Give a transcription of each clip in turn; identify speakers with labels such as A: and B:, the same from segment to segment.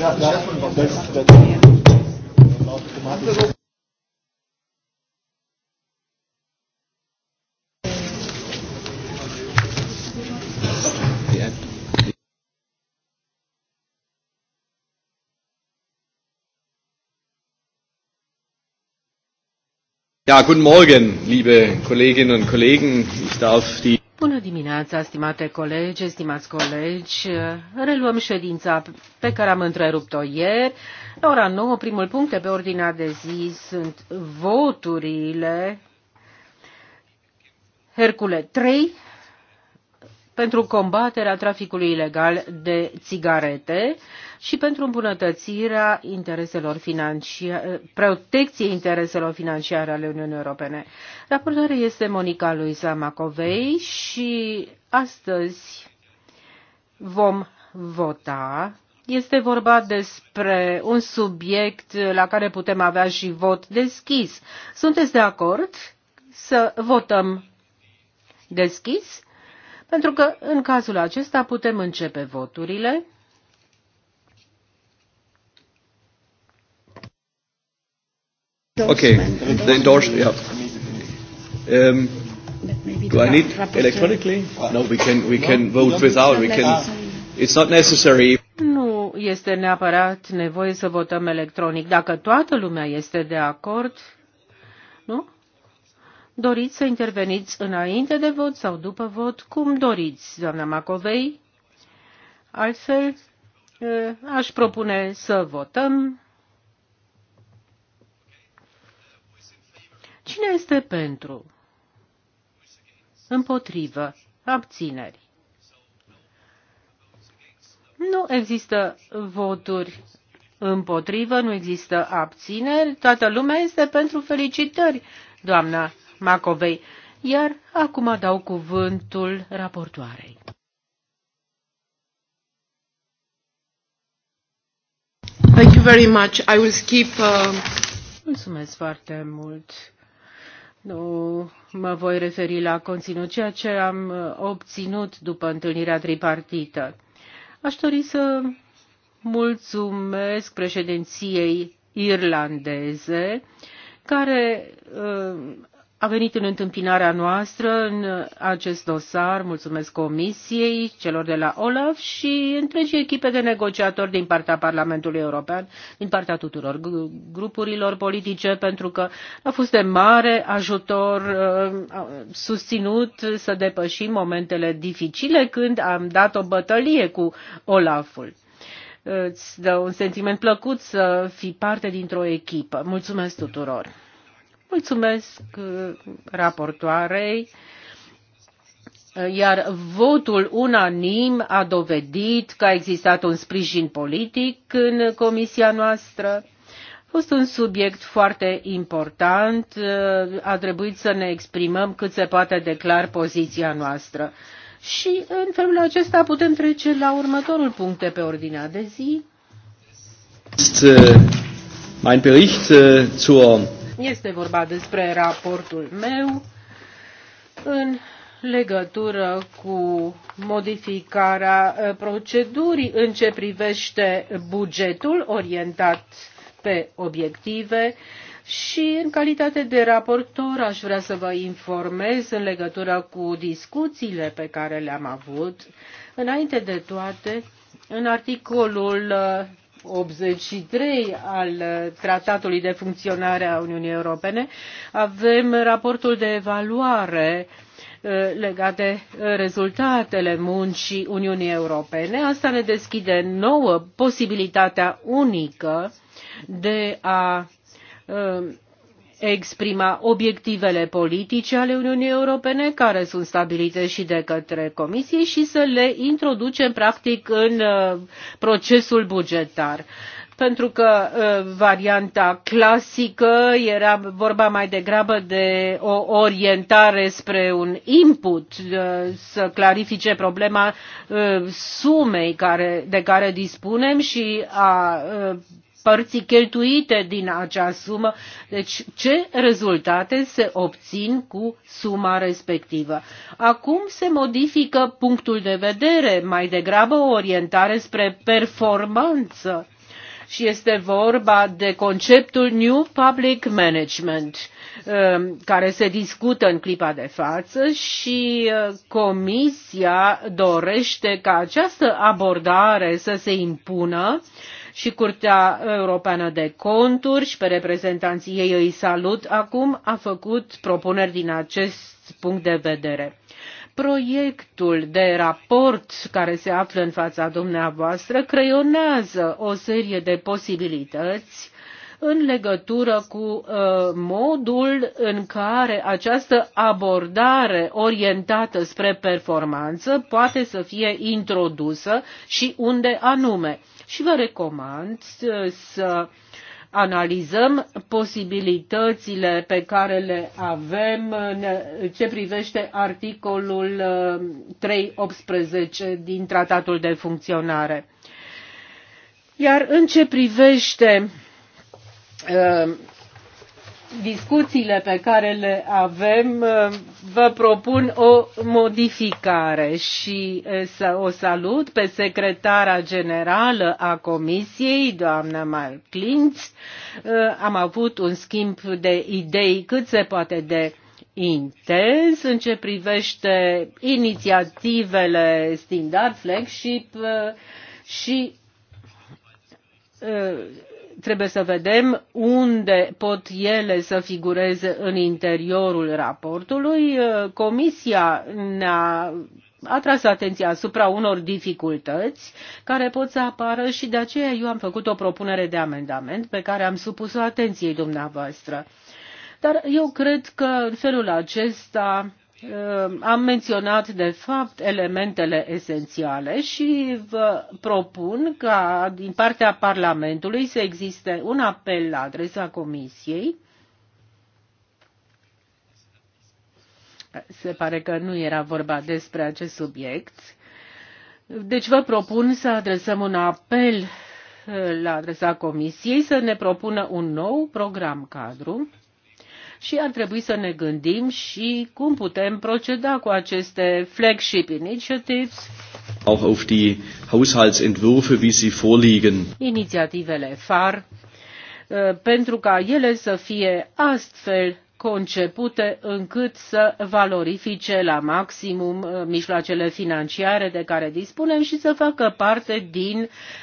A: Da, da. Deci, deci- ja, guten Morgen, liebe Kolleginnen und Kollegen. Ich darf die Bună dimineața, stimate colegi, stimați colegi. Reluăm ședința pe care am întrerupt-o ieri. La ora 9, primul punct pe ordinea de zi sunt voturile Hercule 3, pentru combaterea traficului ilegal de țigarete și pentru îmbunătățirea intereselor financiare, protecției intereselor financiare ale Uniunii Europene. Raportoarea este Monica Luisa Macovei și astăzi vom vota este vorba despre un subiect la care putem avea și vot deschis. Sunteți de acord să votăm deschis? pentru că în cazul acesta putem începe voturile. Okay, the endorsement, yeah. Um, do I need electronically? No, we can, we can vote without, we can, it's
B: not necessary.
A: Nu este neapărat nevoie să votăm electronic. Dacă toată lumea este de acord, nu? Doriți să interveniți înainte de vot sau după vot, cum doriți, doamna Macovei? Altfel, eh, aș propune să votăm. Cine este pentru? Împotrivă. Abțineri. Nu există voturi împotrivă, nu există abțineri. Toată lumea este pentru felicitări, doamna Macovei. Iar acum dau cuvântul raportoarei. Thank you very much. I will skip. Uh... Mulțumesc foarte mult. Nu mă voi referi la conținut, ceea ce am uh, obținut după întâlnirea tripartită. Aș dori să mulțumesc președinției irlandeze, care uh, a venit în întâmpinarea noastră în acest dosar. Mulțumesc Comisiei, celor de la OLAF și întregii echipe de negociatori din partea Parlamentului European, din partea tuturor grupurilor politice, pentru că a fost de mare ajutor uh, susținut să depășim momentele dificile când am dat o bătălie cu OLAF-ul. Îți dă un sentiment plăcut să fii parte dintr-o echipă. Mulțumesc tuturor! Mulțumesc uh, raportoarei iar votul unanim a dovedit că a existat un sprijin politic în comisia noastră. A fost un subiect foarte important, uh, a trebuit să ne exprimăm cât se poate de clar poziția noastră. Și în felul acesta putem trece la următorul punct de pe ordinea de zi. Este äh, mein Bericht äh, zur este vorba despre raportul meu în legătură cu modificarea ă, procedurii în ce privește bugetul orientat pe obiective și în calitate de raportor aș vrea să vă informez în legătură cu discuțiile pe care le-am avut. Înainte de toate, în articolul ă, trei al Tratatului de Funcționare a Uniunii Europene, avem raportul de evaluare uh, legat de uh, rezultatele muncii Uniunii Europene. Asta ne deschide nouă posibilitatea unică de a uh, exprima obiectivele politice ale Uniunii Europene, care sunt stabilite și de către Comisie, și să le introducem practic în uh, procesul bugetar pentru că uh, varianta clasică era vorba mai degrabă de o orientare spre un input, uh, să clarifice problema sumei care, de care dispunem și a părții cheltuite din acea sumă. Deci ce rezultate se obțin cu suma respectivă. Acum se modifică punctul de vedere, mai degrabă o orientare spre performanță. Și este vorba de conceptul New Public Management, um, care se discută în clipa de față și uh, Comisia dorește ca această abordare să se impună și Curtea Europeană de Conturi și pe reprezentanții ei îi salut acum, a făcut propuneri din acest punct de vedere. Proiectul de raport care se află în fața dumneavoastră creionează o serie de posibilități în legătură cu uh, modul în care această abordare orientată spre performanță poate să fie introdusă și unde anume și vă recomand să analizăm posibilitățile pe care le avem în ce privește articolul 318 uh, din Tratatul de Funcționare. Iar în ce privește uh, discuțiile pe care le avem, uh, vă propun o modificare și uh, să o salut pe secretara generală a Comisiei, doamna Malclinț. Uh, am avut un schimb de idei cât se poate de intens în ce privește inițiativele Standard Flagship și trebuie să vedem unde pot ele să figureze în interiorul raportului. Uh, Comisia ne-a tras atenția asupra unor dificultăți care pot să apară și de aceea eu am făcut o propunere de amendament pe care am supus-o atenției dumneavoastră. Dar eu cred că în felul acesta Ehm, am menționat, de fapt, elementele esențiale și vă propun ca din partea Parlamentului să existe un apel la adresa Comisiei. Se pare că nu era vorba despre acest subiect. Deci vă propun să adresăm un apel eh, la adresa Comisiei să ne propună un nou program cadru și ar trebui să ne gândim și cum putem proceda cu aceste flagship initiatives.
B: Auch auf die Haushaltsentwürfe, wie sie vorliegen.
A: Inițiativele FAR uh, pentru ca ele să fie astfel concepute încât să valorifice la maximum uh, mijloacele financiare de care dispunem și să facă parte din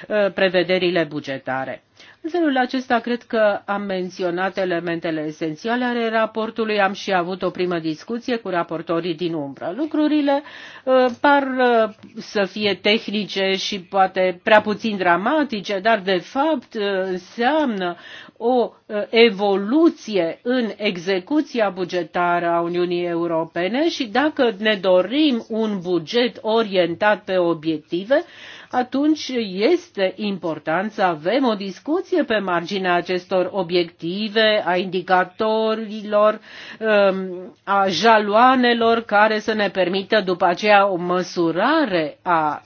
A: uh, prevederile bugetare. În felul acesta cred că am menționat elementele esențiale ale raportului, am și avut o primă discuție cu raportorii din umbră. Lucrurile uh, par uh, să fie tehnice și poate prea puțin dramatice, dar de fapt uh, înseamnă o evoluție în execuția bugetară a Uniunii Europene și dacă ne dorim un buget orientat pe obiective, atunci este important să avem o discuție pe marginea acestor obiective, a indicatorilor, um, a jaloanelor care să ne permită după aceea o măsurare a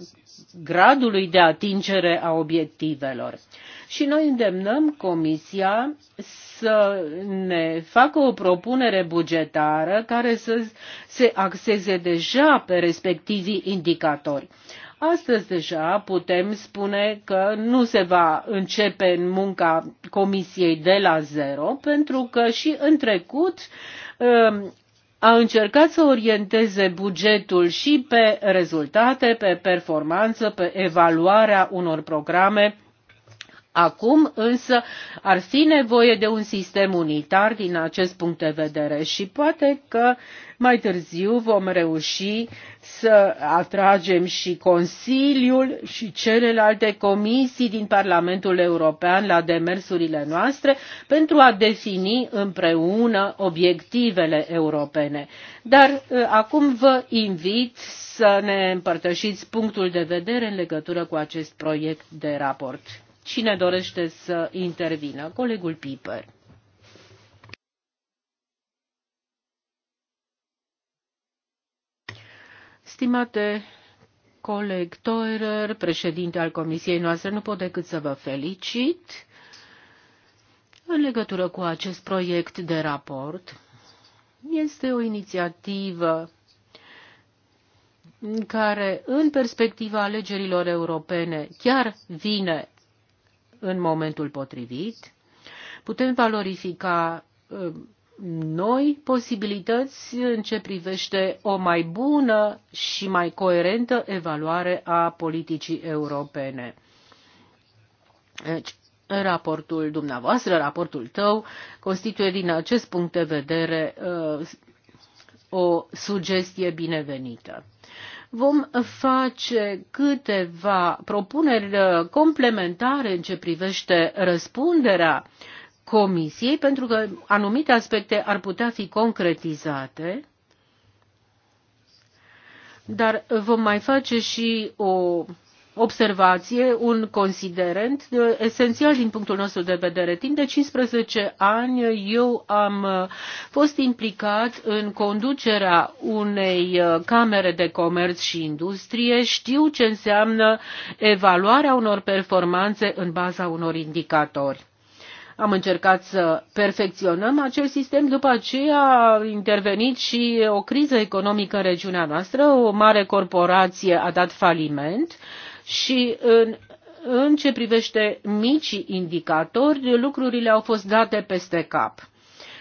A: gradului de atingere a obiectivelor. Și noi îndemnăm Comisia să ne facă o propunere bugetară care să se axeze deja pe respectivii indicatori. Astăzi deja putem spune că nu se va începe în munca comisiei de la zero, pentru că și în trecut um, a încercat să orienteze bugetul și pe rezultate, pe performanță, pe evaluarea unor programe Acum însă ar fi nevoie de un sistem unitar din acest punct de vedere și poate că mai târziu vom reuși să atragem și Consiliul și celelalte comisii din Parlamentul European la demersurile noastre pentru a defini împreună obiectivele europene. Dar ă, acum vă invit să ne împărtășiți punctul de vedere în legătură cu acest proiect de raport. Cine dorește să intervină? Colegul Piper. Stimate coleg Teurer, președinte al comisiei noastre, nu pot decât să vă felicit în legătură cu acest proiect de raport. Este o inițiativă care, în perspectiva alegerilor europene, chiar vine în momentul potrivit. Putem valorifica uh, noi posibilități în ce privește o mai bună și mai coerentă evaluare a politicii europene. Deci, raportul dumneavoastră, raportul tău, constituie din acest punct de vedere uh, o sugestie binevenită. Vom face câteva propuneri uh, complementare în ce privește răspunderea Comisiei, pentru că anumite aspecte ar putea fi concretizate, dar vom mai face și o observație, un considerent esențial din punctul nostru de vedere. Timp de 15 ani eu am uh, fost implicat în conducerea unei uh, camere de comerț și industrie. Știu ce înseamnă evaluarea unor performanțe în baza unor indicatori. Am încercat să perfecționăm acest sistem, după aceea a intervenit și o criză economică în regiunea noastră, o mare corporație a dat faliment și în în ce privește micii indicatori, lucrurile au fost date peste cap.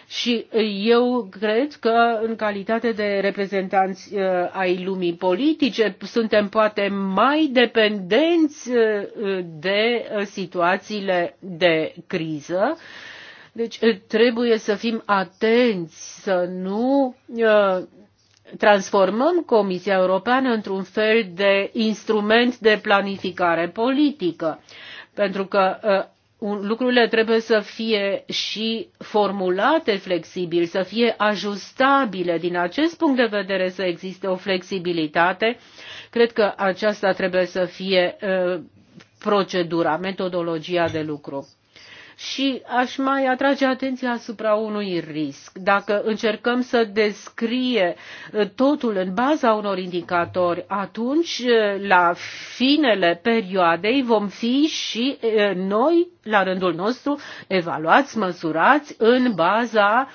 A: Și eu cred că, în calitate de reprezentanți uh, ai lumii politice, suntem poate mai dependenți uh, de uh, situațiile de criză. Deci uh, trebuie să fim atenți, să nu uh, transformăm Comisia Europeană într-un fel de instrument de planificare politică, pentru că uh, lucrurile trebuie să fie și formulate flexibil, să fie ajustabile. Din acest punct de vedere să existe o flexibilitate, cred că aceasta trebuie să fie uh, procedura, metodologia de lucru. Și aș mai atrage atenția asupra unui risc. Dacă încercăm să descrie uh, totul în baza unor indicatori, atunci uh, la finele perioadei vom fi și uh, noi, la rândul nostru, evaluați, măsurați în baza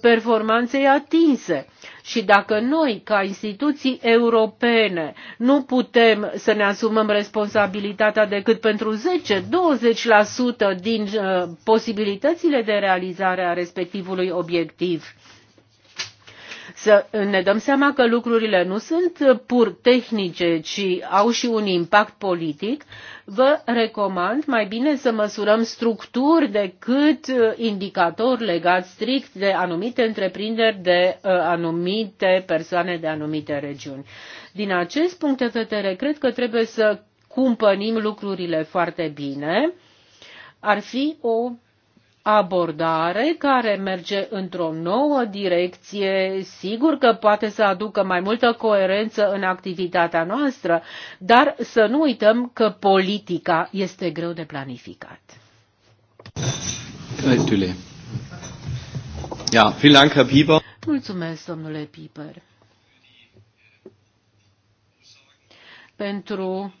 A: performanței atinse. Și dacă noi, ca instituții europene, nu putem să ne asumăm responsabilitatea decât pentru 10-20% din uh, posibilitățile de realizare a respectivului obiectiv, să ne dăm seama că lucrurile nu sunt pur tehnice, ci au și un impact politic, vă recomand mai bine să măsurăm structuri decât uh, indicatori legați strict de anumite întreprinderi, de uh, anumite persoane, de anumite regiuni. Din acest punct de vedere, cred că trebuie să cumpănim lucrurile foarte bine. Ar fi o abordare care merge într-o nouă direcție, sigur că poate să aducă mai multă coerență în activitatea noastră, dar să nu uităm că politica este greu de planificat. Mulțumesc, domnule Piper, pentru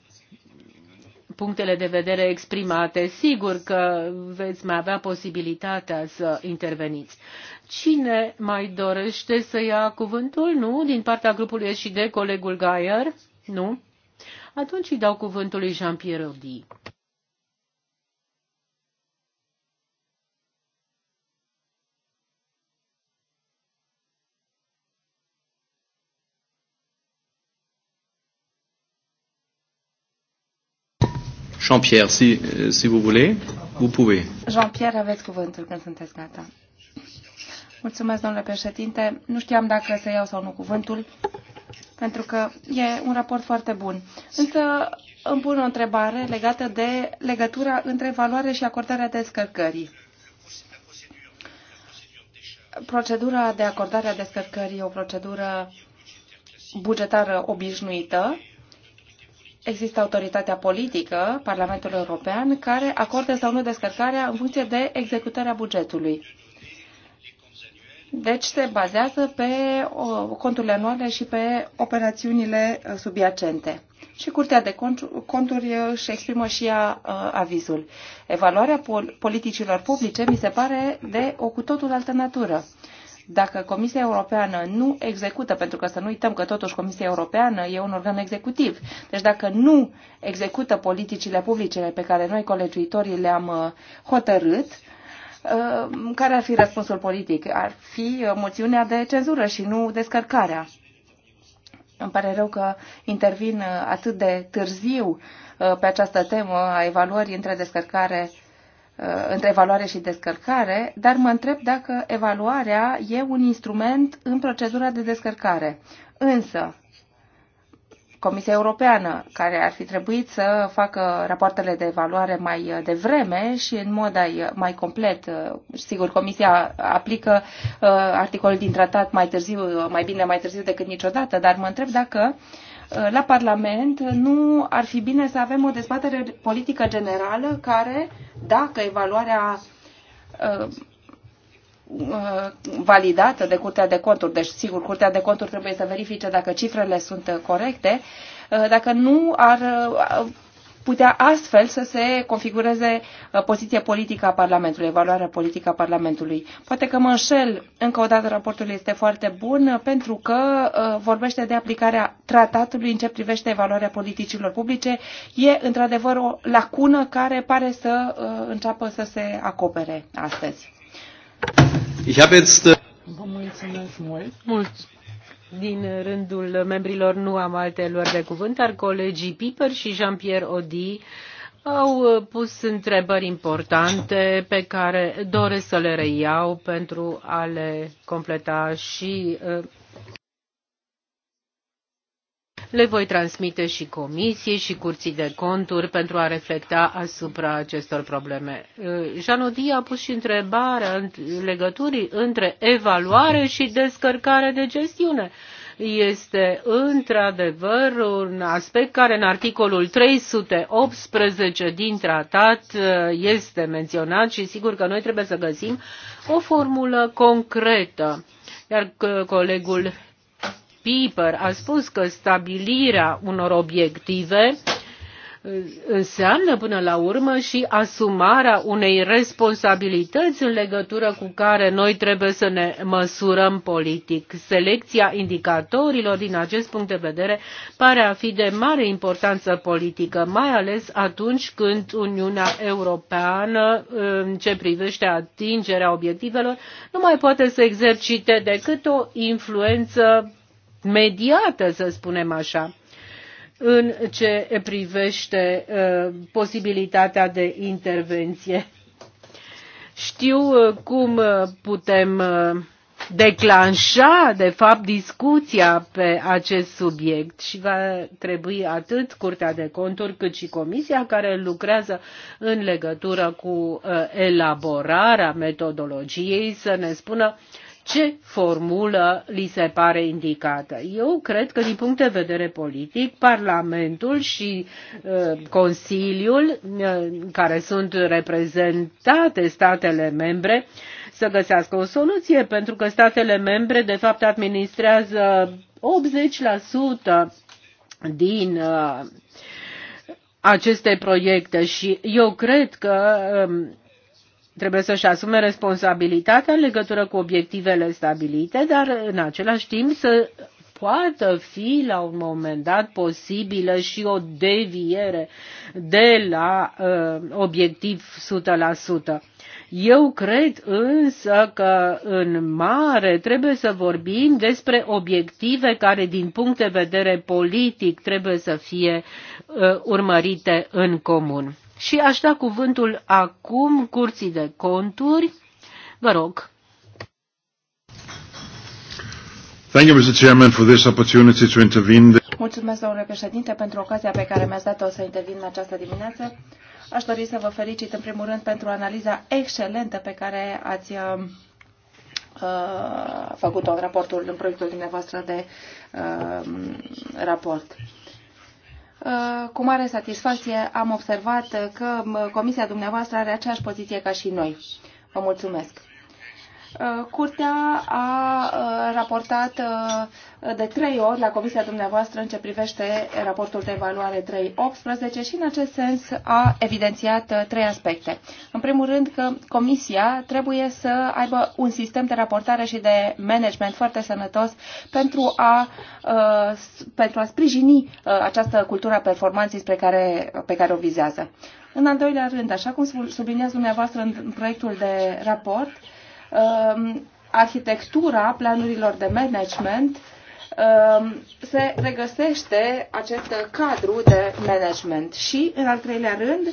A: punctele de vedere exprimate. Sigur că veți mai avea posibilitatea să interveniți. Cine mai dorește să ia cuvântul? Nu? Din partea grupului SID, colegul Gaier? Nu? Atunci îi dau cuvântul lui Jean-Pierre Audi.
C: Jean-Pierre, si, euh, si vous voulez, vous pouvez. Jean-Pierre, aveți cuvântul când sunteți gata. Mulțumesc, domnule președinte. Nu știam dacă să iau sau nu cuvântul, pentru că e un raport foarte bun. Însă îmi pun o întrebare legată de legătura între valoare și acordarea descărcării. Procedura de acordare a descărcării e o procedură bugetară obișnuită, există autoritatea politică, Parlamentul European, care acordă sau nu descărcarea în funcție de executarea bugetului. Deci se bazează pe conturile anuale și pe operațiunile uh, subiacente. Și Curtea de Conturi uh, își exprimă și ea uh, avizul. Evaluarea politicilor publice mi se pare de o cu totul altă natură dacă Comisia Europeană nu execută, pentru că să nu uităm că totuși Comisia Europeană e un organ executiv, deci dacă nu execută politicile publice pe care noi colegiuitorii le-am uh, hotărât, uh, care ar fi răspunsul politic? Ar fi uh, moțiunea de cenzură și nu descărcarea. Îmi pare rău că intervin atât de târziu pe această temă a evaluării între descărcare Uh, între evaluare și descărcare, dar mă întreb dacă evaluarea e un instrument în procedura de descărcare. Însă, Comisia Europeană, care ar fi trebuit să facă rapoartele de evaluare mai uh, devreme și în mod uh, mai complet. Sigur, Comisia aplică articolul din tratat mai târziu, mai bine mai târziu decât niciodată, dar mă întreb dacă uh, Eh, la Parlament nu ar fi bine să avem o dezbatere politică generală care, dacă evaluarea eh, eh, validată de Curtea de Conturi, deci sigur, Curtea de Conturi trebuie să verifice dacă cifrele sunt corecte, dacă nu ar putea astfel să se configureze uh, poziția politică a Parlamentului, evaluarea politică a Parlamentului. Poate că mă înșel, încă o dată raportul este foarte bun uh, pentru că uh, vorbește de aplicarea tratatului în ce privește evaluarea politicilor publice. E într-adevăr o lacună care pare să înceapă să se acopere astăzi.
B: Ich habe jetzt
A: Vă mulțumesc mult din rândul membrilor nu am alte luări de cuvânt, dar colegii Piper și Jean-Pierre Odi au pus întrebări importante pe care doresc să le reiau pentru a le completa și uh, le voi transmite și Comisiei și Curții de Conturi pentru a reflecta asupra acestor probleme. Uh, Janodi a pus și întrebarea în legăturii între evaluare și descărcare de gestiune este într-adevăr un aspect care în articolul 318 din tratat uh, este menționat și sigur că noi trebuie să găsim o formulă concretă. Iar uh, colegul Pieper a spus că stabilirea unor obiective uh, înseamnă până la urmă și asumarea unei responsabilități în legătură cu care noi trebuie să ne măsurăm politic. Selecția indicatorilor din acest punct de vedere pare a fi de mare importanță politică, mai ales atunci când Uniunea Europeană, în ce privește atingerea obiectivelor, nu mai poate să exercite decât o influență mediată, să spunem așa, în ce privește uh, posibilitatea de intervenție. Știu uh, cum uh, putem declanșa, de fapt, discuția pe acest subiect și va trebui atât Curtea de Conturi cât și Comisia care lucrează în legătură cu elaborarea metodologiei să ne spună uh, ce formulă li se pare indicată. Eu cred că din punct de vedere politic, Parlamentul și uh, Consiliul, uh, care sunt reprezentate statele membre, să găsească o soluție, pentru că statele membre, de fapt, administrează 80% din uh, aceste proiecte și eu cred că um, trebuie să-și asume responsabilitatea în legătură cu obiectivele stabilite, dar în același timp să poată fi la un moment dat posibilă și o deviere de la uh, obiectiv 100%. Eu cred însă că în mare trebuie să vorbim despre obiective care din punct de vedere politic trebuie să fie uh, urmărite în comun. Și aș da cuvântul acum curții de conturi. Vă rog.
B: Thank you, Mr. Chairman, for this opportunity to intervene.
C: Mulțumesc, domnule președinte, pentru ocazia pe care mi-ați dat-o să intervin în această dimineață. Aș dori să vă felicit, în primul rând, pentru analiza excelentă pe care ați uh, uh, făcut-o în raportul, în proiectul dumneavoastră de uh, raport. Uh, Uh, cu mare satisfacție am observat că uh, Comisia dumneavoastră are aceeași poziție ca și noi. Vă mulțumesc. Uh, curtea a uh, raportat uh, de trei ori la Comisia dumneavoastră în ce privește raportul de evaluare 3.18 și în acest sens a evidențiat trei aspecte. În primul rând că Comisia trebuie să aibă un sistem de raportare și de management foarte sănătos pentru a, pentru a sprijini această cultură a performanței spre care, pe care o vizează. În al doilea rând, așa cum subliniați dumneavoastră în proiectul de raport, Um, arhitectura planurilor de management um, se regăsește acest cadru de management și, în al treilea rând,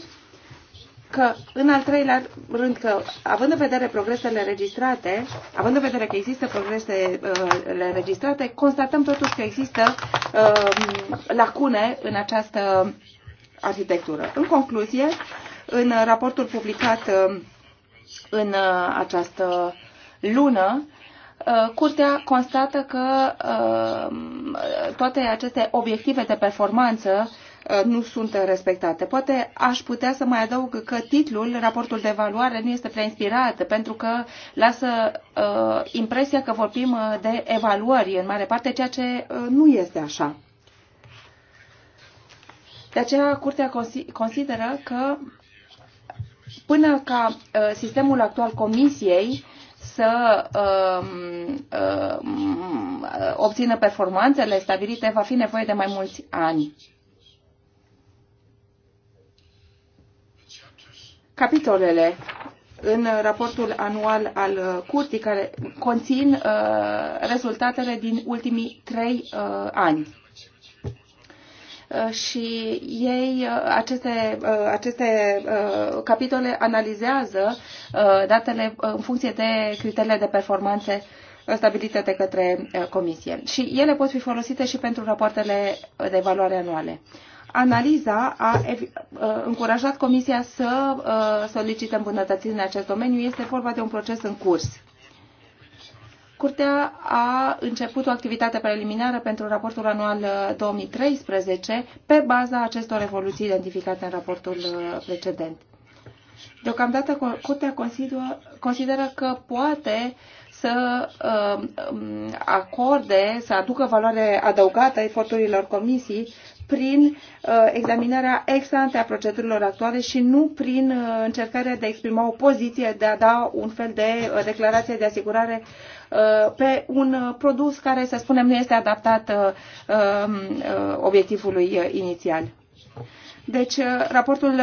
C: că, în al treilea rând, că având în vedere progresele registrate, având în vedere că există progresele uh, registrate, constatăm totuși că există um, lacune în această arhitectură. În concluzie, în raportul publicat în uh, această lună, uh, Curtea constată că uh, toate aceste obiective de performanță nu sunt respectate. Poate aș putea să mai adaug că titlul, raportul de evaluare, nu este prea inspirat, pentru că lasă uh, impresia că vorbim de evaluări în mare parte, ceea ce uh, nu
A: este așa.
C: De aceea, Curtea consideră că până ca uh, sistemul actual Comisiei să um, uh, obțină performanțele stabilite, va fi nevoie de mai mulți ani. Capitolele în raportul anual al uh, curții care conțin rezultatele din ultimii trei ani Uh, și ei, uh, aceste, uh, aceste capitole analizează datele în funcție de criteriile de performanțe stabilite de către comisie. Și ele pot fi folosite și pentru rapoartele de evaluare anuale. Analiza a încurajat Comisia să solicite îmbunătățiri în acest domeniu. Este vorba de un proces în curs. Curtea a început o activitate preliminară pentru raportul anual 2013 uh, pe baza acestor evoluții identificate în raportul uh, precedent. Deocamdată, Curtea consideră, că poate să uh, um, acorde, să aducă valoare adăugată eforturilor Comisiei prin examinarea ex ante a procedurilor actuale și nu prin încercarea de a exprima o poziție, de a da un fel de declarație de asigurare Uh, pe un produs care, să spunem, nu este adaptat uh, um, uh, obiectivului inițial. Deci, raportul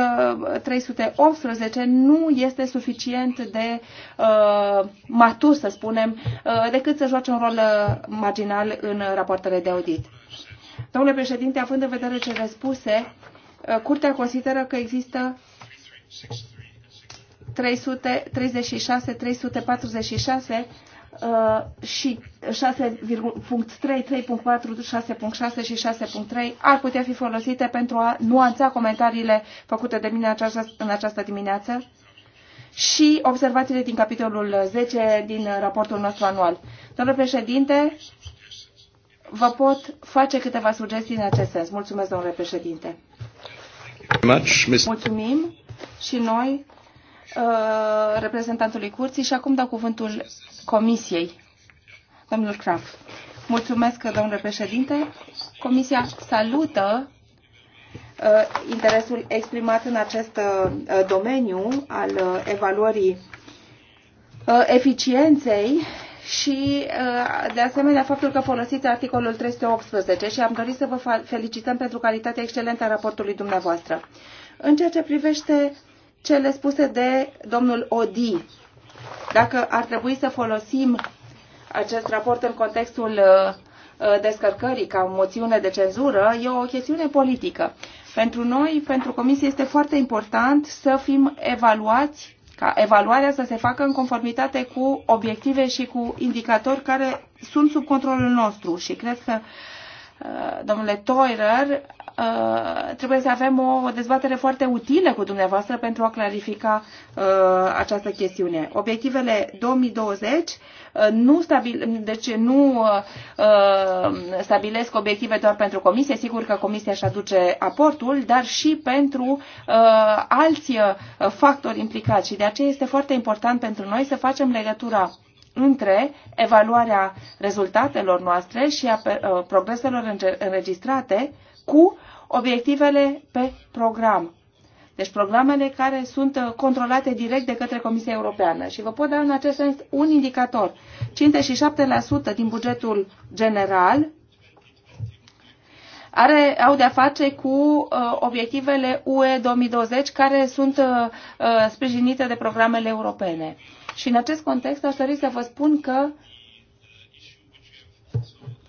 C: 318 nu este suficient de uh, matur, să spunem, uh, decât să joace un rol marginal în rapoartele de audit. Domnule președinte, având în vedere cele spuse, uh, Curtea consideră că există 336, 346 Uh, și 6.3, 3.4, 6.6 și 6.3 ar putea fi folosite pentru a nuanța comentariile făcute de mine această, în această dimineață și observațiile din capitolul 10 din raportul nostru anual. Domnule președinte, vă pot face câteva sugestii în acest sens. Mulțumesc, domnule președinte. Mulțumim și noi Uh, reprezentantului curții și acum dau cuvântul comisiei. Domnul Kraft. Mulțumesc, domnule președinte. Comisia salută uh, interesul exprimat în acest uh, domeniu al uh, evaluării uh, eficienței și, uh, de asemenea, faptul că folosiți articolul 318 și am dorit să vă felicităm pentru calitatea excelentă a raportului dumneavoastră. În ceea ce privește cele spuse de domnul Odi. Dacă ar trebui să folosim acest raport în contextul uh, uh, descărcării ca moțiune de cenzură, e o chestiune politică. Pentru noi, pentru Comisie, este foarte important să fim evaluați, ca evaluarea să se facă în conformitate cu obiective și cu indicatori care sunt sub controlul nostru și cred că, uh, domnule Toirer, Uh, trebuie să avem o dezbatere foarte utilă cu dumneavoastră pentru a clarifica uh, această chestiune. Obiectivele 2020 uh, nu, stabil, deci nu uh, uh, stabilesc obiective doar pentru comisie, sigur că comisia își aduce aportul, dar și pentru uh, alți uh, factori implicați și de aceea este foarte important pentru noi să facem legătura între evaluarea rezultatelor noastre și a progreselor înregistrate cu obiectivele pe program. Deci programele care sunt uh, controlate direct de către Comisia Europeană. Și vă pot da în acest sens un indicator. 57% din bugetul general are, au de-a face cu uh, obiectivele UE 2020 care sunt uh, uh, sprijinite de programele europene. Și în acest context aș dori să vă spun că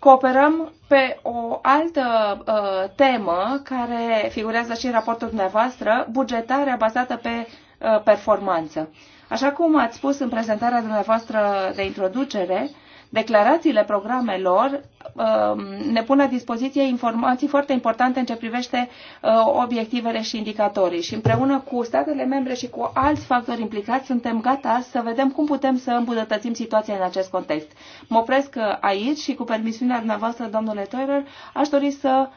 C: cooperăm pe o altă uh, temă care figurează și în raportul dumneavoastră, bugetarea bazată pe uh, performanță. Așa cum ați spus în prezentarea dumneavoastră de introducere, uh, declarațiile programelor um, ne pun la dispoziție informații foarte importante în ce privește uh, obiectivele și indicatorii. Și împreună cu statele membre și cu alți factori implicați suntem gata să vedem cum putem să îmbunătățim situația în acest context. Mă opresc uh, aici și cu permisiunea dumneavoastră, domnule Teurer, aș dori să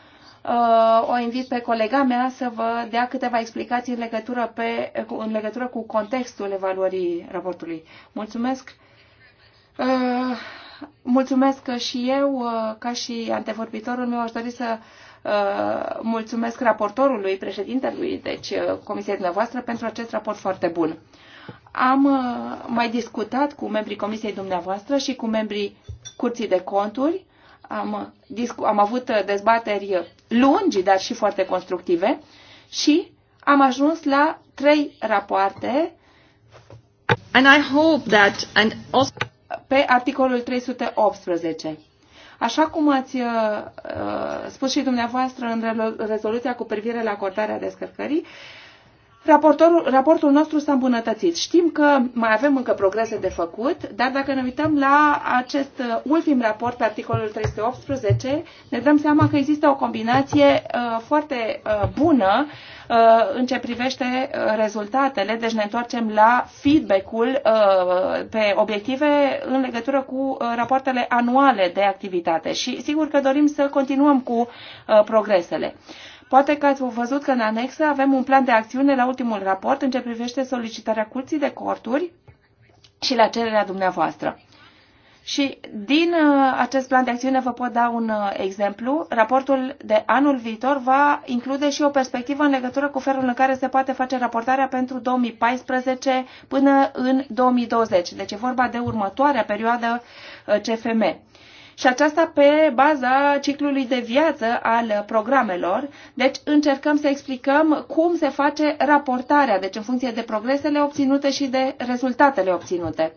C: uh, o invit pe colega mea să vă dea câteva explicații în legătură, pe, în legătură cu contextul evaluării raportului. Mulțumesc! Uh, mulțumesc și eu, uh, ca și antevorbitorul meu, aș dori să uh, mulțumesc raportorului, președintelui, deci comisiei dumneavoastră, pentru acest raport foarte bun. Am mai discutat cu membrii comisiei dumneavoastră și cu membrii Curții de Conturi. Am, am avut dezbateri lungi, dar și foarte constructive și am ajuns la trei rapoarte And I hope that and also pe articolul 318. Așa cum ați uh, uh, spus și dumneavoastră în rezoluția cu privire la acordarea descărcării, raportul nostru s-a îmbunătățit. Știm că mai avem încă progrese de făcut, dar dacă ne uităm la acest uh, ultim raport articolul 318, ne dăm seama că există o combinație uh, foarte uh, bună uh, în ce privește uh, rezultatele, deci ne întoarcem la feedback-ul pe obiective în legătură cu rapoartele anuale de activitate și sigur că dorim să continuăm cu progresele. Poate că ați văzut că în anexă avem un plan de acțiune la ultimul raport în ce privește solicitarea curții de corturi și la cererea dumneavoastră. Și din uh, acest plan de acțiune vă pot da un uh, exemplu. Raportul de anul viitor va include și o perspectivă în legătură cu felul în care se poate face raportarea pentru 2014 până în 2020. Deci e vorba de următoarea perioadă uh, CFM și aceasta pe baza ciclului de viață al programelor. Deci încercăm să explicăm cum se face raportarea, deci în funcție de progresele obținute și de rezultatele obținute.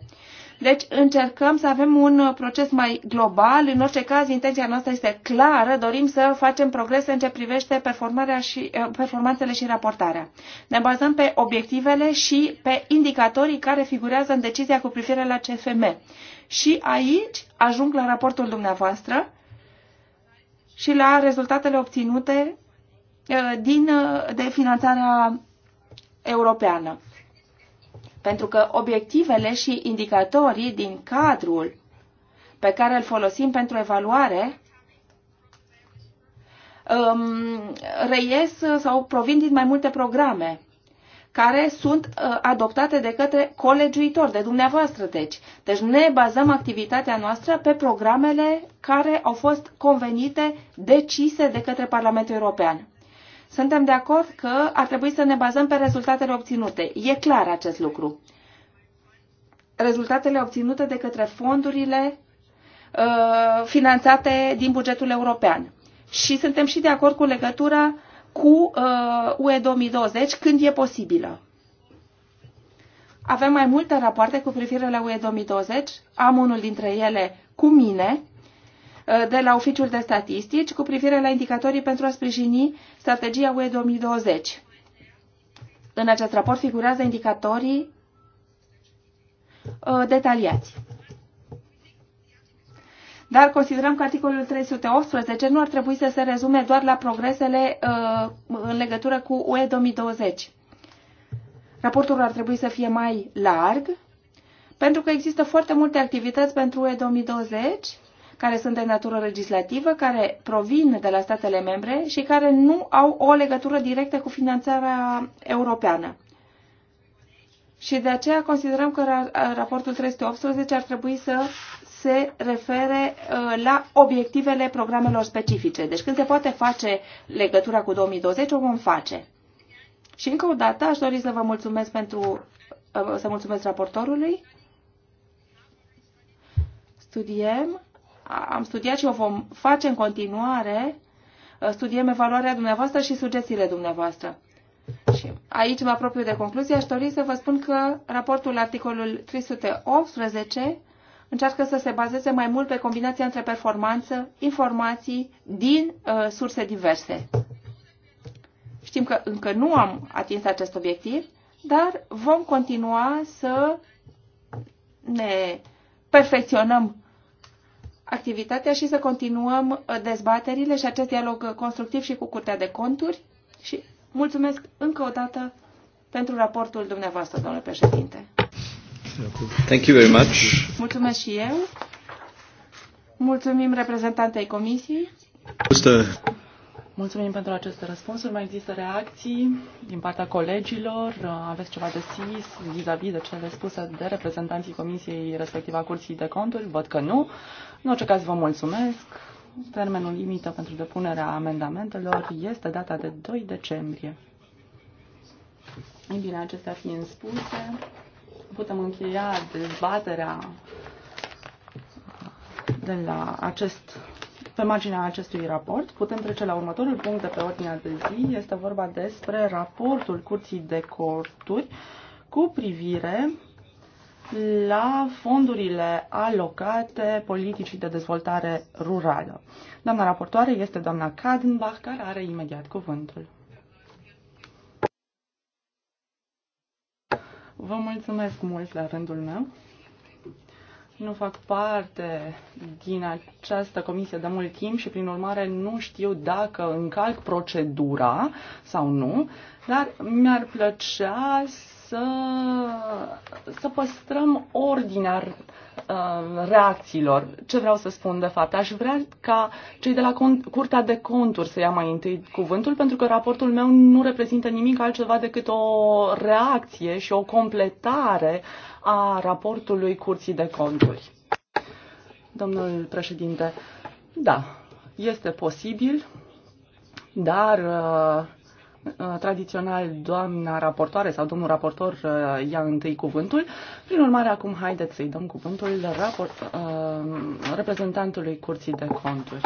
C: Deci încercăm să avem un proces mai global. În orice caz, intenția noastră este clară. Dorim să facem progrese în ce privește performarea și, eh, performanțele și raportarea. Ne bazăm pe obiectivele și pe indicatorii care figurează în decizia cu privire la CFM. Și aici ajung la raportul dumneavoastră și la rezultatele obținute uh, din, uh, de finanțarea europeană. Pentru că obiectivele și indicatorii din cadrul pe care îl folosim pentru evaluare um, reies sau provin din mai multe programe care sunt uh, adoptate de către colegiuitori, de dumneavoastră deci. Deci ne bazăm activitatea noastră pe programele care au fost convenite, decise de către Parlamentul European. Suntem de acord că ar trebui să ne bazăm pe rezultatele obținute. E clar acest lucru. Rezultatele obținute de către fondurile uh, finanțate din bugetul european. Și suntem și de acord cu legătura cu uh, UE 2020 când e posibilă. Avem mai multe rapoarte cu privire la UE 2020. Am unul dintre ele cu mine, uh, de la Oficiul de Statistici, cu privire la indicatorii pentru a sprijini strategia UE 2020. În acest raport figurează indicatorii uh, detaliați. Dar considerăm că articolul 318 nu ar trebui să se rezume doar la progresele uh, în legătură cu UE 2020. Raportul ar trebui să fie mai larg, pentru că există foarte multe activități pentru UE 2020 care sunt de natură legislativă, care provin de la statele membre și care nu au o legătură directă cu finanțarea europeană. Și de aceea considerăm că raportul 318 ar trebui să se refere uh, la obiectivele programelor specifice. Deci când se poate face legătura cu 2020, o vom face. Și încă o dată aș dori să vă mulțumesc pentru uh, să mulțumesc raportorului. Studiem, am studiat și o vom face în continuare. Uh, studiem evaluarea dumneavoastră și sugestiile dumneavoastră. Și aici mă apropiu de concluzie. Aș dori să vă spun că raportul articolul 318 încearcă să se bazeze mai mult pe combinația între performanță, informații din uh, surse diverse. Știm că încă nu am atins acest obiectiv, dar vom continua să ne perfecționăm activitatea și să continuăm uh, dezbaterile și acest dialog uh, constructiv și cu Curtea de Conturi. Și mulțumesc încă o dată pentru raportul dumneavoastră, domnule președinte.
A: Thank you very much.
B: Mulțumesc și eu. Mulțumim reprezentantei comisiei. Mulțumim pentru aceste răspunsuri. Mai există reacții din partea colegilor? Aveți ceva de zis vis-a-vis -vis de cele spuse de reprezentanții comisiei respectiv a Curții de Conturi? Văd că nu. În orice caz vă mulțumesc. Termenul limită pentru depunerea amendamentelor este data de 2 decembrie. Ei bine, acestea fiind spuse, putem încheia dezbaterea de la acest, pe marginea acestui raport. Putem trece la următorul punct de pe ordinea de zi. Este vorba despre raportul Curții de Corturi cu privire la fondurile alocate politicii de dezvoltare rurală. Doamna raportoare este doamna Kadenbach, care are imediat cuvântul. Vă mulțumesc mult la rândul meu. Nu fac parte din această comisie de mult timp și, prin urmare, nu știu dacă încalc procedura sau nu, dar mi-ar plăcea să, să păstrăm ordinea uh, reacțiilor. Ce vreau să spun de fapt? Aș vrea ca cei de la Curtea de Conturi să ia mai întâi cuvântul, pentru că raportul meu nu reprezintă nimic altceva decât o reacție și o completare a raportului Curții de Conturi. Domnul președinte, da, este posibil, dar uh, Uh, tradițional, doamna raportoare sau domnul raportor uh, ia întâi cuvântul. Prin urmare, acum haideți să-i dăm cuvântul raport, uh, reprezentantului Curții de Conturi.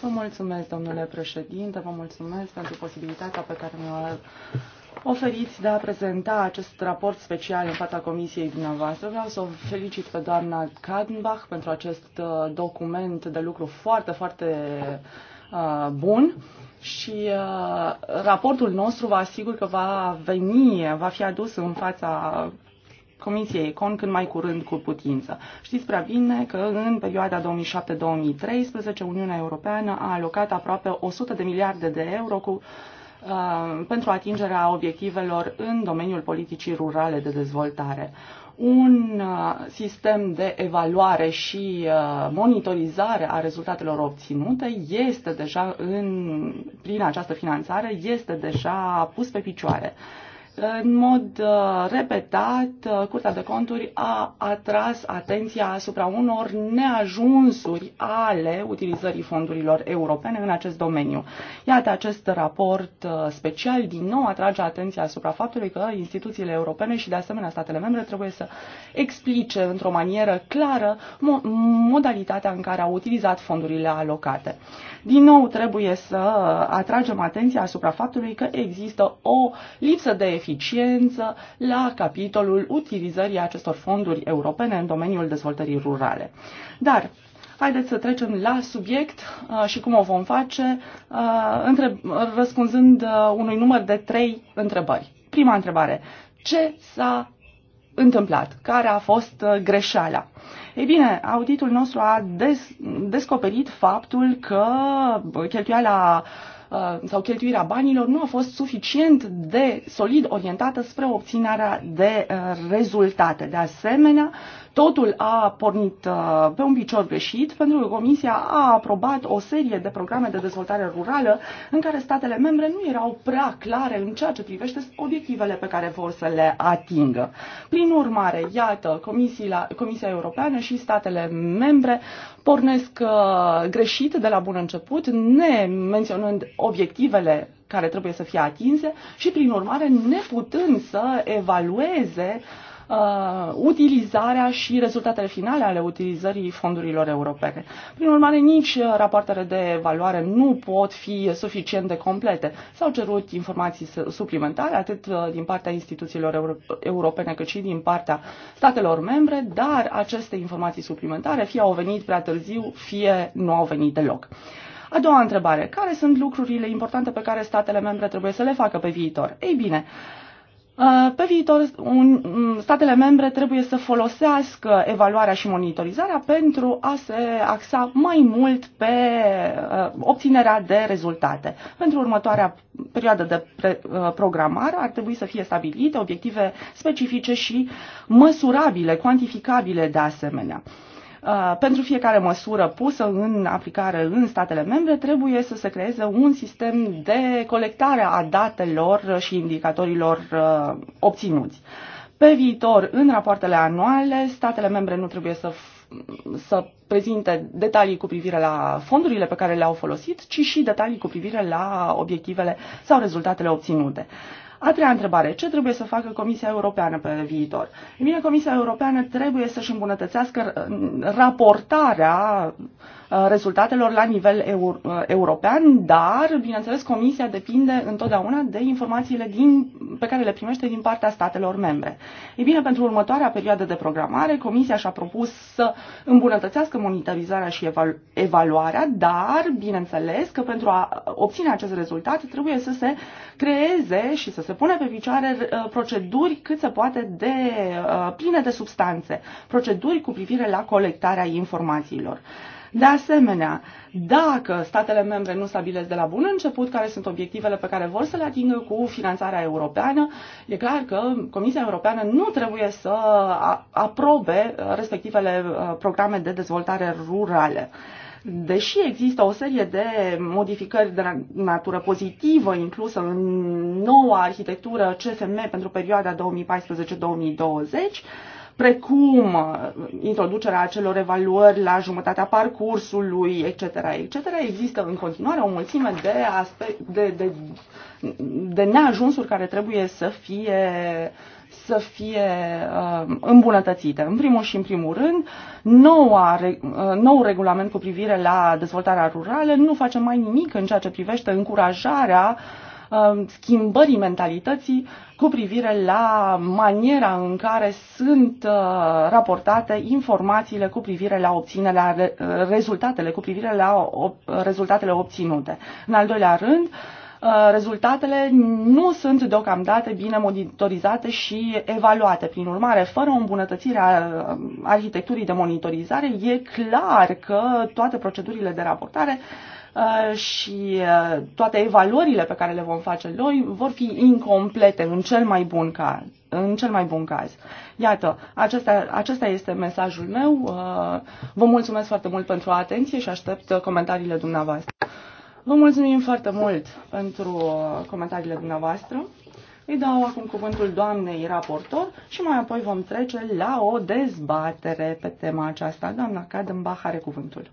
B: Vă mulțumesc, domnule președinte, vă mulțumesc pentru posibilitatea pe care mi-o oferiți de a prezenta acest raport special în fața comisiei dumneavoastră. Vreau să o felicit pe doamna Kadenbach pentru acest document de lucru foarte, foarte Uh, bun și uh, raportul nostru vă asigur că va veni, va fi adus în fața Comisiei Econ cât mai curând cu putință. Știți prea bine că în perioada 2007-2013 Uniunea Europeană a alocat aproape 100 de miliarde de euro cu uh, pentru atingerea obiectivelor în domeniul politicii rurale de dezvoltare un uh, sistem de evaluare și uh, monitorizare a rezultatelor obținute este deja în, prin această finanțare este deja pus pe picioare. În mod uh, repetat, uh, Curtea de Conturi a atras atenția asupra unor neajunsuri ale utilizării fondurilor europene în acest domeniu. Iată, acest raport uh, special din nou atrage atenția asupra faptului că instituțiile europene și de asemenea statele membre trebuie să explice într-o manieră clară modalitatea în care au utilizat fondurile alocate. Din nou trebuie să atragem atenția asupra faptului că există o lipsă de eficiență la capitolul utilizării acestor fonduri europene în domeniul dezvoltării rurale. Dar Haideți să trecem la subiect uh, și cum o vom face, uh, răspunzând uh, unui număr de trei întrebări. Prima întrebare. Ce s-a întâmplat? Care a fost greșeala? Ei bine, auditul nostru a des, descoperit faptul că cheltuiala uh, Uh, sau cheltuirea banilor nu a fost suficient de solid orientată spre obținerea de uh, rezultate. De asemenea, Totul a pornit uh, pe un picior greșit pentru că Comisia a aprobat o serie de programe de dezvoltare rurală în care statele membre nu erau prea clare în ceea ce privește obiectivele pe care vor să le atingă. Prin urmare, iată, Comisia, Comisia Europeană și statele membre pornesc uh, greșit de la bun început, ne menționând obiectivele care trebuie să fie atinse și, prin urmare, neputând să evalueze uh, uh, utilizarea și rezultatele finale ale utilizării fondurilor europene. Prin urmare, nici uh, rapoartele de evaluare nu pot fi suficient de complete. S-au cerut informații suplimentare, atât uh, din partea instituțiilor euro europene, cât și din partea statelor membre, dar aceste informații suplimentare fie au venit prea târziu, fie nu au venit deloc. A doua întrebare. Care sunt lucrurile importante pe care statele membre trebuie să le facă pe viitor? Ei bine, Uh, pe viitor, un, mm, statele membre trebuie să folosească evaluarea și monitorizarea pentru a se axa mai mult pe uh, obținerea de rezultate. Pentru următoarea perioadă de pre, uh, programare ar trebui să fie stabilite obiective specifice și măsurabile, cuantificabile de asemenea. Uh, pentru fiecare măsură pusă în aplicare în statele membre trebuie să se creeze un sistem de colectare a datelor și indicatorilor uh, obținuți. Pe viitor, în rapoartele anuale, statele membre nu trebuie să să prezinte detalii cu privire la fondurile pe care le-au folosit, ci și detalii cu privire la obiectivele sau rezultatele obținute. A treia întrebare. Ce trebuie să facă Comisia Europeană pe viitor? bine, Comisia Europeană trebuie să-și îmbunătățească uh, raportarea Uh, rezultatelor la nivel euro, uh, european, dar, bineînțeles, Comisia depinde întotdeauna de informațiile din, pe care le primește din partea statelor membre. Ei bine, pentru următoarea perioadă de programare, Comisia și-a propus să îmbunătățească monitorizarea și evalu- evaluarea, dar, bineînțeles, că pentru a obține acest rezultat trebuie să se creeze și să se pune pe picioare uh, proceduri cât se poate de pline de substanțe, proceduri cu privire la colectarea informațiilor. De asemenea, dacă statele membre nu stabilesc de la bun început care sunt obiectivele pe care vor să le atingă cu finanțarea europeană, e clar că Comisia Europeană nu trebuie să aprobe uh, respectivele uh, programe de dezvoltare rurale. Deși există o serie de modificări de natură pozitivă inclusă în noua arhitectură CSM pentru perioada 2014-2020, precum uh, introducerea acelor evaluări la jumătatea parcursului, etc., etc., există în continuare o mulțime de, aspect, de, de, de neajunsuri care trebuie să fie să fie uh, îmbunătățite. În primul și în primul rând, noua, uh, nou regulament cu privire la dezvoltarea rurală nu face mai nimic în ceea ce privește încurajarea uh, Um, schimbării mentalității cu privire la maniera în care sunt uh, raportate informațiile cu privire la obținerea uh, rezultatele, cu privire la rezultatele obținute. În al doilea rând, uh, rezultatele nu sunt deocamdată bine monitorizate și evaluate. Prin urmare, fără o îmbunătățire a arhitecturii de monitorizare, e clar că toate procedurile de raportare uh, Uh, și uh, toate evaluările pe care le vom face noi vor fi incomplete în cel mai bun caz. În cel mai bun caz. Iată, acesta, acesta este mesajul meu. Uh, vă mulțumesc foarte mult pentru atenție și aștept comentariile dumneavoastră. Vă mulțumim foarte mult pentru comentariile dumneavoastră. Îi dau acum cuvântul doamnei raportor și mai apoi vom trece la o dezbatere pe tema aceasta. Doamna Cadembach are cuvântul.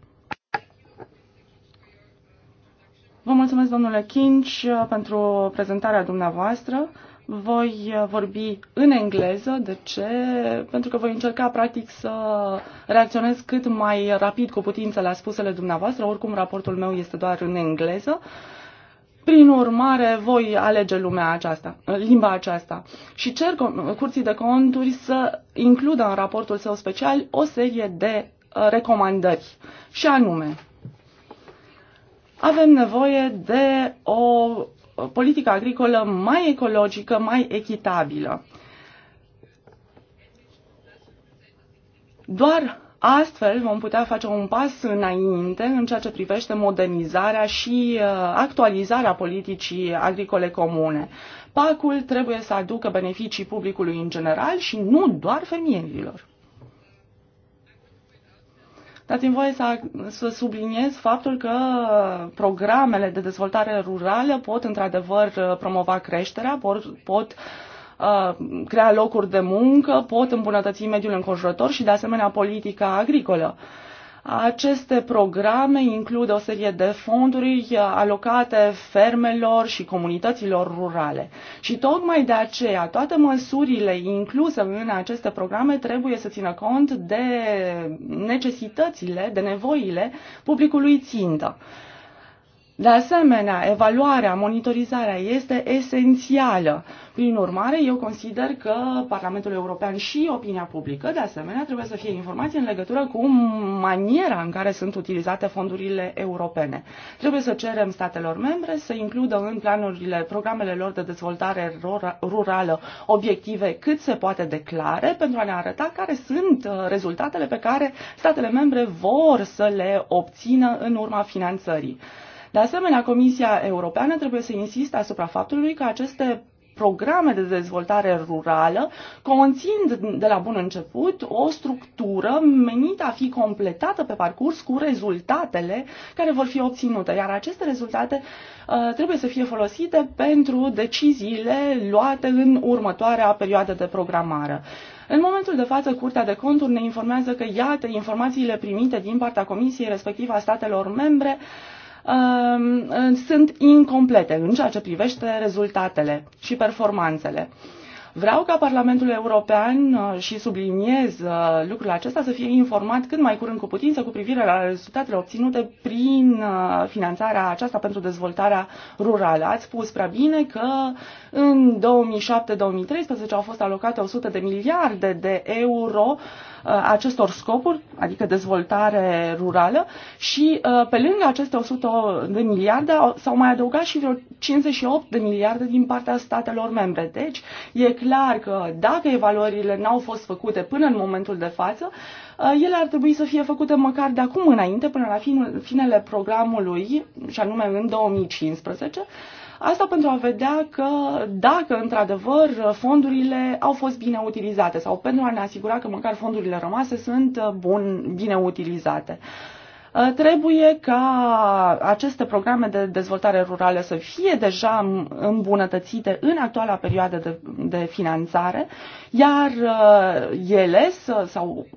B: Vă mulțumesc, domnule Kinch, pentru prezentarea dumneavoastră. Voi vorbi în engleză. De ce? Pentru că voi încerca, practic, să reacționez cât mai rapid cu putință la spusele dumneavoastră. Oricum, raportul meu este doar în engleză. Prin urmare, voi alege lumea aceasta, limba aceasta și cer curții de conturi să includă în raportul său special o serie de uh, recomandări. Și anume, avem nevoie de o politică agricolă mai ecologică, mai echitabilă. Doar astfel vom putea face un pas înainte în ceea ce privește modernizarea și uh, actualizarea politicii agricole comune. PAC-ul trebuie să aducă beneficii publicului în general și nu doar fermierilor. Dați-mi voie să, să subliniez faptul că programele de dezvoltare rurală pot într-adevăr promova creșterea, pot, pot uh, crea locuri de muncă, pot îmbunătăți mediul înconjurător și de asemenea politica agricolă. Aceste programe includ o serie de fonduri alocate fermelor și comunităților rurale. Și tocmai de aceea, toate măsurile incluse în aceste programe trebuie să țină cont de necesitățile, de nevoile publicului țintă. De asemenea, evaluarea, monitorizarea este esențială. Prin urmare, eu consider că Parlamentul European și opinia publică, de asemenea, trebuie să fie informați în legătură cu maniera în care sunt utilizate fondurile europene. Trebuie să cerem statelor membre să includă în planurile, programele lor de dezvoltare rurală obiective cât se poate declare pentru a ne arăta care sunt uh, rezultatele pe care statele membre vor să le obțină în urma finanțării. De asemenea, Comisia Europeană trebuie să insiste asupra faptului că aceste programe de dezvoltare rurală, conțin de la bun început o structură menită a fi completată pe parcurs cu rezultatele care vor fi obținute. Iar aceste rezultate uh, trebuie să fie folosite pentru deciziile luate în următoarea perioadă de programare. În momentul de față, Curtea de Conturi ne informează că, iată, informațiile primite din partea Comisiei, respectiv a statelor membre, uh, Um, uh, sunt incomplete în ceea ce privește rezultatele și performanțele. Vreau ca Parlamentul European uh, și subliniez uh, lucrul acesta să fie informat cât mai curând cu putință cu privire la rezultatele obținute prin finanțarea aceasta pentru dezvoltarea rurală. Ați spus prea bine că în 2007-2013 au fost alocate 100 de miliarde de euro uh, Uh, acestor scopuri, adică dezvoltare rurală și uh, pe lângă aceste 100 de miliarde s-au mai adăugat și vreo 58 de miliarde din partea statelor membre. Deci e clar că dacă evaluările n-au fost făcute până în momentul de față, uh, ele ar trebui să fie făcute măcar de acum înainte, până la finele programului, și anume în 2015, Asta pentru a vedea că dacă într-adevăr fondurile au fost bine utilizate sau pentru a ne asigura că măcar fondurile rămase sunt uh, bun, bine utilizate uh, trebuie ca aceste programe de dezvoltare rurală să fie deja îmbunătățite în actuala perioadă de, de finanțare, iar uh, ele să, sau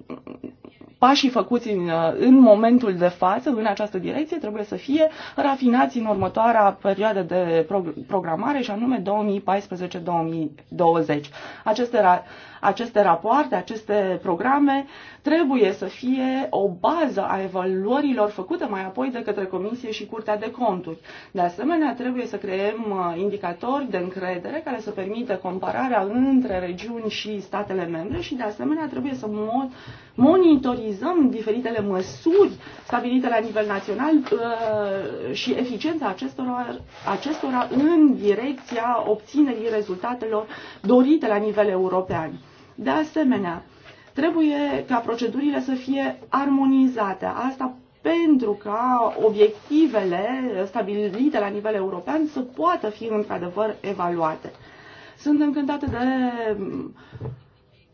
B: pașii făcuți în, uh, în momentul de față, în această direcție, trebuie să fie rafinați în următoarea perioadă de programare, și anume 2014-2020. Aceste, ra- aceste rapoarte, aceste programe trebuie să fie o bază a evaluărilor făcute mai apoi de către Comisie și Curtea de Conturi. De asemenea, trebuie să creăm uh, indicatori de încredere care să permită compararea între regiuni și statele membre și, de asemenea, trebuie să mod monitorizăm diferitele măsuri stabilite la nivel național uh, și eficiența acestora, acestora în direcția obținerii rezultatelor dorite la nivel european. De asemenea, trebuie ca procedurile să fie armonizate. Asta pentru ca obiectivele stabilite la nivel european să poată fi într-adevăr evaluate. Sunt încântată de,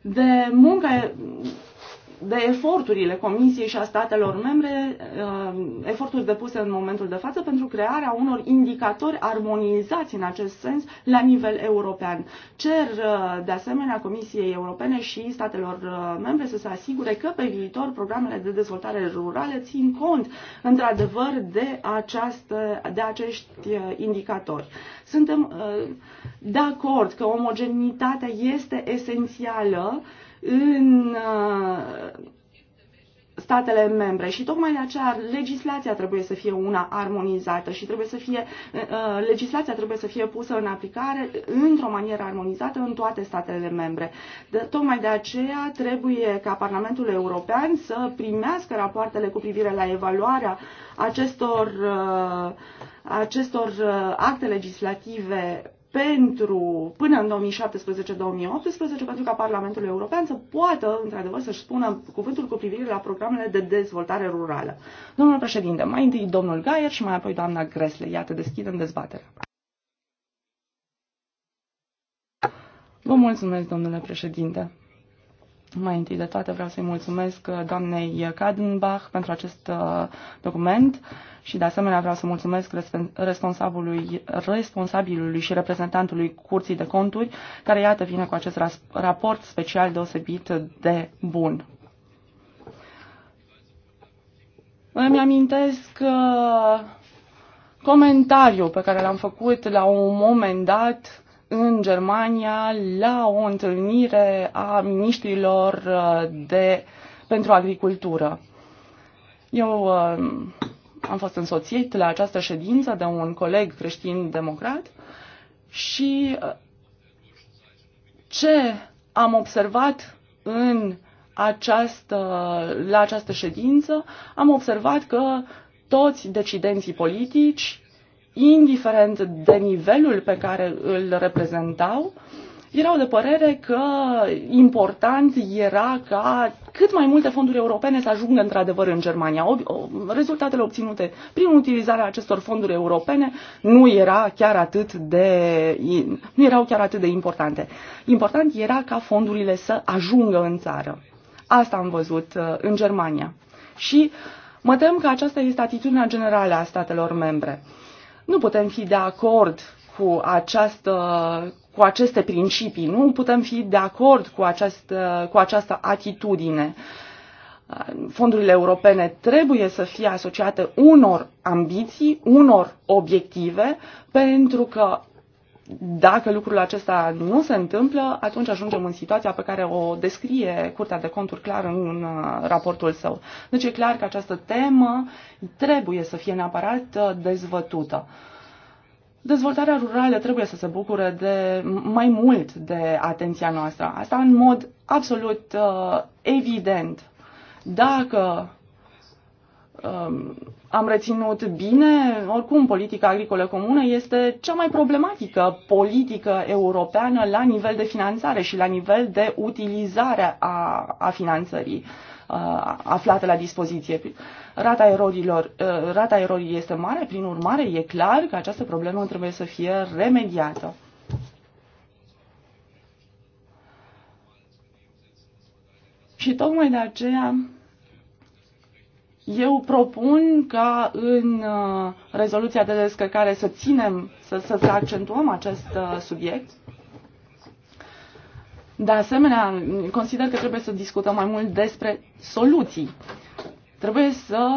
B: de munca de eforturile Comisiei și a statelor membre, uh, eforturi depuse în momentul de față pentru crearea unor indicatori armonizați în acest sens la nivel european. Cer uh, de asemenea Comisiei Europene și statelor uh, membre să se asigure că pe viitor programele de dezvoltare rurală țin cont într-adevăr de, această, de acești indicatori. Suntem de acord că omogenitatea este esențială în uh, statele membre și tocmai de aceea legislația trebuie să fie una armonizată și trebuie să fie, uh, uh, legislația trebuie să fie pusă în aplicare într-o manieră armonizată în toate statele membre. De, tocmai de aceea trebuie ca Parlamentul European să primească rapoartele cu privire la evaluarea acestor, acestor acte legislative pentru, până în 2017-2018 pentru ca Parlamentul European să poată, într-adevăr, să-și spună cuvântul cu privire la programele de dezvoltare rurală. Domnul președinte, mai întâi domnul Gaier și mai apoi doamna Gresle. Iată, deschidem dezbaterea. Vă mulțumesc, domnule președinte. Mai întâi de toate vreau să-i mulțumesc uh, doamnei Kadenbach pentru acest uh, document și de asemenea vreau să mulțumesc responsabilului, responsabilului și reprezentantului Curții de Conturi, care iată vine cu acest raport special deosebit de bun. Îmi amintesc uh, comentariul pe care l-am făcut la un moment dat în Germania la o întâlnire a miniștrilor uh, de, pentru agricultură. Eu uh, am fost însoțit la această ședință de un coleg creștin-democrat și uh, ce am observat în această, la această ședință, am observat că toți decidenții politici indiferent de nivelul pe care îl reprezentau, erau de părere că important era ca cât mai multe fonduri europene să ajungă într-adevăr în Germania. Rezultatele obținute prin utilizarea acestor fonduri europene nu, era chiar atât de, nu erau chiar atât de importante. Important era ca fondurile să ajungă în țară. Asta am văzut uh, în Germania. Și mă tem că aceasta este atitudinea generală a statelor membre. Uh, nu putem fi de acord cu, această, cu aceste principii, nu putem fi de acord cu această, cu această atitudine. Fondurile europene trebuie să fie asociate unor ambiții, unor obiective, pentru că dacă lucrul acesta nu se întâmplă, atunci ajungem în situația pe care o descrie Curtea de Conturi clar în uh, raportul său. Deci e clar că această temă trebuie să fie neapărat uh, dezvătută. Dezvoltarea rurală trebuie să se bucure de mai mult de atenția noastră. Asta în mod absolut uh, evident. Dacă Um, am reținut bine, oricum politica agricolă comună este cea mai problematică politică europeană la nivel de finanțare și la nivel de utilizare a, a finanțării uh, aflate la dispoziție. Rata erorilor, uh, rata erorii este mare, prin urmare e clar că această problemă trebuie să fie remediată. Și tocmai de aceea eu propun ca în uh, rezoluția de descărcare să ținem, să, să, să accentuăm acest uh, subiect. De asemenea, consider că trebuie să discutăm mai mult despre soluții. Trebuie să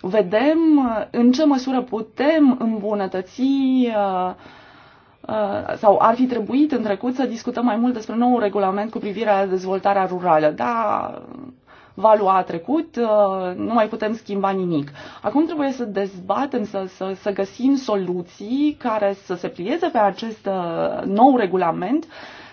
B: vedem uh, în ce măsură putem îmbunătăți sau ar fi trebuit în trecut să discutăm mai mult despre nou regulament cu privire la dezvoltarea rurală. Da, valul a trecut, uh, nu mai putem schimba nimic. Acum trebuie să dezbatem, să, să, să găsim soluții care să se plieze pe acest uh, nou regulament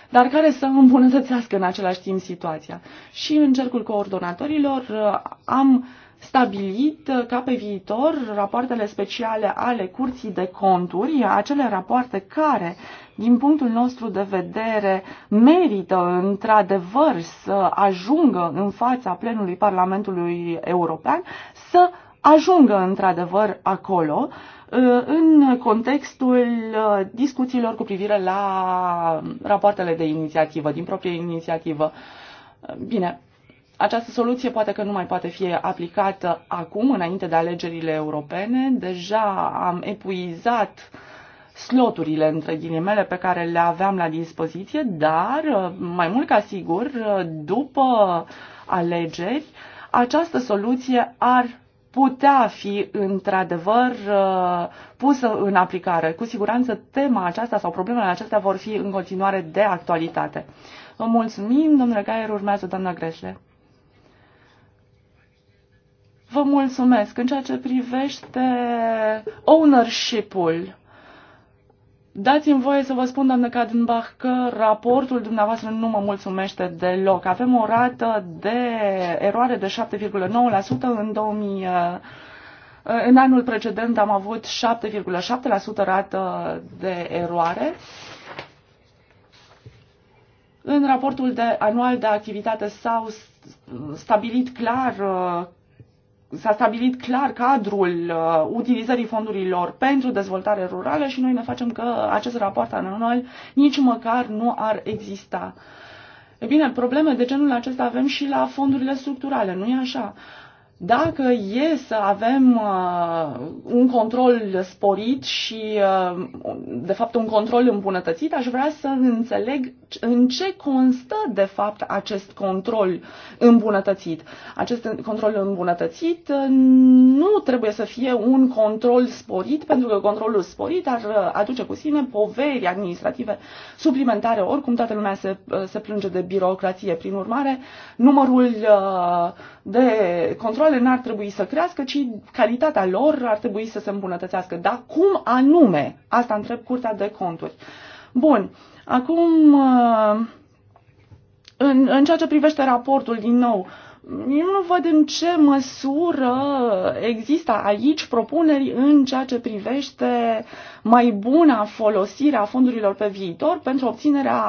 B: dar care să îmbunătățească în același timp situația. Și în cercul coordonatorilor uh, am stabilit uh, ca pe viitor rapoartele speciale ale curții de conturi, acele rapoarte care, din punctul nostru de vedere, merită într-adevăr să ajungă în fața plenului Parlamentului European, să ajungă într-adevăr acolo uh, în contextul uh, discuțiilor cu privire la rapoartele de inițiativă, din proprie inițiativă. Bine, această soluție poate că nu mai poate fi aplicată acum, înainte de alegerile europene. Deja am epuizat sloturile, între ghilimele, pe care le aveam la dispoziție, dar, mai mult ca sigur, după alegeri, această soluție ar putea fi într-adevăr pusă în aplicare. Cu siguranță tema aceasta sau problemele acestea vor fi în continuare de actualitate. Vă mulțumim, domnule Gaier, urmează doamna Greșle. Vă mulțumesc. În ceea ce privește ownership-ul, dați-mi voie să vă spun, doamnă Cadenbach, că raportul dumneavoastră nu mă mulțumește deloc. Avem o rată de eroare de 7,9% în 2000. În anul precedent am avut 7,7% rată de eroare. În raportul de anual de activitate s-au stabilit clar uh, s-a stabilit clar cadrul uh, utilizării fondurilor pentru dezvoltare rurală și noi ne facem că acest raport anual nici măcar nu ar exista. E bine, probleme de genul acesta avem și la fondurile structurale, nu-i așa? Dacă e să avem uh, un control sporit și, uh, de fapt, un control îmbunătățit, aș vrea să înțeleg în ce constă, de fapt, acest control îmbunătățit. Acest control îmbunătățit uh, nu trebuie să fie un control sporit, pentru că controlul sporit ar aduce cu sine poveri administrative suplimentare. Oricum, toată lumea se, se plânge de birocrație. Prin urmare, numărul de control controle n-ar trebui să crească, ci calitatea lor ar trebui să se îmbunătățească. Dar cum anume? Asta întreb Curtea de Conturi. Bun, acum uh, în, în ceea ce privește raportul din nou, uh, eu nu văd în ce măsură există aici propuneri în ceea ce privește mai buna folosirea fondurilor pe viitor pentru obținerea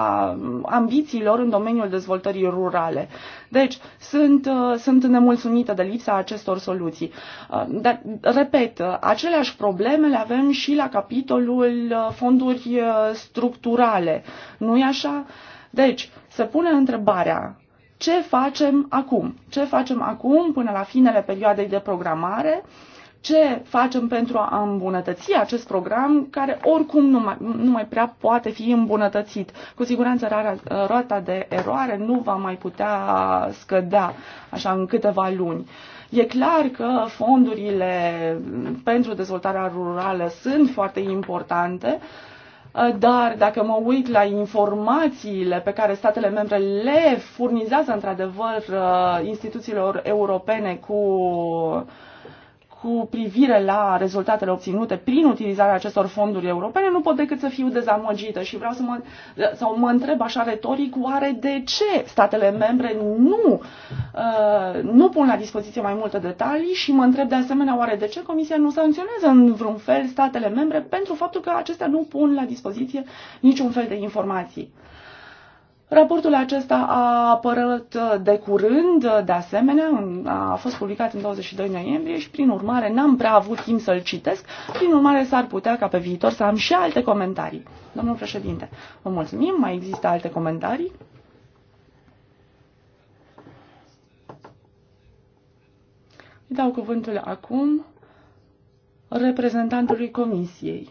B: ambițiilor în domeniul dezvoltării rurale. Deci, sunt, uh, sunt nemulțumită de lipsa acestor soluții. Uh, dar, repet, uh, aceleași probleme le avem și la capitolul fonduri structurale. Nu-i așa? Deci, se pune întrebarea ce facem acum. Ce facem acum până la finele perioadei de programare, ce facem pentru a îmbunătăți acest program care oricum nu mai, nu mai prea poate fi îmbunătățit. Cu siguranță rara, rata de eroare nu va mai putea scădea așa în câteva luni. E clar că fondurile pentru dezvoltarea rurală sunt foarte importante, uh, Uh, dar dacă mă uit la informațiile pe care statele membre le furnizează într-adevăr uh, instituțiilor europene cu cu privire la rezultatele obținute prin utilizarea acestor fonduri europene, nu pot decât să fiu dezamăgită și vreau să mă, sau mă întreb așa retoric, oare de ce statele membre nu, uh, nu pun la dispoziție mai multe detalii și mă întreb de asemenea oare de ce Comisia nu sancționează în vreun fel statele membre pentru faptul că acestea nu pun la dispoziție niciun fel de informații. Raportul acesta a apărut uh, de curând, uh, de asemenea, a fost publicat în 22 noiembrie și, prin urmare, n-am prea avut timp să-l citesc. Prin urmare, s-ar putea ca pe viitor să am și alte comentarii. Domnul președinte, vă mulțumim. Mai există alte comentarii? Îi dau cuvântul acum reprezentantului Comisiei.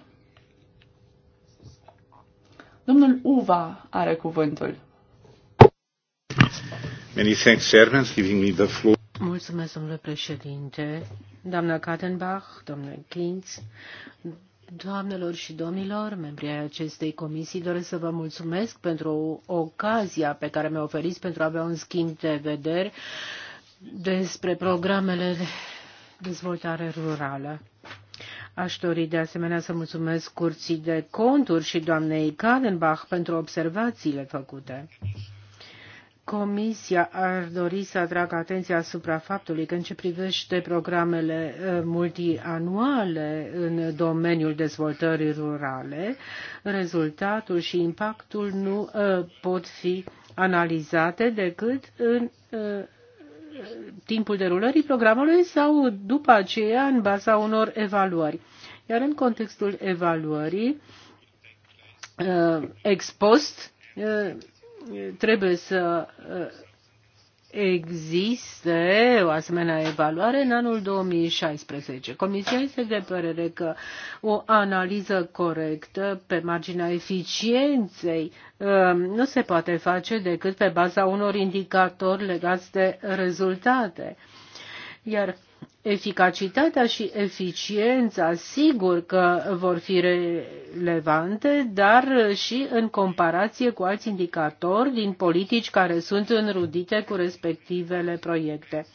B: Domnul Uva are cuvântul. Many thanks, Chairman, giving me the floor.
A: Mulțumesc, domnule președinte, doamna Kattenbach, domnule Kintz, Doamnelor și domnilor, membrii acestei comisii, doresc să vă mulțumesc pentru ocazia pe care mi-a oferit pentru a avea un schimb de vederi despre programele de dezvoltare rurală. Aș dori de asemenea să mulțumesc curții de conturi și doamnei Kadenbach pentru observațiile făcute. Comisia ar dori să atragă atenția asupra faptului că în ce privește programele eh, multianuale în domeniul dezvoltării rurale, rezultatul și impactul nu eh, pot fi analizate decât în eh, timpul derulării programului sau după aceea în baza unor evaluări. Iar în contextul evaluării, ex post, trebuie să uh, existe o asemenea evaluare în anul 2016. Comisia este de părere că o analiză corectă pe marginea eficienței um, nu se poate face decât pe baza unor indicatori legați de rezultate. Iar eficacitatea și eficiența sigur că vor fi relevante, dar și în comparație cu alți indicatori din politici care sunt înrudite cu respectivele proiecte.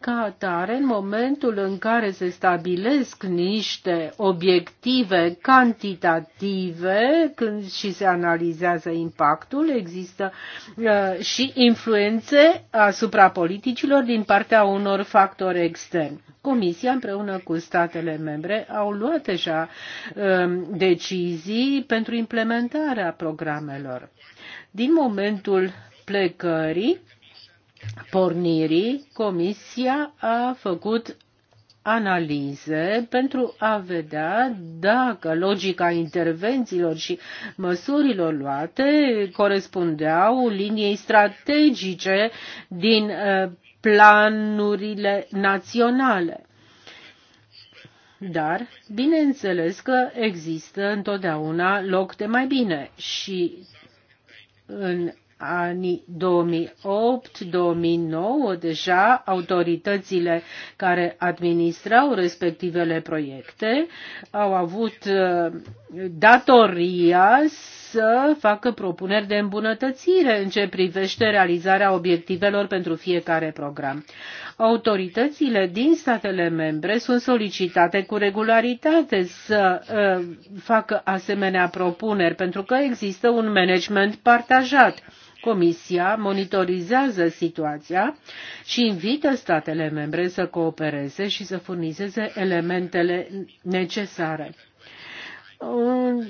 A: Ca atare, în momentul în care se stabilesc niște obiective cantitative când și se analizează impactul, există uh, și influențe asupra politicilor din partea unor factori externi. Comisia împreună cu statele membre au luat deja uh, decizii pentru implementarea programelor. Din momentul plecării, pornirii, Comisia a făcut analize pentru a vedea dacă logica intervențiilor și măsurilor luate corespundeau liniei strategice din uh, planurile naționale. Dar, bineînțeles că există întotdeauna loc de mai bine și în anii 2008-2009 deja autoritățile care administrau respectivele proiecte au avut uh, datoria să facă propuneri de îmbunătățire în ce privește realizarea obiectivelor pentru fiecare program. Autoritățile din statele membre sunt solicitate cu regularitate să uh, facă asemenea propuneri pentru că există un management partajat Comisia monitorizează situația și invită statele membre să coopereze și să furnizeze elementele necesare. Un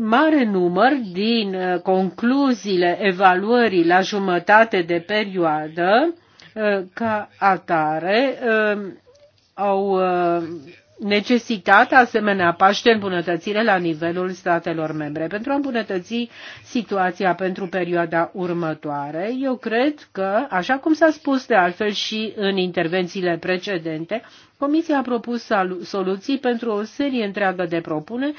A: mare număr din uh, concluziile evaluării la jumătate de perioadă uh, ca atare uh, au necesitat asemenea pași de îmbunătățire la nivelul statelor membre. Pentru a îmbunătăți situația pentru perioada următoare, eu cred că, așa cum s-a spus de altfel și în intervențiile precedente, Comisia a propus soluții pentru o serie întreagă de propune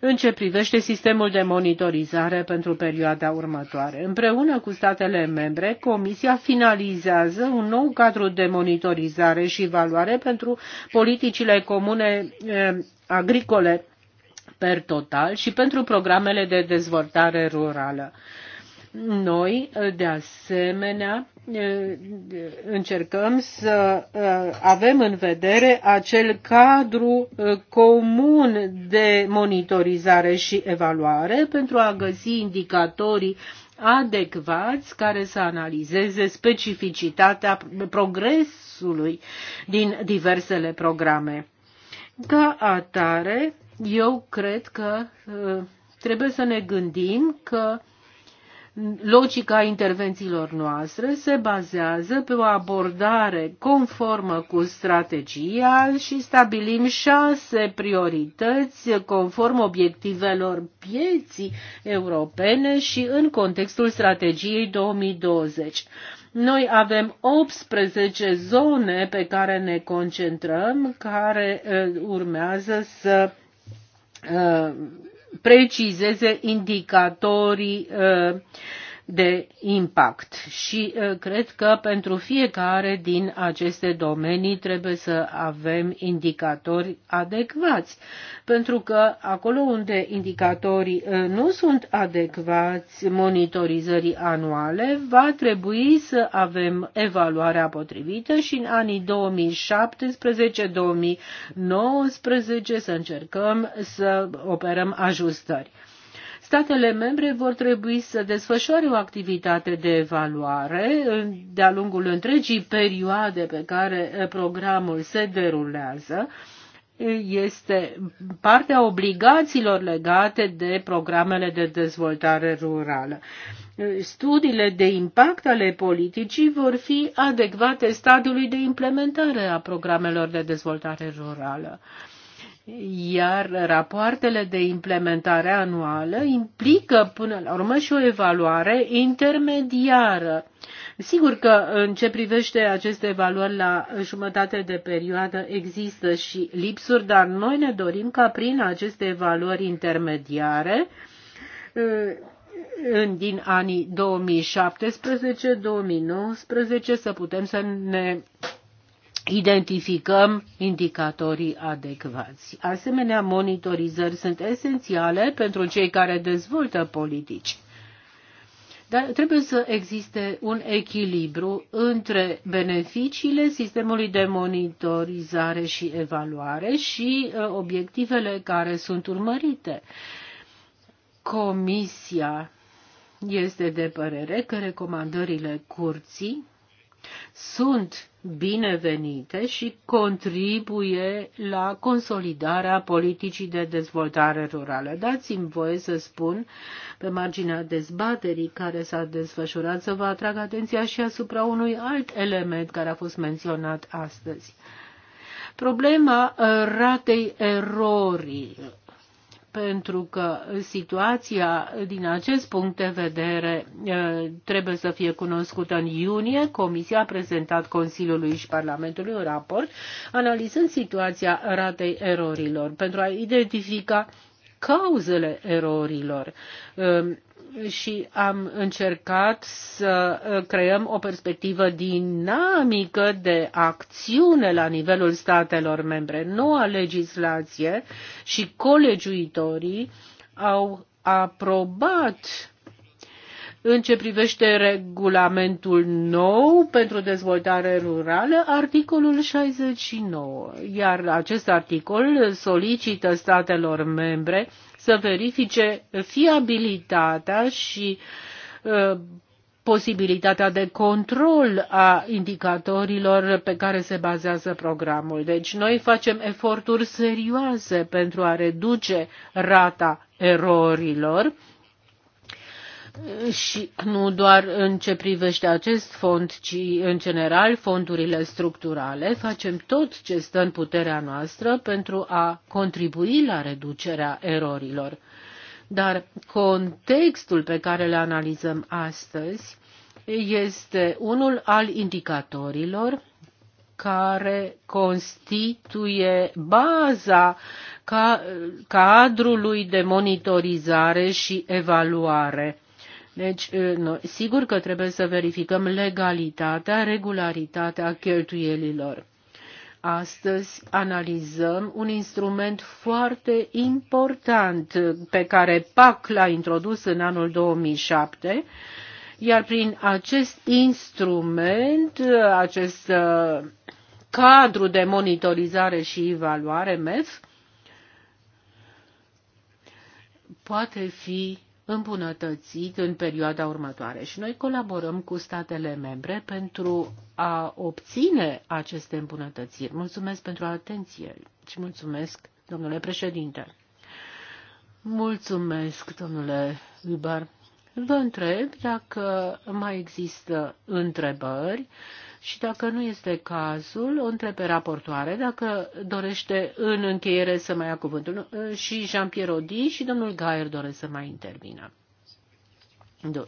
A: în ce privește sistemul de monitorizare pentru perioada următoare. Împreună cu statele membre, Comisia finalizează un nou cadru de monitorizare și valoare pentru politicile comune eh, agricole per total și pentru programele de dezvoltare rurală. Noi, de asemenea, Eh, încercăm să eh, avem în vedere acel cadru eh, comun de monitorizare și evaluare pentru a găsi indicatorii adecvați care să analizeze specificitatea progresului din diversele programe. Ca atare, eu cred că trebuie să ne gândim că logica intervențiilor noastre se bazează pe o abordare conformă cu strategia și stabilim șase priorități conform obiectivelor pieții europene și în contextul strategiei 2020. Noi avem 18 zone pe care ne concentrăm, care uh, urmează să uh, precizeze indicatorii uh, de impact și uh, cred că pentru fiecare din aceste domenii trebuie să avem indicatori adecvați, pentru că acolo unde indicatorii uh, nu sunt adecvați monitorizării anuale, va trebui să avem evaluarea potrivită și în anii 2017-2019 să încercăm să operăm ajustări statele membre vor trebui să desfășoare o activitate de evaluare de-a lungul întregii perioade pe care eh, programul se derulează, este partea obligațiilor legate de programele de dezvoltare rurală. Studiile de impact ale politicii vor fi adecvate stadiului de implementare a programelor de dezvoltare rurală iar rapoartele de implementare anuală implică până la urmă și o evaluare intermediară. Sigur că în ce privește aceste evaluări la jumătate de perioadă există și lipsuri, dar noi ne dorim ca prin aceste evaluări intermediare ă, din anii 2017-2019 să putem să ne identificăm indicatorii adecvați. Asemenea, monitorizări sunt esențiale pentru cei care dezvoltă politici. Dar trebuie să existe un echilibru între beneficiile sistemului de monitorizare și evaluare și uh, obiectivele care sunt urmărite. Comisia este de părere că recomandările curții sunt binevenite și contribuie la consolidarea politicii de dezvoltare rurală. Dați-mi voie să spun, pe marginea dezbaterii care s-a desfășurat, să vă atrag atenția și asupra unui alt element care a fost menționat astăzi. Problema uh, ratei erorii pentru că situația din acest punct de vedere trebuie să fie cunoscută în iunie. Comisia a prezentat Consiliului și Parlamentului un raport analizând situația ratei erorilor pentru a identifica cauzele erorilor și am încercat să uh, creăm o perspectivă dinamică de acțiune la nivelul statelor membre. Noua legislație și colegiuitorii au aprobat în ce privește regulamentul nou pentru dezvoltare rurală, articolul 69, iar acest articol solicită statelor membre să verifice fiabilitatea și ă, posibilitatea de control a indicatorilor pe care se bazează programul. Deci noi facem eforturi serioase pentru a reduce rata erorilor și nu doar în ce privește acest fond, ci în general fondurile structurale, facem tot ce stă în puterea noastră pentru a contribui la reducerea erorilor. Dar contextul pe care le analizăm astăzi este unul al indicatorilor care constituie baza ca, cadrului de monitorizare și evaluare deci, sigur că trebuie să verificăm legalitatea, regularitatea cheltuielilor. Astăzi analizăm un instrument foarte important pe care PAC l-a introdus în anul 2007, iar prin acest instrument, acest cadru de monitorizare și evaluare MEF, poate fi îmbunătățit în perioada următoare și noi colaborăm cu statele membre pentru a obține aceste îmbunătățiri. Mulțumesc pentru atenție și mulțumesc, domnule președinte. Mulțumesc, domnule Ubar. Vă întreb dacă mai există întrebări și dacă nu este cazul, o întreb pe raportoare dacă dorește în încheiere să mai ia cuvântul. Și Jean-Pierre Odi și domnul Gaier doresc să mai intervină. Nu da.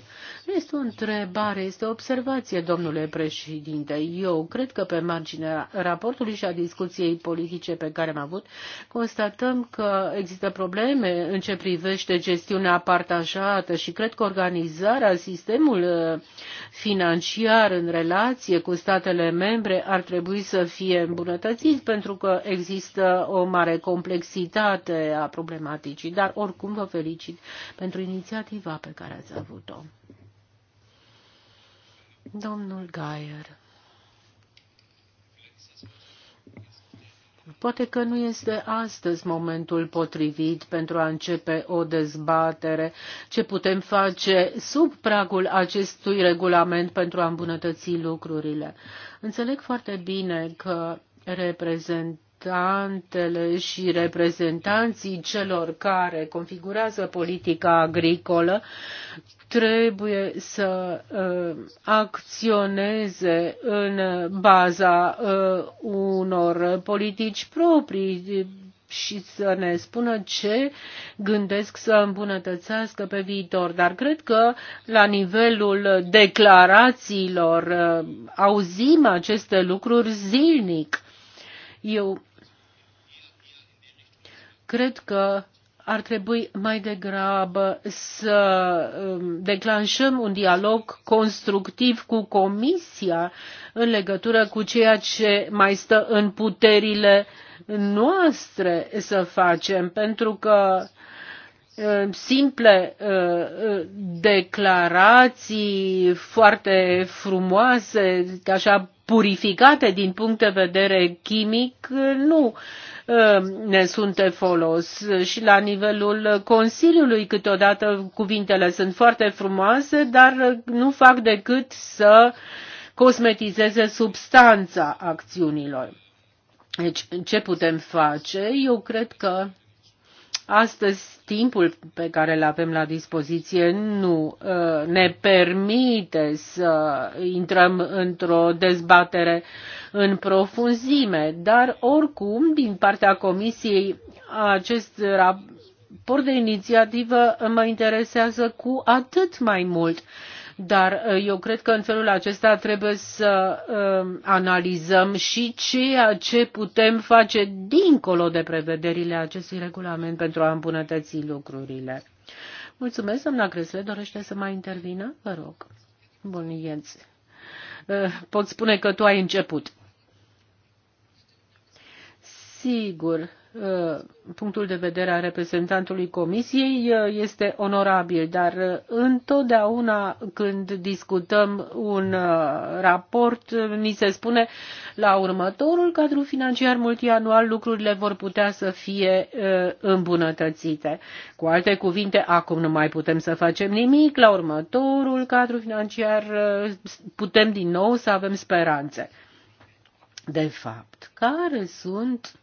A: este o întrebare, este o observație, domnule președinte. Eu cred că pe marginea raportului și a discuției politice pe care am avut, constatăm că există probleme în ce privește gestiunea partajată și cred că organizarea sistemul uh, financiar în relație cu statele membre ar trebui să fie îmbunătățit pentru că există o mare complexitate a problematicii. Dar oricum vă felicit pentru inițiativa pe care ați avut. Toronto. Domnul Gaier. Poate că nu este astăzi momentul potrivit pentru a începe o dezbatere ce putem face sub pragul acestui regulament pentru a îmbunătăți lucrurile. Înțeleg foarte bine că reprezent reprezentantele și reprezentanții celor care configurează politica agricolă trebuie să uh, acționeze în baza uh, unor politici proprii și să ne spună ce gândesc să îmbunătățească pe viitor. Dar cred că la nivelul declarațiilor uh, auzim aceste lucruri zilnic. Eu Cred că ar trebui mai degrabă să um, declanșăm un dialog constructiv cu Comisia în legătură cu ceea ce mai stă în puterile noastre să facem, pentru că simple uh, uh, declarații foarte frumoase, așa purificate din punct de vedere chimic, nu uh, ne sunt de folos. Și la nivelul Consiliului câteodată cuvintele sunt foarte frumoase, dar nu fac decât să cosmetizeze substanța acțiunilor. Deci, ce putem face? Eu cred că Astăzi, timpul pe care îl avem la dispoziție nu uh, ne permite să intrăm într-o dezbatere în profunzime, dar oricum, din partea Comisiei, acest raport de inițiativă mă interesează cu atât mai mult dar uh, eu cred că în felul acesta trebuie să um, analizăm și ceea ce putem face dincolo de prevederile acestui regulament pentru a îmbunătăți lucrurile. Mulțumesc, doamna Cresle, dorește să mai intervină? Vă rog. Bun, Ienț. Uh, pot spune că tu ai început. Sigur, Uh, punctul de vedere al reprezentantului Comisiei uh, este onorabil, dar uh, întotdeauna când discutăm un raport, ni se spune la următorul cadru financiar multianual lucrurile vor putea să fie îmbunătățite. Cu alte cuvinte, acum nu mai putem să facem nimic, la următorul cadru financiar putem din nou să avem speranțe. De fapt, care sunt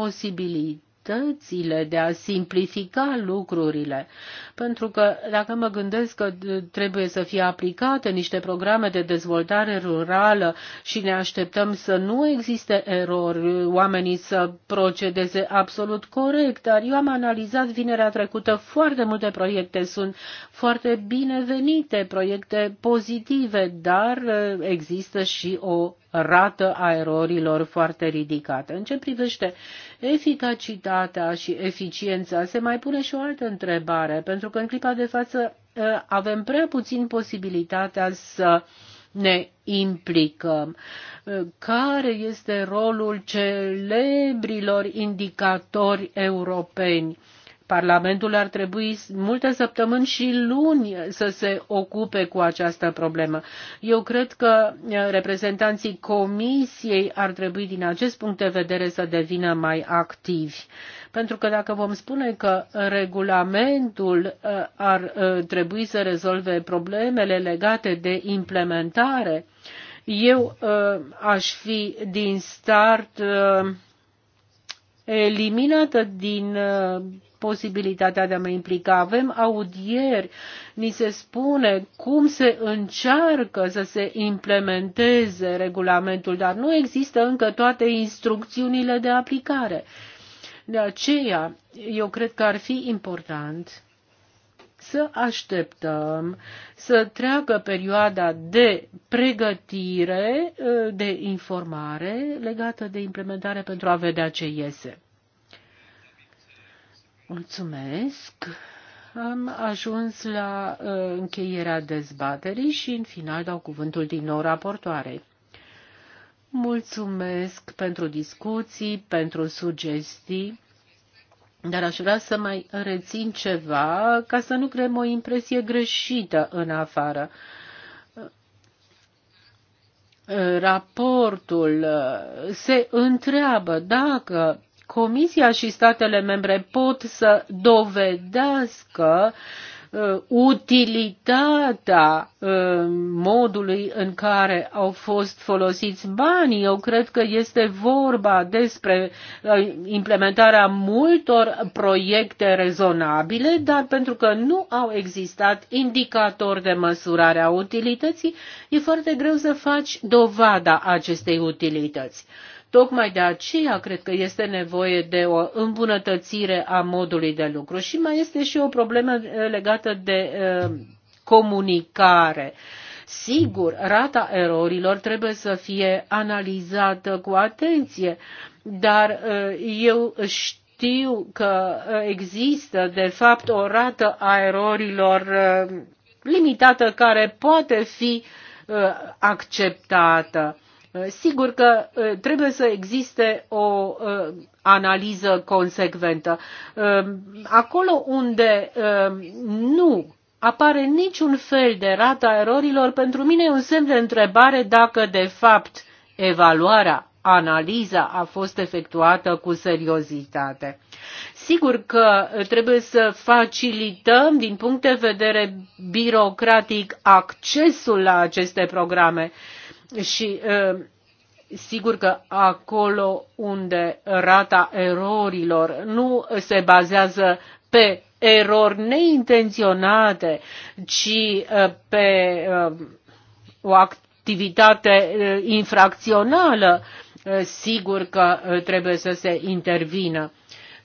A: posibilitățile de a simplifica lucrurile. Pentru că dacă mă gândesc că trebuie să fie aplicate niște programe de dezvoltare rurală și ne așteptăm să nu existe erori, oamenii să procedeze absolut corect, dar eu am analizat vinerea trecută foarte multe proiecte, sunt foarte binevenite, proiecte pozitive, dar eh, există și o rată a erorilor foarte ridicată. În ce privește eficacitatea și eficiența, se mai pune și o altă întrebare, pentru că în clipa de față ă, avem prea puțin posibilitatea să ne implicăm. Ă, care este rolul celebrilor indicatori europeni? Parlamentul ar trebui multe săptămâni și luni să se ocupe cu această problemă. Eu cred că uh, reprezentanții Comisiei ar trebui din acest punct de vedere să devină mai activi. Pentru că dacă vom spune că regulamentul uh, ar uh, trebui să rezolve problemele legate de implementare, eu aș fi din start eliminată din posibilitatea de a mă implica. Avem audieri, ni se spune cum se încearcă să se implementeze regulamentul, dar nu există încă toate instrucțiunile de aplicare. De aceea, eu cred că ar fi important să așteptăm să treacă perioada de pregătire, de informare legată de implementare pentru a vedea ce iese. Mulțumesc. Am ajuns la uh, încheierea dezbaterii și în final dau cuvântul din nou raportoarei. Mulțumesc pentru discuții, pentru sugestii, dar aș vrea să mai rețin ceva ca să nu creăm o impresie greșită în afară. Raportul uh, se întreabă dacă Comisia și statele membre pot să dovedească uh, utilitatea uh, modului în care au fost folosiți banii. Eu cred că este vorba despre uh, implementarea multor proiecte rezonabile, dar pentru că nu au existat indicatori de măsurare a utilității, e foarte greu să faci dovada acestei utilități. Tocmai de aceea cred că este nevoie de o îmbunătățire a modului de lucru. Și mai este și o problemă eh, legată de eh, comunicare. Sigur, rata erorilor trebuie să fie analizată cu atenție, dar eh, eu știu că există, de fapt, o rată a erorilor limitată care poate fi acceptată. Uh, sigur că uh, trebuie să existe o uh, analiză consecventă. Acolo unde nu apare niciun fel de rata erorilor, pentru mine e un semn de întrebare dacă de fapt evaluarea, analiza a fost efectuată cu seriozitate. Sigur că trebuie să facilităm din punct de vedere birocratic accesul la aceste programe și sigur că acolo unde rata erorilor nu se bazează pe erori neintenționate, ci pe o activitate infracțională, sigur că trebuie să se intervină.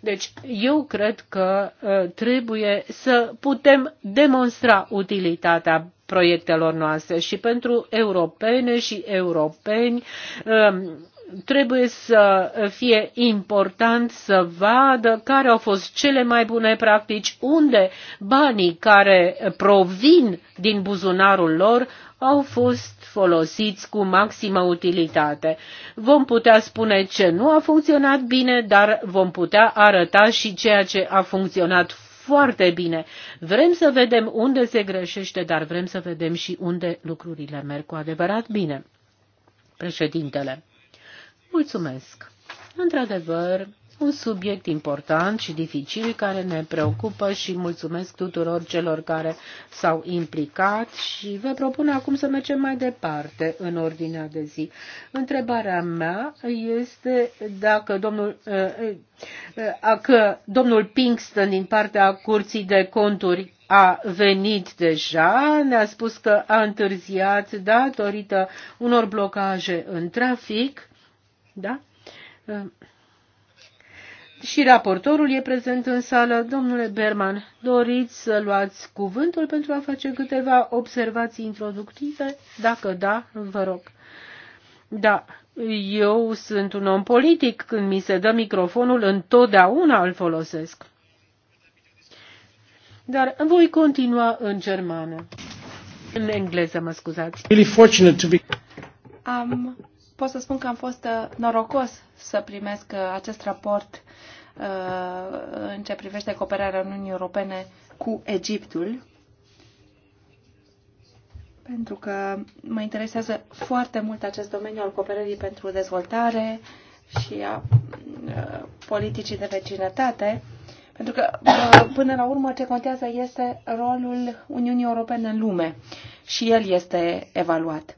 A: Deci eu cred că uh, trebuie să putem demonstra utilitatea proiectelor noastre și pentru europene și europeni um, trebuie să fie important să vadă care au fost cele mai bune practici, unde banii care provin din buzunarul lor au fost folosiți cu maximă utilitate. Vom putea spune ce nu a funcționat bine, dar vom putea arăta și ceea ce a funcționat foarte bine. Vrem să vedem unde se greșește, dar vrem să vedem și unde lucrurile merg cu adevărat bine. Președintele. Mulțumesc. Într-adevăr, un subiect important și dificil care ne preocupă și mulțumesc tuturor celor care s-au implicat și vă propun acum să mergem mai departe în ordinea de zi. Întrebarea mea este dacă domnul, dacă uh, uh, domnul Pinkston din partea Curții de Conturi a venit deja, ne-a spus că a întârziat datorită unor blocaje în trafic. Da? Uh, și raportorul e prezent în sală. Domnule Berman, doriți să luați cuvântul pentru a face câteva observații introductive? Dacă da, vă rog. Da, eu sunt un om politic. Când mi se dă microfonul, întotdeauna îl folosesc. Dar voi continua în germană. În engleză, mă scuzați.
B: Really fortunate to be...
C: Am pot să spun că am fost uh, norocos să primesc uh, acest raport uh, în ce privește cooperarea Uniunii Europene cu Egiptul, pentru că mă interesează foarte mult acest domeniu al cooperării pentru dezvoltare și a politicii de vecinătate, pentru că, până la urmă, ce contează este rolul Uniunii Europene în lume și el este evaluat.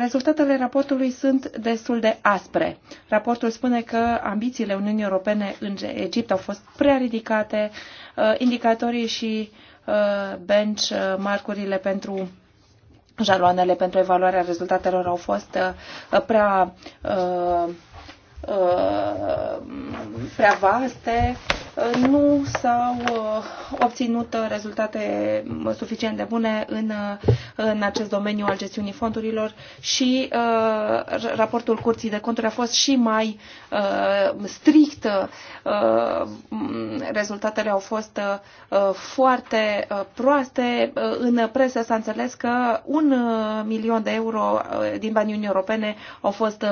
C: Rezultatele raportului sunt destul de aspre. Raportul spune că ambițiile Uniunii Europene în Egipt au fost prea ridicate, uh, indicatorii și uh, benchmark-urile uh, pentru jaloanele pentru evaluarea rezultatelor au fost prea prea vaste nu s-au uh, obținut rezultate suficient de bune în, uh, în acest domeniu al gestiunii fondurilor și uh, raportul Curții de Conturi a fost și mai strict. Rezultatele au fost foarte proaste. În presă s-a înțeles că un milion de euro din banii Uniunii Europene au fost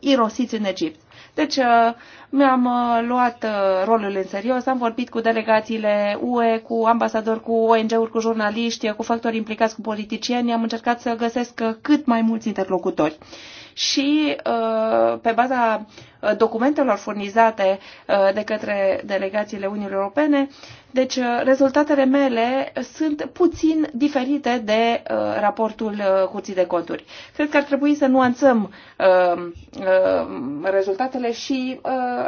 C: irosiți în Egipt. Deci uh, mi-am uh, luat uh, rolul în serios, am vorbit cu delegațiile UE, cu ambasadori, cu ONG-uri, cu jurnaliști, cu factori implicați, cu politicieni, am încercat să găsesc cât mai mulți interlocutori. Și pe baza Uh, documentelor furnizate uh, de către delegațiile Uniunii Europene. Deci uh, rezultatele mele sunt puțin diferite de raportul Curții de Conturi. Cred că ar trebui să nuanțăm rezultatele și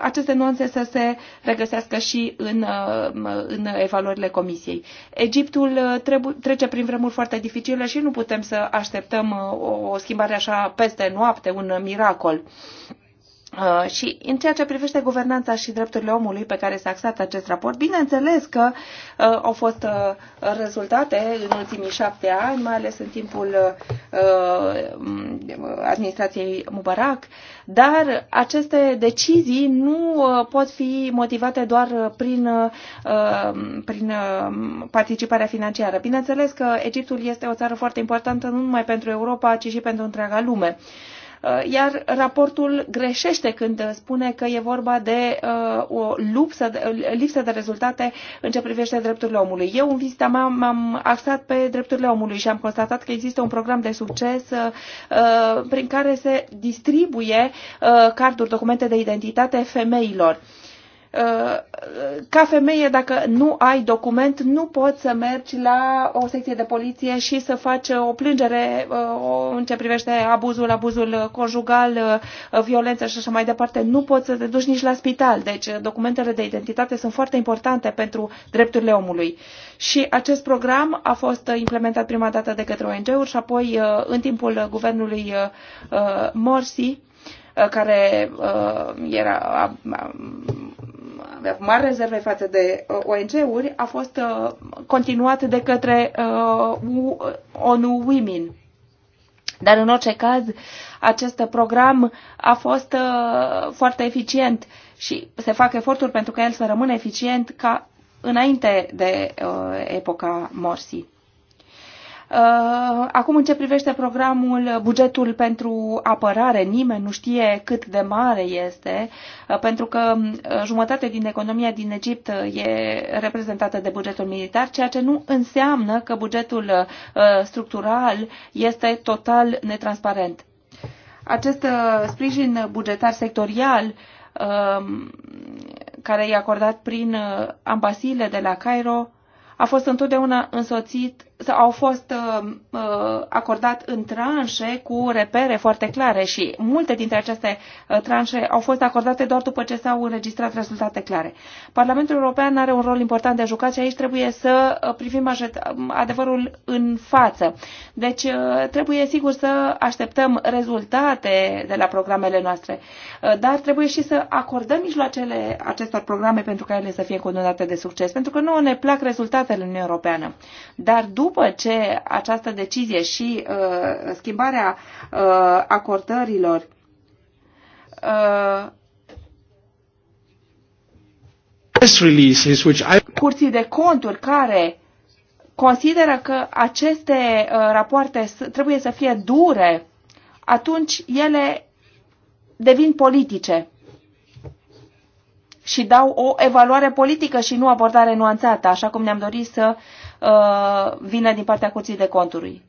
C: aceste nuanțe să se regăsească și în, în evaluările Comisiei. Egiptul trece prin vremuri foarte dificile și nu putem să așteptăm o schimbare așa peste noapte, un miracol. Uh, și în ceea ce privește guvernanța și drepturile omului pe care s-a axat acest raport, bineînțeles că uh, au fost uh, rezultate în ultimii șapte ani, mai ales în timpul uh, mm, administrației Mubarak, dar aceste decizii nu uh, pot fi motivate doar prin, uh, prin uh, participarea financiară. Bineînțeles că Egiptul este o țară foarte importantă nu numai pentru Europa, ci și pentru întreaga lume. Uh, Uh, iar raportul greșește când spune că e vorba de uh, o lipsă de, lipsă de rezultate în ce privește drepturile omului. Eu în vizita mea m-am axat pe drepturile omului și am constatat că există un program de succes uh, prin care se distribuie carduri, documente de identitate femeilor Uh, ca femeie, dacă nu ai document, nu poți să mergi la o secție de poliție și să faci o plângere uh, în ce privește abuzul, abuzul conjugal, uh, violență și așa mai departe. Nu poți să te duci nici la spital. Deci documentele de identitate sunt foarte importante pentru drepturile omului. Și acest program a fost implementat prima dată de către ONG-uri și apoi în timpul guvernului Morsi, care era avea mari rezerve față de uh, ONG-uri a fost uh, continuat de către ONU uh, Women. Dar în orice caz, acest program a fost foarte eficient și se fac eforturi pentru ca el să rămână eficient ca înainte de epoca Morsi. Uh, acum, în ce privește programul, bugetul pentru apărare, nimeni nu știe cât de mare este, uh, pentru că uh, jumătate din economia din Egipt e reprezentată de bugetul militar, ceea ce nu înseamnă că bugetul structural este total netransparent. Acest sprijin bugetar sectorial care i-a acordat prin ambasiile de la Cairo a fost întotdeauna însoțit au fost uh, uh, acordat în tranșe cu repere foarte clare și multe dintre aceste uh, tranșe au fost acordate doar după ce s-au înregistrat rezultate clare. Parlamentul European are un rol important de jucat și aici trebuie să uh, privim um, adevărul în față. Deci uh, trebuie sigur să așteptăm rezultate de la programele noastre, uh, dar trebuie și să acordăm mijloacele acestor programe pentru ca ele să fie condonate de succes, pentru că nouă ne plac rezultatele în Uniunea Europeană. Dar după după ce această decizie și uh, schimbarea uh, acordărilor uh, curții de conturi care consideră că aceste uh, rapoarte trebuie să fie dure, atunci ele devin politice și dau o evaluare politică și nu abordare nuanțată, așa cum ne-am dorit să Uh, vine din partea Curții de Conturi.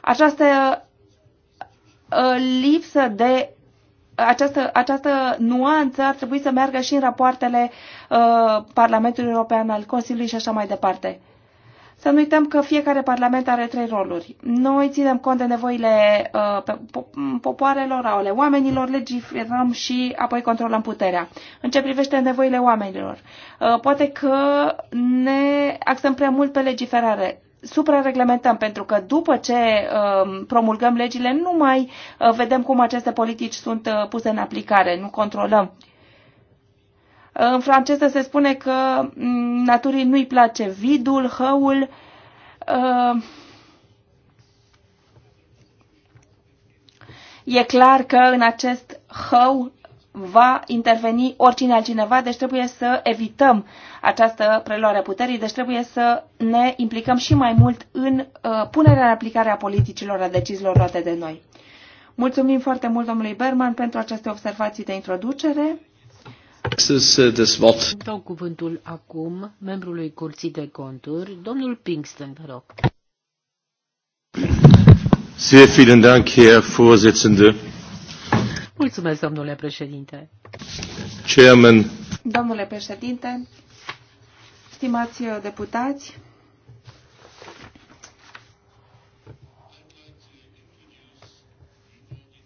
C: Această uh, lipsă de această, această nuanță ar trebui să meargă și în rapoartele uh, Parlamentului European, al Consiliului și așa mai departe. Să nu uităm că fiecare parlament are trei roluri. Noi ținem cont de nevoile uh, popoarelor, ale oamenilor, legiferăm și apoi controlăm puterea. În ce privește nevoile oamenilor, uh, poate că ne axăm prea mult pe legiferare suprareglementăm, pentru că după ce uh, promulgăm legile, nu mai uh, vedem cum aceste politici sunt uh, puse în aplicare, nu controlăm în franceză se spune că mm, naturii nu-i place vidul, hăul. Ă, e clar că în acest hău va interveni oricine altcineva, deci trebuie să evităm această preluare a puterii, deci trebuie să ne implicăm și mai mult în ă, punerea în aplicare a politicilor, a deciziilor luate de noi. Mulțumim foarte mult domnului Berman pentru aceste observații
A: de introducere. Uh, dau cuvântul acum membrului Curții de Conturi, domnul Pinkston, vă rog.
C: Sehr vielen Dank, Herr Vorsitzende.
A: Mulțumesc, domnule președinte. Chairman.
C: Domnule președinte, stimați deputați,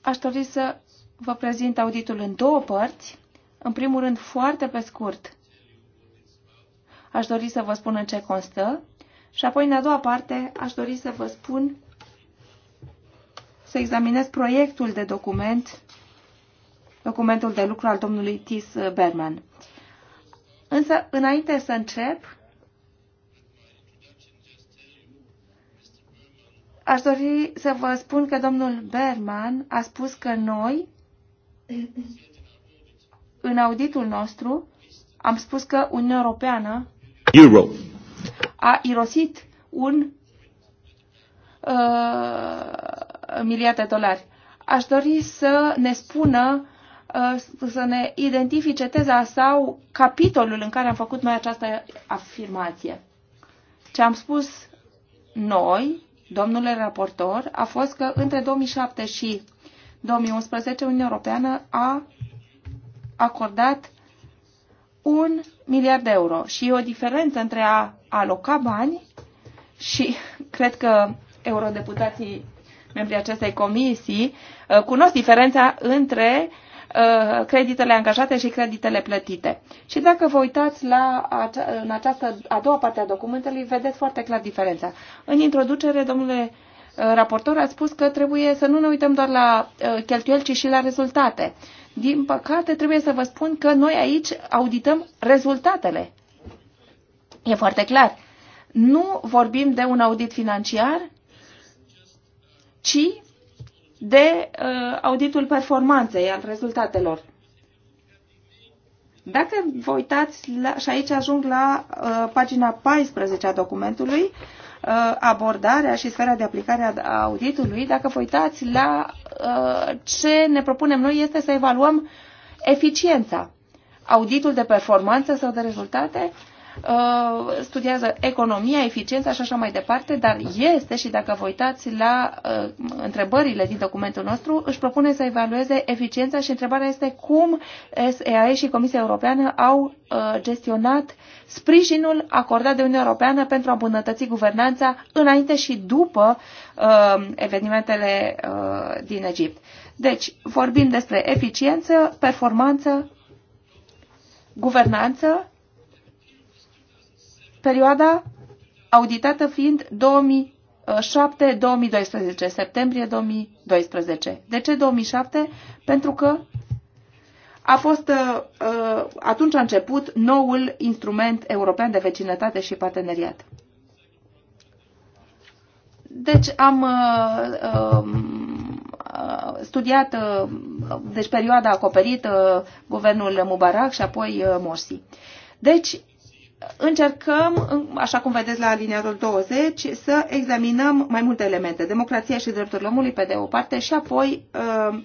C: aș dori să vă prezint auditul în două părți. În primul rând, foarte pe scurt, aș dori să vă spun în ce constă și apoi, în a doua parte, aș dori să vă spun să examinez proiectul de document, documentul de lucru al domnului Tis Berman. Însă, înainte să încep, aș dori să vă spun că domnul Berman a spus că noi în auditul nostru am spus că Uniunea Europeană Euro. a irosit un uh, miliard de dolari. Aș dori să ne spună uh, să ne identifice teza sau capitolul în care am făcut noi această afirmație. Ce am spus noi, domnule raportor, a fost că între 2007 și 2011 Uniunea Europeană a acordat un miliard de euro și e o diferență între a aloca bani și cred că eurodeputații, membrii acestei comisii, uh, cunosc diferența între uh, creditele angajate și creditele plătite. Și dacă vă uitați la acea, în această a doua parte a documentului, vedeți foarte clar diferența. În introducere, domnule uh, raportor a spus că trebuie să nu ne uităm doar la cheltuieli, ci și la rezultate. Din păcate, trebuie să vă spun că noi aici audităm rezultatele. E foarte clar. Nu vorbim de un audit financiar, ci de uh, auditul performanței, al rezultatelor. Dacă vă uitați, la, și aici ajung la uh, pagina 14 a documentului, uh, abordarea și sfera de aplicare a auditului, dacă vă uitați la Uh, ce ne propunem noi este să evaluăm eficiența. Auditul de performanță sau de rezultate Uh, studiază economia, eficiența și așa mai departe, dar este și dacă vă uitați la uh, întrebările din documentul nostru, își propune să evalueze eficiența și întrebarea este cum SEAE și Comisia Europeană au uh, gestionat sprijinul acordat de Uniunea Europeană pentru a îmbunătăți guvernanța înainte și după uh, evenimentele uh, din Egipt. Deci, vorbim despre eficiență, performanță, guvernanță perioada auditată fiind 2007-2012, septembrie 2012. De ce 2007? Pentru că a fost, uh, uh, atunci a început noul instrument european de vecinătate și parteneriat. Deci am uh, um, uh studiat uh, deci perioada acoperită guvernul Mubarak și apoi uh, Morsi. Deci încercăm, așa cum vedeți la alineatul 20, să examinăm mai multe elemente. Democrația și drepturile omului, pe de o parte, și apoi uh,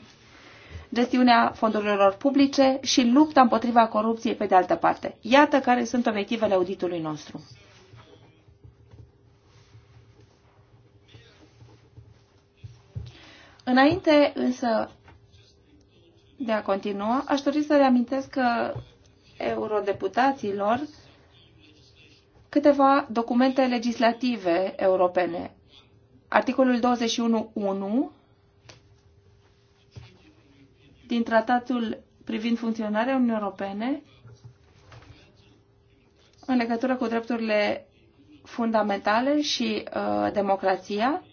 C: gestiunea fondurilor publice și lupta împotriva corupției, pe de altă parte. Iată care sunt obiectivele auditului nostru. Înainte însă de a continua, aș dori să reamintesc că eurodeputaților câteva documente legislative europene. Articolul 21.1 din tratatul privind funcționarea Uniunii Europene în legătură cu drepturile fundamentale și uh, democrația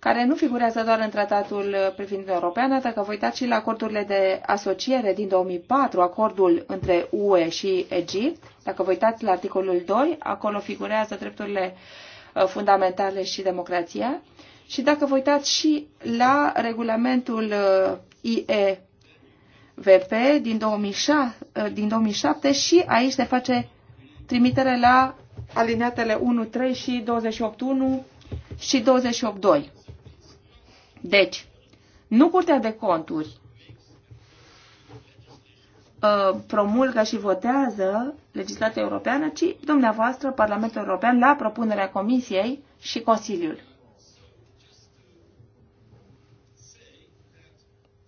C: care nu figurează doar în tratatul uh, privind europeană, dacă vă uitați și la acordurile de asociere din 2004, acordul între UE și Egipt, dacă vă uitați la articolul 2, acolo figurează drepturile uh, fundamentale și democrația. Și dacă vă uitați și la regulamentul uh, IE VP din 2007, din 2007 și aici se face trimitere la alineatele 1.3 și 28.1 și 28.2. Deci, nu Curtea de Conturi uh, promulgă și votează legislația europeană, ci dumneavoastră, Parlamentul European, la propunerea Comisiei și Consiliul.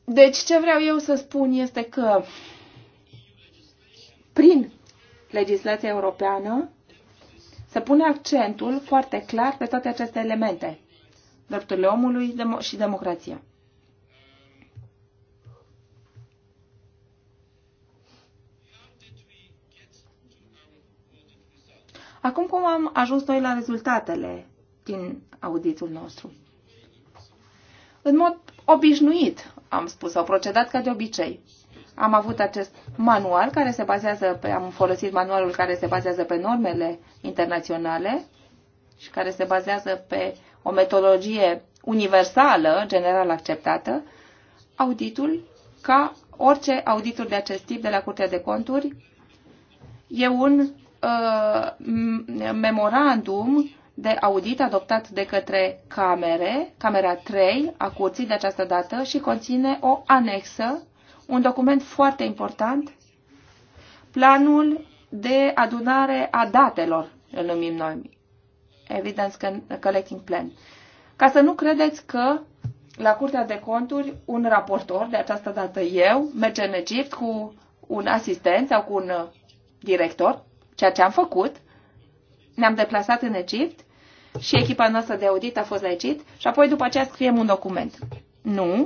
C: Deci ce vreau eu să spun este că prin legislația europeană se pune accentul foarte clar pe toate aceste elemente drepturile omului și democrația. Acum cum am ajuns noi la rezultatele din auditul nostru? În mod obișnuit, am spus, au procedat ca de obicei. Am avut acest manual care se bazează pe, am folosit manualul care se bazează pe normele internaționale și care se bazează pe o metodologie universală, general acceptată, auditul, ca orice auditul de acest tip de la Curtea de Conturi, e un uh, memorandum de audit adoptat de către camere, camera 3 a curții de această dată și conține o anexă, un document foarte important, planul de adunare a datelor, îl numim noi. Evidence Collecting Plan. Ca să nu credeți că la Curtea de Conturi un raportor, de această dată eu, merge în Egipt cu un asistent sau cu un uh, director, ceea ce am făcut. Ne-am deplasat în Egipt și echipa noastră de audit a fost la Egipt și apoi după aceea scriem un document. Nu.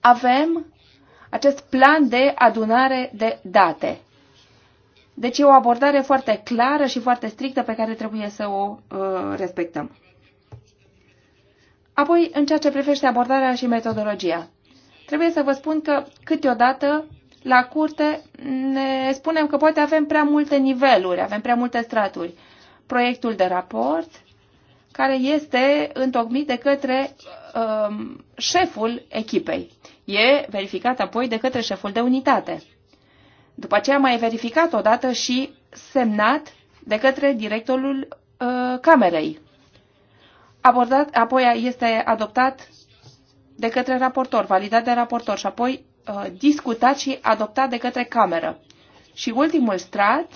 C: Avem acest plan de adunare de date. Deci e o abordare foarte clară și foarte strictă pe care trebuie să o uh, respectăm. Apoi, în ceea ce privește abordarea și metodologia, trebuie să vă spun că câteodată la curte ne spunem că poate avem prea multe niveluri, avem prea multe straturi. Proiectul de raport, care este întocmit de către um, șeful echipei. E verificat apoi de către șeful de unitate. După aceea mai e verificat odată și semnat de către directorul uh, camerei. Abordat, apoi este adoptat de către raportor, validat de raportor și apoi uh, discutat și adoptat de către cameră. Și ultimul strat,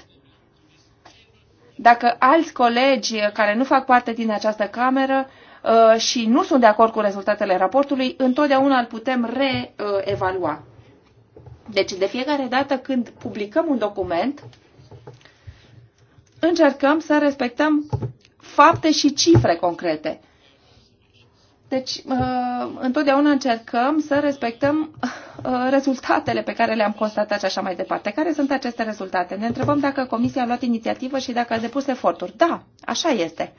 C: dacă alți colegi care nu fac parte din această cameră uh, și nu sunt de acord cu rezultatele raportului, întotdeauna îl putem reevalua. Deci de fiecare dată când publicăm un document, încercăm să respectăm fapte și cifre concrete. Deci, uh, întotdeauna încercăm să respectăm uh, rezultatele pe care le-am constatat și așa mai departe. Care sunt aceste rezultate? Ne întrebăm dacă Comisia a luat inițiativă și dacă a depus eforturi. Da, așa este.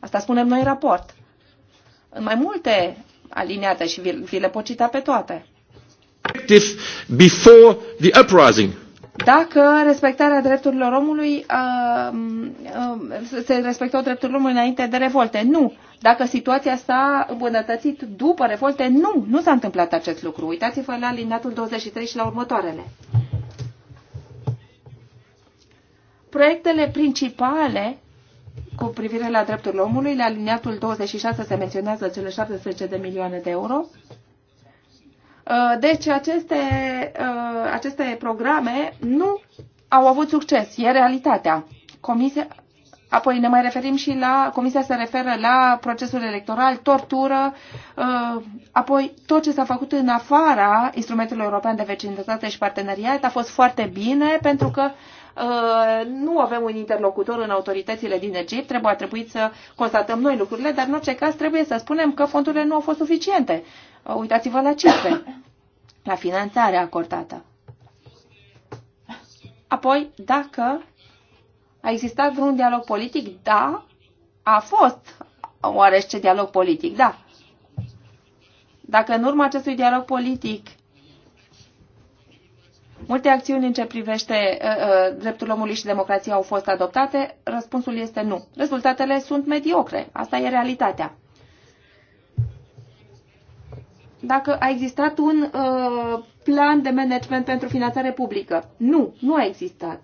C: Asta spunem noi în raport. În mai multe aliniate și vi, vi le pot cita pe toate before the uprising. Dacă respectarea drepturilor omului uh, uh, se respectau drepturile omului înainte de revolte, nu. Dacă situația s-a îmbunătățit după revolte, nu, nu s-a întâmplat acest lucru. Uitați-vă la alineatul 23 și la următoarele. Proiectele principale cu privire la drepturile omului, la aliniatul 26 se menționează cele 17 de milioane de euro. Uh, deci aceste, uh, aceste programe nu au avut succes, e realitatea. Comisia, apoi ne mai referim și la, Comisia se referă la procesul electoral, tortură, uh, apoi tot ce s-a făcut în afara instrumentului european de vecinătate și parteneriat a fost foarte bine pentru că nu avem un interlocutor în autoritățile din Egipt, trebuie a trebuit să constatăm noi lucrurile, dar în orice caz trebuie să spunem că fondurile nu au fost suficiente. Uh, uitați-vă la cifre, la finanțarea acordată. Apoi, dacă a existat vreun dialog politic, da, a fost oarește dialog politic, da. Dacă în urma acestui dialog politic multe acțiuni în ce privește uh, uh, dreptul omului și democrația au fost adoptate, răspunsul este nu. Rezultatele sunt mediocre. Asta e realitatea dacă a existat un uh, plan de management pentru finanțare publică. Nu, nu a existat.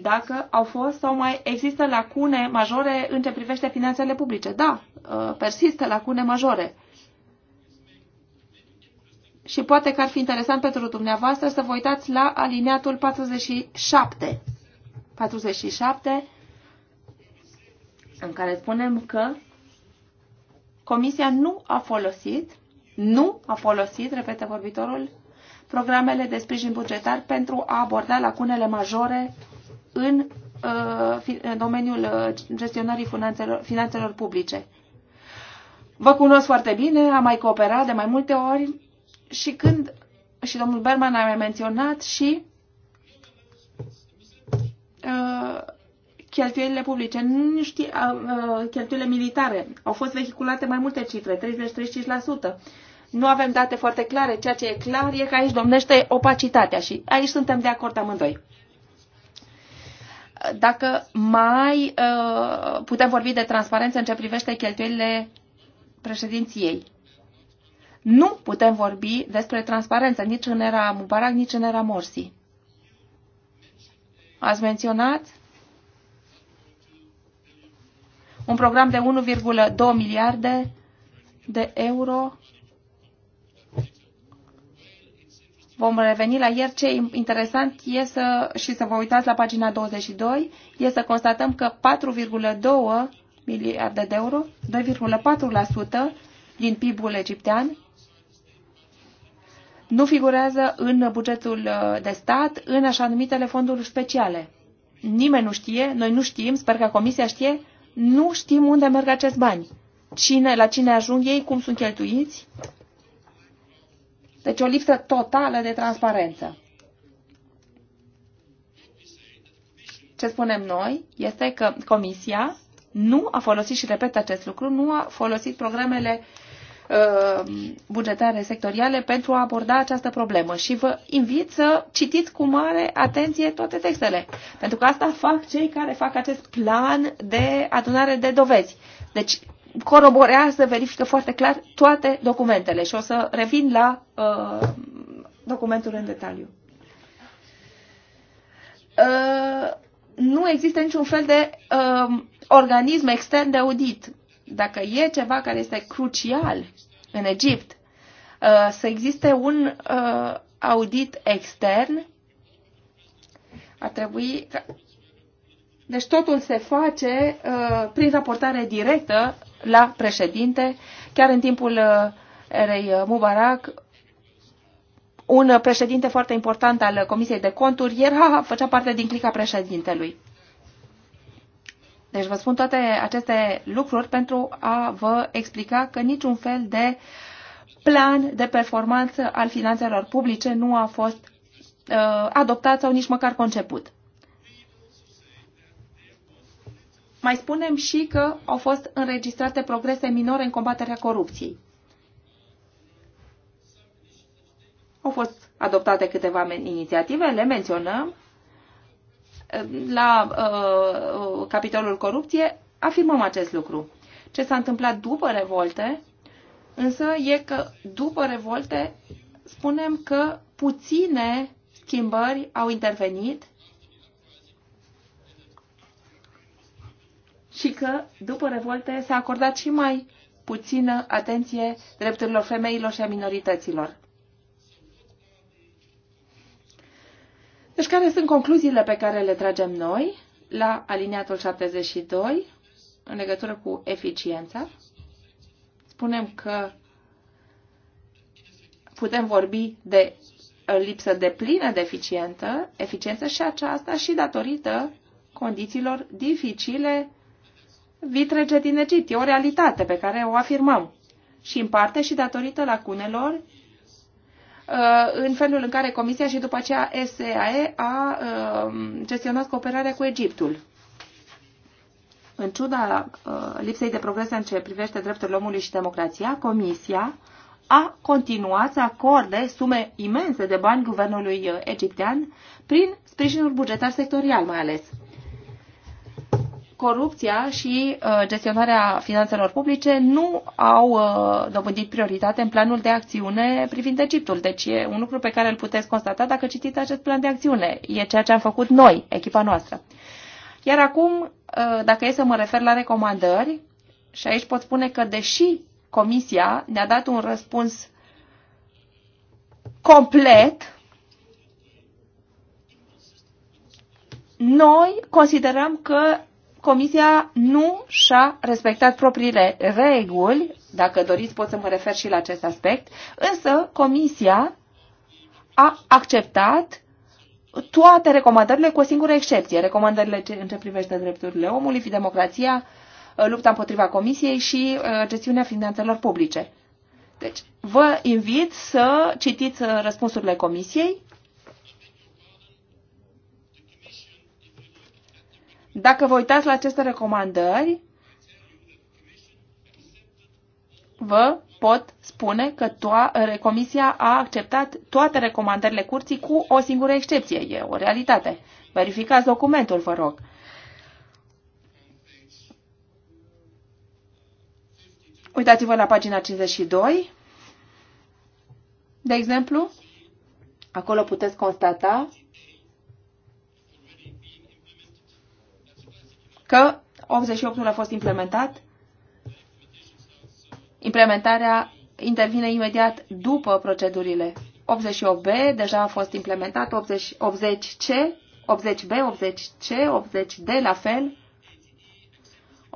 C: Dacă au fost sau mai există lacune majore în ce privește finanțele publice. Da, uh, persistă lacune majore. Și poate că ar fi interesant pentru dumneavoastră să vă uitați la aliniatul 47. 47 în care spunem că Comisia nu a folosit, nu a folosit, repete vorbitorul, programele de sprijin bugetar pentru a aborda lacunele majore în, uh, în domeniul uh, gestionării finanțelor, finanțelor publice. Vă cunosc foarte bine, am mai cooperat de mai multe ori și când și domnul Berman a mai menționat și uh, cheltuielile publice, nu știu, uh, cheltuielile militare. Au fost vehiculate mai multe cifre, 30-35%. Nu avem date foarte clare. Ceea ce e clar e că aici domnește opacitatea și aici suntem de acord amândoi dacă mai uh, putem vorbi de transparență în ce privește cheltuielile președinției. Nu putem vorbi despre transparență nici în era Mubarak, nici în era Morsi. Ați menționat un program de 1,2 miliarde de euro. Vom reveni la ieri. Ce e interesant e să, și să vă uitați la pagina 22, e să constatăm că 4,2 miliarde de euro, 2,4% din PIB-ul egiptean, nu figurează în bugetul uh, de stat, în așa numitele fonduri speciale. Nimeni nu știe, noi nu știm, sper că Comisia știe nu știm unde merg acești bani, cine, la cine ajung ei, cum sunt cheltuiți. Deci o lipsă totală de transparență. Ce spunem noi este că Comisia nu a folosit, și repet acest lucru, nu a folosit programele uh, Uh, bugetare sectoriale pentru a aborda această problemă și vă invit să citiți cu mare atenție toate textele, pentru că asta fac cei care fac acest plan de adunare de dovezi. Deci coroborează, verifică foarte clar toate documentele și o să revin la uh, documentul în detaliu. Uh, nu există niciun fel de uh, organism extern de audit dacă e ceva care este crucial în Egipt, uh, să existe un uh, audit extern, ar trebui. Deci totul se face uh, prin raportare directă la președinte, chiar în timpul erei Mubarak, un președinte foarte important al Comisiei de Conturi era, făcea parte din clica președintelui. Deci vă spun toate aceste lucruri pentru a vă explica că niciun fel de plan de performanță al finanțelor publice nu a fost uh, adoptat sau nici măcar conceput. Mai spunem și că au fost înregistrate progrese minore în combaterea corupției. Au fost adoptate câteva inițiative, le menționăm, la uh, capitolul corupție, afirmăm acest lucru. Ce s-a întâmplat după revolte, însă, e că după revolte spunem că puține schimbări au intervenit și că după revolte s-a acordat și mai puțină atenție drepturilor femeilor și a minorităților. Deci care sunt concluziile pe care le tragem noi la aliniatul 72 în legătură cu eficiența? Spunem că putem vorbi de lipsă de plină de eficiență, eficiență și aceasta și datorită condițiilor dificile vitrege din Egipt. E o realitate pe care o afirmăm și în parte și datorită lacunelor Uh, în felul în care Comisia și după aceea SAE a uh, gestionat cooperarea cu Egiptul. În ciuda uh, lipsei de progres în ce privește drepturile omului și democrația, Comisia a continuat să acorde sume imense de bani guvernului egiptean prin sprijinul bugetar sectorial mai ales corupția și uh, gestionarea finanțelor publice nu au uh, dobândit prioritate în planul de acțiune privind Egiptul. Deci e un lucru pe care îl puteți constata dacă citiți acest plan de acțiune. E ceea ce am făcut noi, echipa noastră. Iar acum, uh, dacă e să mă refer la recomandări, și aici pot spune că deși Comisia ne-a dat un răspuns complet, noi considerăm că Comisia nu și-a respectat propriile reguli, dacă doriți pot să mă refer și la acest aspect, însă Comisia a acceptat toate recomandările cu o singură excepție, recomandările în ce privește drepturile omului, democrația, uh, lupta împotriva Comisiei și uh, gestiunea finanțelor publice. Deci, vă invit să citiți uh, răspunsurile Comisiei Dacă vă uitați la aceste recomandări, vă pot spune că toa, Comisia a acceptat toate recomandările curții cu o singură excepție. E o realitate. Verificați documentul, vă rog. Uitați-vă la pagina 52. De exemplu, acolo puteți constata că 88-ul a fost implementat. Implementarea intervine imediat după procedurile. 88B deja a fost implementat, 80, 80C, 80B, 80C, 80D la fel.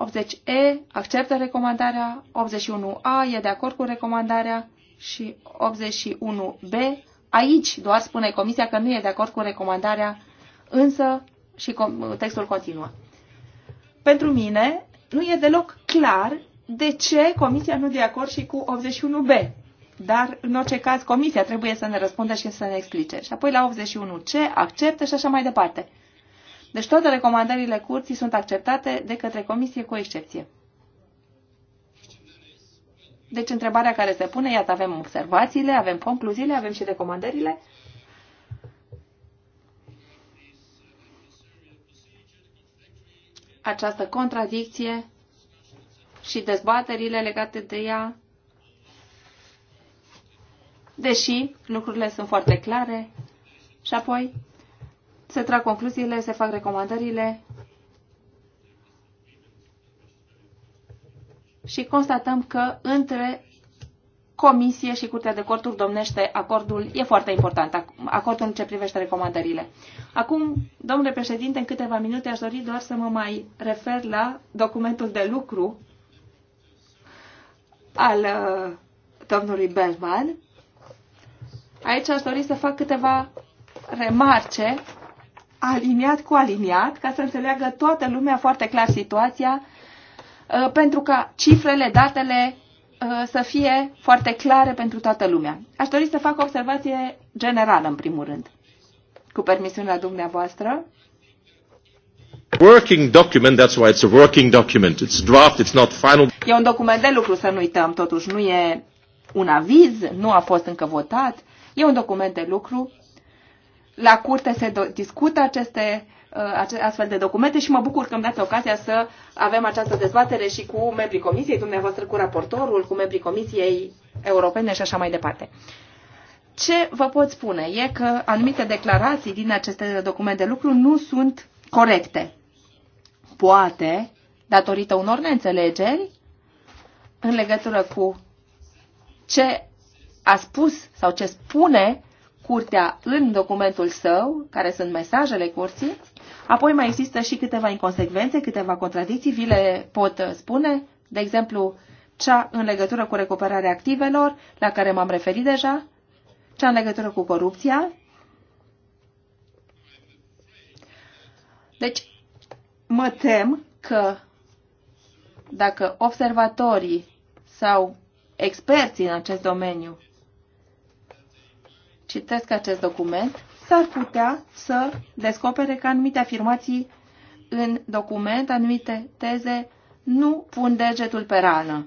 C: 80E acceptă recomandarea, 81A e de acord cu recomandarea și 81B. Aici doar spune Comisia că nu e de acord cu recomandarea, însă și textul continuă pentru mine nu e deloc clar de ce Comisia nu de acord și cu 81B. Dar, în orice caz, Comisia trebuie să ne răspundă și să ne explice. Și apoi la 81C acceptă și așa mai departe. Deci toate recomandările curții sunt acceptate de către Comisie cu excepție. Deci întrebarea care se pune, iată, avem observațiile, avem concluziile, avem și recomandările. această contradicție și dezbaterile legate de ea, deși lucrurile sunt foarte clare și apoi se trag concluziile, se fac recomandările și constatăm că între Comisie și Curtea de Corturi domnește acordul, e foarte important, acordul în ce privește recomandările. Acum, domnule președinte, în câteva minute aș dori doar să mă mai refer la documentul de lucru al uh, domnului Berman. Aici aș dori să fac câteva remarce aliniat cu aliniat, ca să înțeleagă toată lumea foarte clar situația, uh, pentru ca cifrele, datele Uh, să fie foarte clare pentru toată lumea. Aș dori să fac o observație generală, în primul rând, cu permisiunea dumneavoastră. Working document, that's why it's a working document. It's draft, it's not final. E un document de lucru, să nu uităm, totuși nu e un aviz, nu a fost încă votat, e un document de lucru. La curte se discută aceste Uh, astfel de documente și mă bucur că îmi dați ocazia să avem această dezbatere și cu membrii Comisiei, dumneavoastră cu raportorul, cu membrii Comisiei Europene și așa mai departe. Ce vă pot spune e că anumite declarații din aceste documente de lucru nu sunt corecte. Poate, datorită unor neînțelegeri în legătură cu ce a spus sau ce spune curtea în documentul său, care sunt mesajele curții, Apoi mai există și câteva inconsecvențe, câteva contradicții, vi le pot uh, spune, de exemplu, cea în legătură cu recuperarea activelor, la care m-am referit deja, cea în legătură cu corupția. Deci, mă tem că dacă observatorii sau experții în acest domeniu citesc acest document, s-ar putea să descopere că anumite afirmații în document, anumite teze, nu pun degetul pe rană,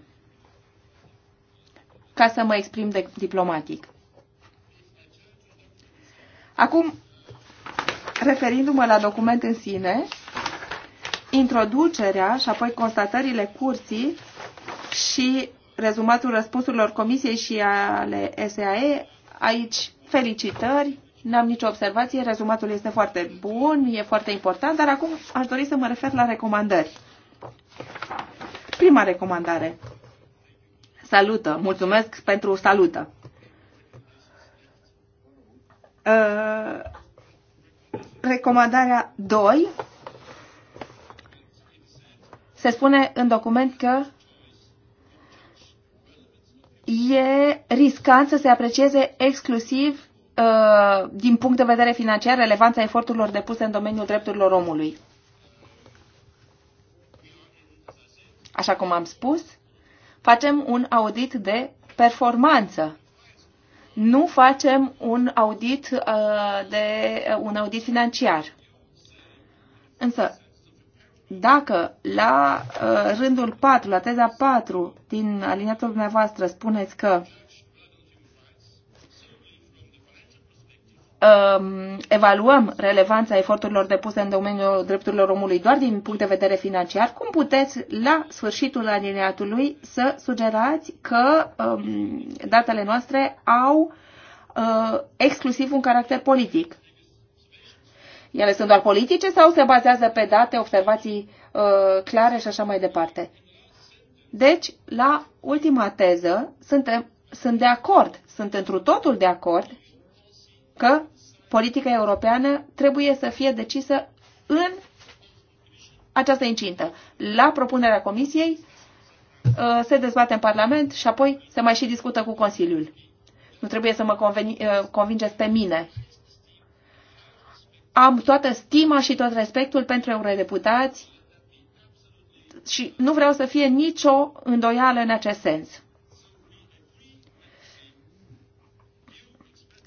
C: ca să mă exprim de diplomatic. Acum, referindu-mă la document în sine, introducerea și apoi constatările curții și rezumatul răspunsurilor comisiei și ale SAE, aici felicitări, N-am nicio observație, rezumatul este foarte bun, e foarte important, dar acum aș dori să mă refer la recomandări. Prima recomandare. Salută. Mulțumesc pentru salută. Uh, recomandarea 2. Se spune în document că e riscant să se aprecieze exclusiv Uh, din punct de vedere financiar, relevanța eforturilor depuse în domeniul drepturilor omului. Așa cum am spus, facem un audit de performanță. Nu facem un audit, uh, de, uh, un audit financiar. Însă, dacă la uh, rândul 4, la teza 4 din aliniatul dumneavoastră spuneți că um, evaluăm relevanța eforturilor depuse în domeniul drepturilor omului doar din punct de vedere financiar, cum puteți la sfârșitul alineatului să sugerați că um, datele noastre au uh, exclusiv un caracter politic? Ele sunt doar politice sau se bazează pe date, observații uh, clare și așa mai departe? Deci, la ultima teză, suntem, sunt de acord, sunt întru totul de acord că politica europeană trebuie să fie decisă în această incintă. La propunerea Comisiei uh, se dezbate în Parlament și apoi se mai și discută cu Consiliul. Nu trebuie să mă uh, convingeți pe mine. Am toată stima și tot respectul pentru eurodeputați și nu vreau să fie nicio îndoială în acest sens.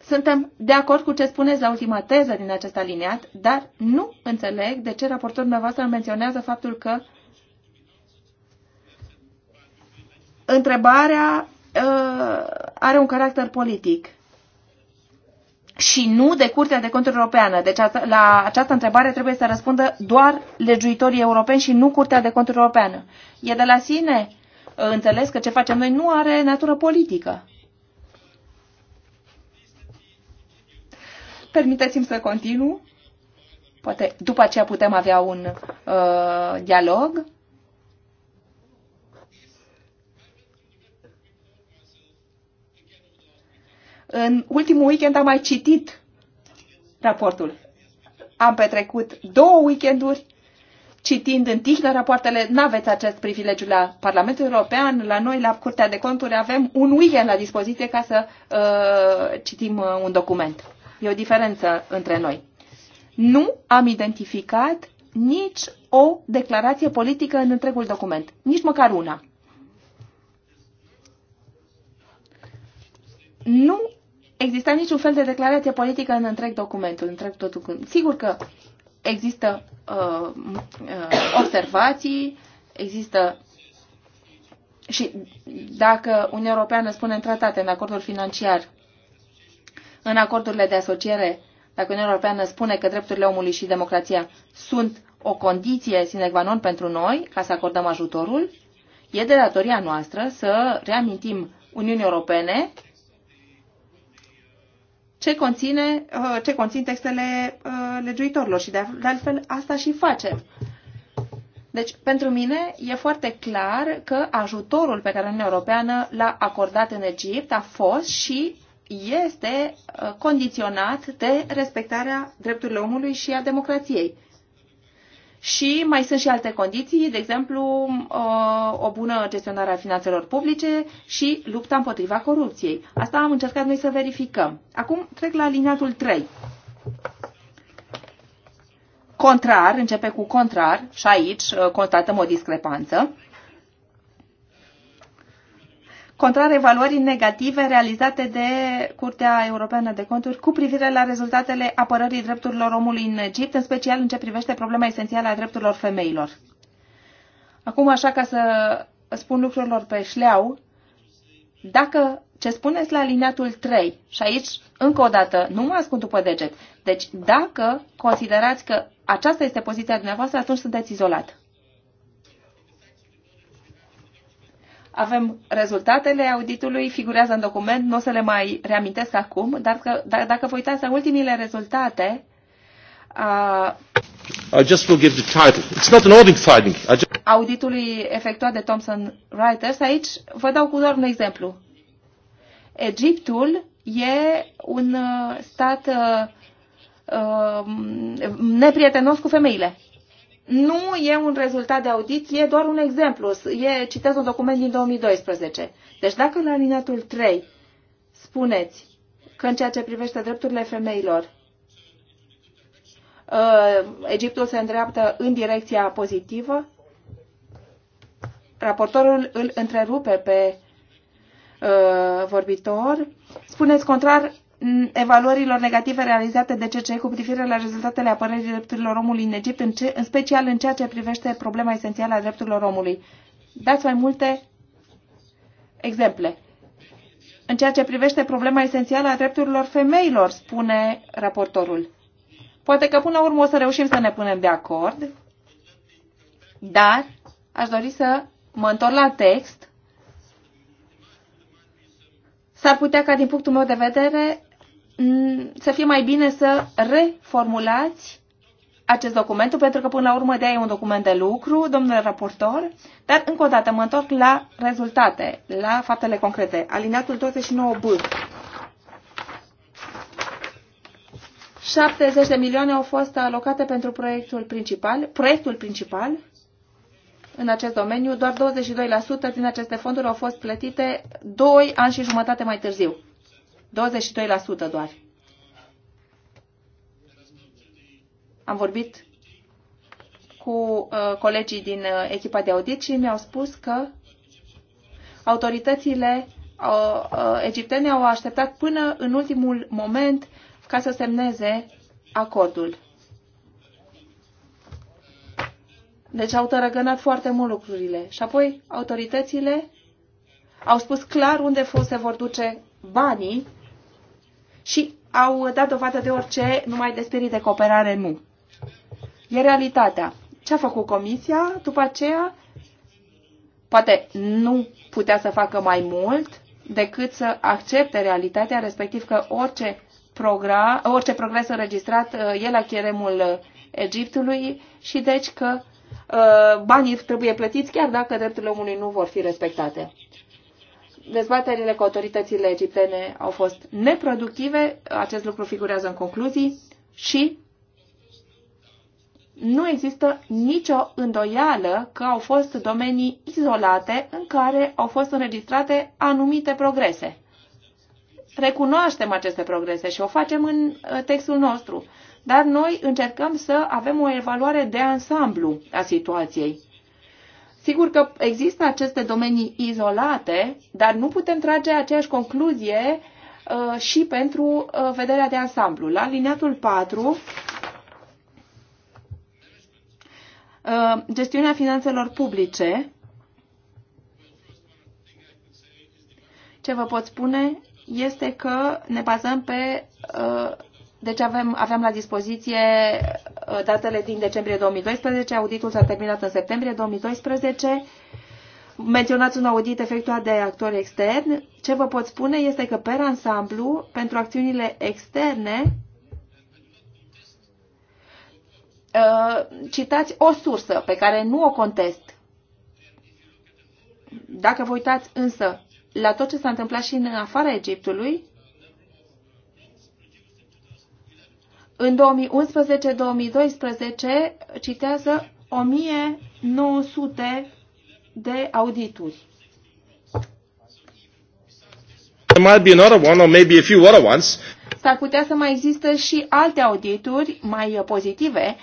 C: Suntem de acord cu ce spuneți la ultima teză din acest aliniat, dar nu înțeleg de ce raportorul dumneavoastră menționează faptul că întrebarea uh, are un caracter politic și nu de Curtea de Conturi Europeană. Deci la această întrebare trebuie să răspundă doar legiuitorii europeni și nu Curtea de Conturi Europeană. E de la sine înțeles că ce facem noi nu are natură politică. Permiteți-mi să continu. Poate după aceea putem avea un uh, dialog. În ultimul weekend am mai citit raportul. Am petrecut două weekenduri citind în tihnă rapoartele, nu aveți acest privilegiu la Parlamentul European, la noi, la Curtea de Conturi, avem un weekend la dispoziție ca să uh, citim uh, un document e o diferență între noi. Nu am identificat nici o declarație politică în întregul document, nici măcar una. Nu exista niciun fel de declarație politică în întreg documentul, întreg totul. Sigur că există uh, uh, observații, există și dacă Uniunea Europeană spune în tratate, în acordul financiar, în acordurile de asociere, dacă Uniunea Europeană spune că drepturile omului și democrația sunt o condiție sine qua non pentru noi ca să acordăm ajutorul, e de datoria noastră să reamintim Uniunii Europene ce, conține, uh, ce conțin textele uh, legiuitorilor și de altfel asta și facem. Deci, pentru mine e foarte clar că ajutorul pe care Uniunea Europeană l-a acordat în Egipt a fost și este uh, condiționat de respectarea drepturilor omului și a democrației. Și mai sunt și alte condiții, de exemplu, uh, o bună gestionare a finanțelor publice și lupta împotriva corupției. Asta am încercat noi să verificăm. Acum trec la liniatul 3. Contrar, începe cu contrar și aici uh, constatăm o discrepanță contrar evaluării negative realizate de Curtea Europeană de Conturi cu privire la rezultatele apărării drepturilor omului în Egipt, în special în ce privește problema esențială a drepturilor femeilor. Acum, așa ca să spun lucrurilor pe șleau, dacă ce spuneți la alineatul 3, și aici, încă o dată, nu mă ascund după deget, deci dacă considerați că aceasta este poziția dumneavoastră, atunci sunteți izolat. Avem rezultatele auditului, figurează în document, nu o să le mai reamintesc acum, dar că, dar, dacă vă uitați la ultimile rezultate... Uh,
B: I just will give the title. It's not an audit finding. I just...
C: Auditului efectuat de Thomson Reuters, aici vă dau cu doar un exemplu. Egiptul e un uh, stat uh, uh, neprietenos cu femeile nu e un rezultat de audit, e doar un exemplu. E, citez un document din 2012. Deci dacă la alineatul 3 spuneți că în ceea ce privește drepturile femeilor, uh, Egiptul se îndreaptă în direcția pozitivă, raportorul îl întrerupe pe uh, vorbitor. Spuneți contrar evaluărilor negative realizate de CCE cu privire la rezultatele apărării drepturilor omului în Egipt, în, ce, în special în ceea ce privește problema esențială a drepturilor omului. Dați mai multe exemple. În ceea ce privește problema esențială a drepturilor femeilor, spune raportorul. Poate că până la urmă o să reușim să ne punem de acord, dar aș dori să mă întorc la text S-ar putea ca, din punctul meu de vedere, Mm, să fie mai bine să reformulați acest document, pentru că până la urmă de e un document de lucru, domnule raportor, dar încă o dată mă întorc la rezultate, la faptele concrete. Alineatul 29B. 70 de milioane au fost alocate pentru proiectul principal, proiectul principal în acest domeniu, doar 22% din aceste fonduri au fost plătite 2 ani și jumătate mai târziu. 22% doar. Am vorbit cu uh, colegii din uh, echipa de audit și mi-au spus că autoritățile uh, egiptene au așteptat până în ultimul moment ca să semneze acordul. Deci au tărăgănat foarte mult lucrurile. Și apoi autoritățile au spus clar unde se vor duce banii și au dat dovadă de orice, numai de spirit de cooperare nu. E realitatea. Ce a făcut comisia după aceea? Poate nu putea să facă mai mult decât să accepte realitatea, respectiv că orice, program, orice progres înregistrat uh, e la cheremul Egiptului și deci că uh, banii trebuie plătiți chiar dacă drepturile omului nu vor fi respectate dezbaterile cu autoritățile egiptene au fost neproductive, acest lucru figurează în concluzii și nu există nicio îndoială că au fost domenii izolate în care au fost înregistrate anumite progrese. Recunoaștem aceste progrese și o facem în uh, textul nostru, dar noi încercăm să avem o evaluare de ansamblu a situației. Sigur că există aceste domenii izolate, dar nu putem trage aceeași concluzie uh, și pentru uh, vederea de ansamblu. La liniatul 4, uh, gestiunea finanțelor publice, ce vă pot spune este că ne bazăm pe. Uh, deci avem, avem la dispoziție Uh, datele din decembrie 2012, auditul s-a terminat în septembrie 2012, menționați un audit efectuat de actori externi. Ce vă pot spune este că, pe ansamblu, pentru acțiunile externe, uh, citați o sursă pe care nu o contest. Dacă vă uitați însă la tot ce s-a întâmplat și în afara Egiptului, în 2011-2012 citează 1900 de audituri.
A: There might be another one or maybe a few other ones.
C: S-ar putea să mai există și alte audituri mai pozitive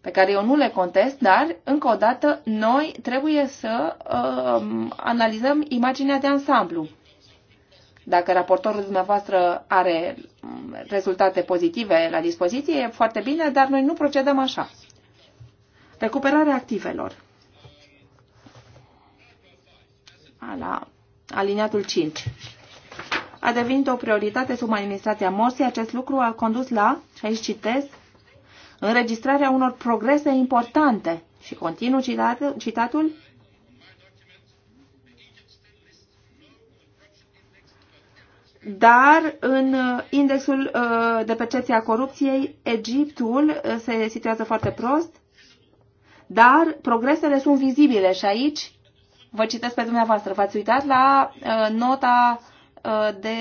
C: pe care eu nu le contest, dar, încă o dată, noi trebuie să uh, analizăm imaginea de ansamblu. Dacă raportorul dumneavoastră are rezultate pozitive la dispoziție, e foarte bine, dar noi nu procedăm așa. Recuperarea activelor. La aliniatul 5. A devenit o prioritate sub administrația Morsi, acest lucru a condus la, și aici citesc, înregistrarea unor progrese importante și continuu citatul, Dar în uh, indexul uh, de percepție a corupției, Egiptul uh, se situează foarte prost, dar progresele sunt vizibile și aici vă citesc pe dumneavoastră. V-ați uitat la nota de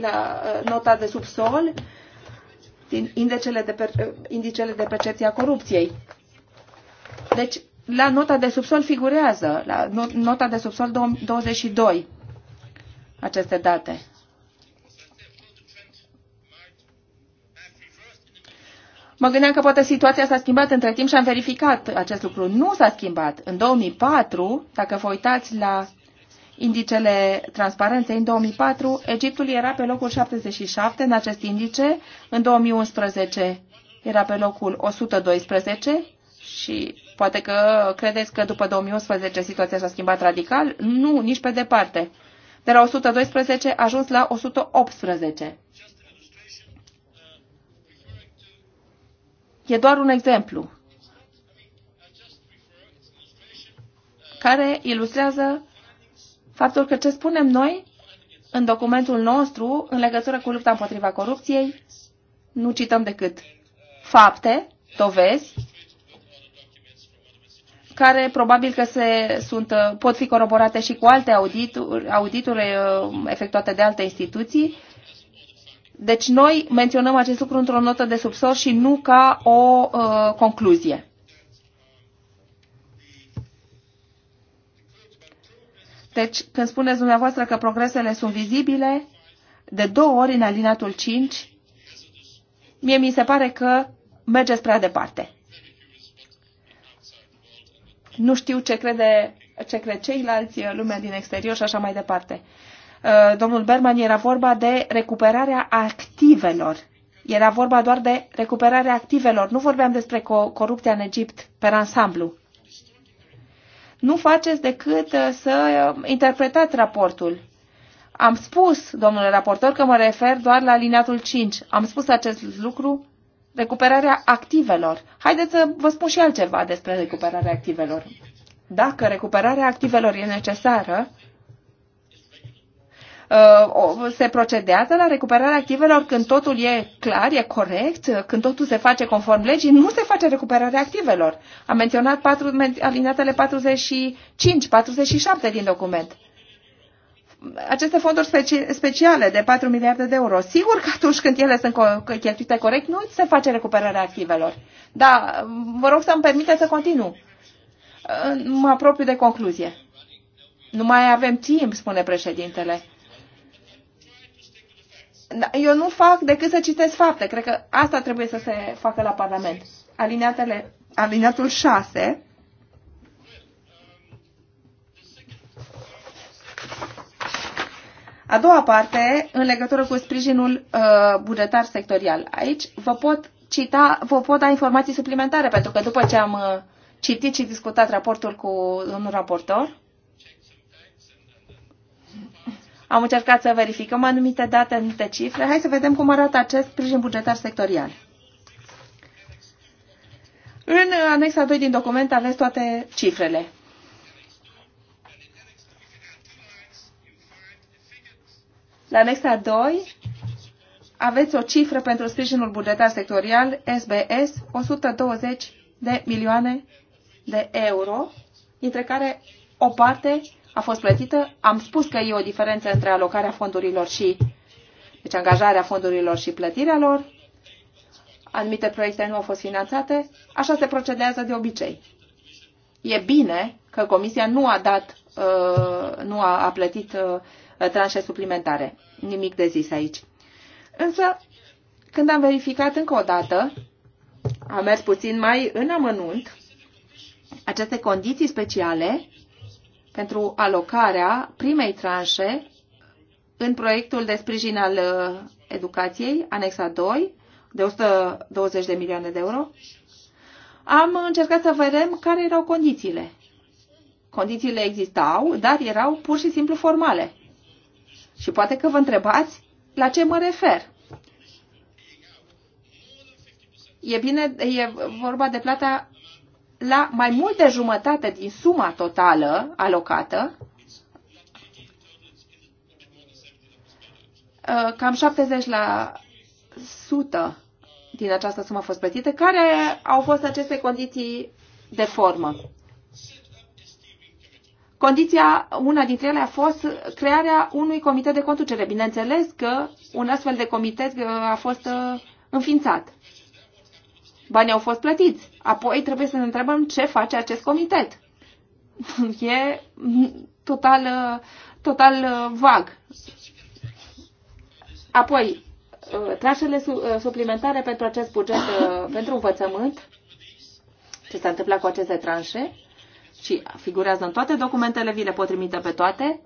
C: la nota de subsol din indicele de, per, indicele de percepție a corupției. Deci, la nota de subsol figurează, la nota de subsol 22 aceste date. Mă gândeam că poate situația s-a schimbat între timp și am verificat acest lucru. Nu s-a schimbat. În 2004, dacă vă uitați la indicele transparenței, în 2004 Egiptul era pe locul 77 în acest indice, în 2011 era pe locul 112 și poate că credeți că după 2011 situația s-a schimbat radical. Nu, nici pe departe de la 112 a ajuns la 118. E doar un exemplu care ilustrează faptul că ce spunem noi în documentul nostru în legătură cu lupta împotriva corupției nu cităm decât fapte, dovezi care probabil că se, sunt, uh, pot fi coroborate și cu alte audituri, audituri uh, efectuate de alte instituții. Deci noi menționăm acest lucru într-o notă de subsor și nu ca o uh, concluzie. Deci, când spuneți dumneavoastră că progresele sunt vizibile, de două ori în alinatul 5, mie mi se pare că mergeți prea departe nu știu ce crede, ce cred ceilalți, uh, lumea din exterior și așa mai departe. Uh, domnul Berman era vorba de recuperarea activelor. Era vorba doar de recuperarea activelor. Nu vorbeam despre corupția în Egipt pe ansamblu. Nu faceți decât uh, să interpretați raportul. Am spus, domnule raportor, că mă refer doar la alineatul 5. Am spus acest lucru recuperarea activelor. Haideți să vă spun și altceva despre recuperarea activelor. Dacă recuperarea activelor e necesară, uh, se procedează la recuperarea activelor când totul e clar, e corect, când totul se face conform legii, nu se face recuperarea activelor. Am menționat 4, aliniatele 45, 47 din document aceste fonduri speci speciale de 4 miliarde de euro. Sigur că atunci când ele sunt co- cheltuite corect, nu se face recuperarea activelor. Da, vă rog să-mi permite să continu. Mă apropiu de concluzie. Nu mai avem timp, spune președintele. Da, eu nu fac decât să citesc fapte. Cred că asta trebuie să se facă la Parlament. Alineatele, alineatul 6 A doua parte, în legătură cu sprijinul uh, bugetar sectorial. Aici vă pot cita, vă pot da informații suplimentare, pentru că după ce am uh, citit și discutat raportul cu un raportor, am încercat să verificăm anumite date, anumite cifre. Hai să vedem cum arată acest sprijin bugetar sectorial. În anexa 2 din document aveți toate cifrele. La anexa 2 aveți o cifră pentru sprijinul bugetar sectorial SBS 120 de milioane de euro, dintre care o parte a fost plătită. Am spus că e o diferență între alocarea fondurilor și deci angajarea fondurilor și plătirea lor. Anumite proiecte nu au fost finanțate. Așa se procedează de obicei. E bine că Comisia nu a dat, uh, nu a, a plătit uh, tranșe suplimentare. Nimic de zis aici. Însă, când am verificat încă o dată, am mers puțin mai în amănunt, aceste condiții speciale pentru alocarea primei tranșe în proiectul de sprijin al uh, educației, anexa 2, de 120 de milioane de euro, am încercat să vedem care erau condițiile. Condițiile existau, dar erau pur și simplu formale. Și poate că vă întrebați la ce mă refer. E bine, e vorba de plata la mai mult de jumătate din suma totală alocată, uh, cam 70% din această sumă a fost plătită. Care au fost aceste condiții de formă? Condiția, una dintre ele a fost crearea unui comitet de conducere. Bineînțeles că un astfel de comitet uh, a fost uh, înființat. Banii au fost plătiți. Apoi trebuie să ne întrebăm ce face acest comitet. E total, uh, total vag. Apoi, trașele suplimentare pentru acest buget pentru învățământ, ce s-a întâmplat cu aceste tranșe, și figurează în toate documentele, vi le pot trimite pe toate.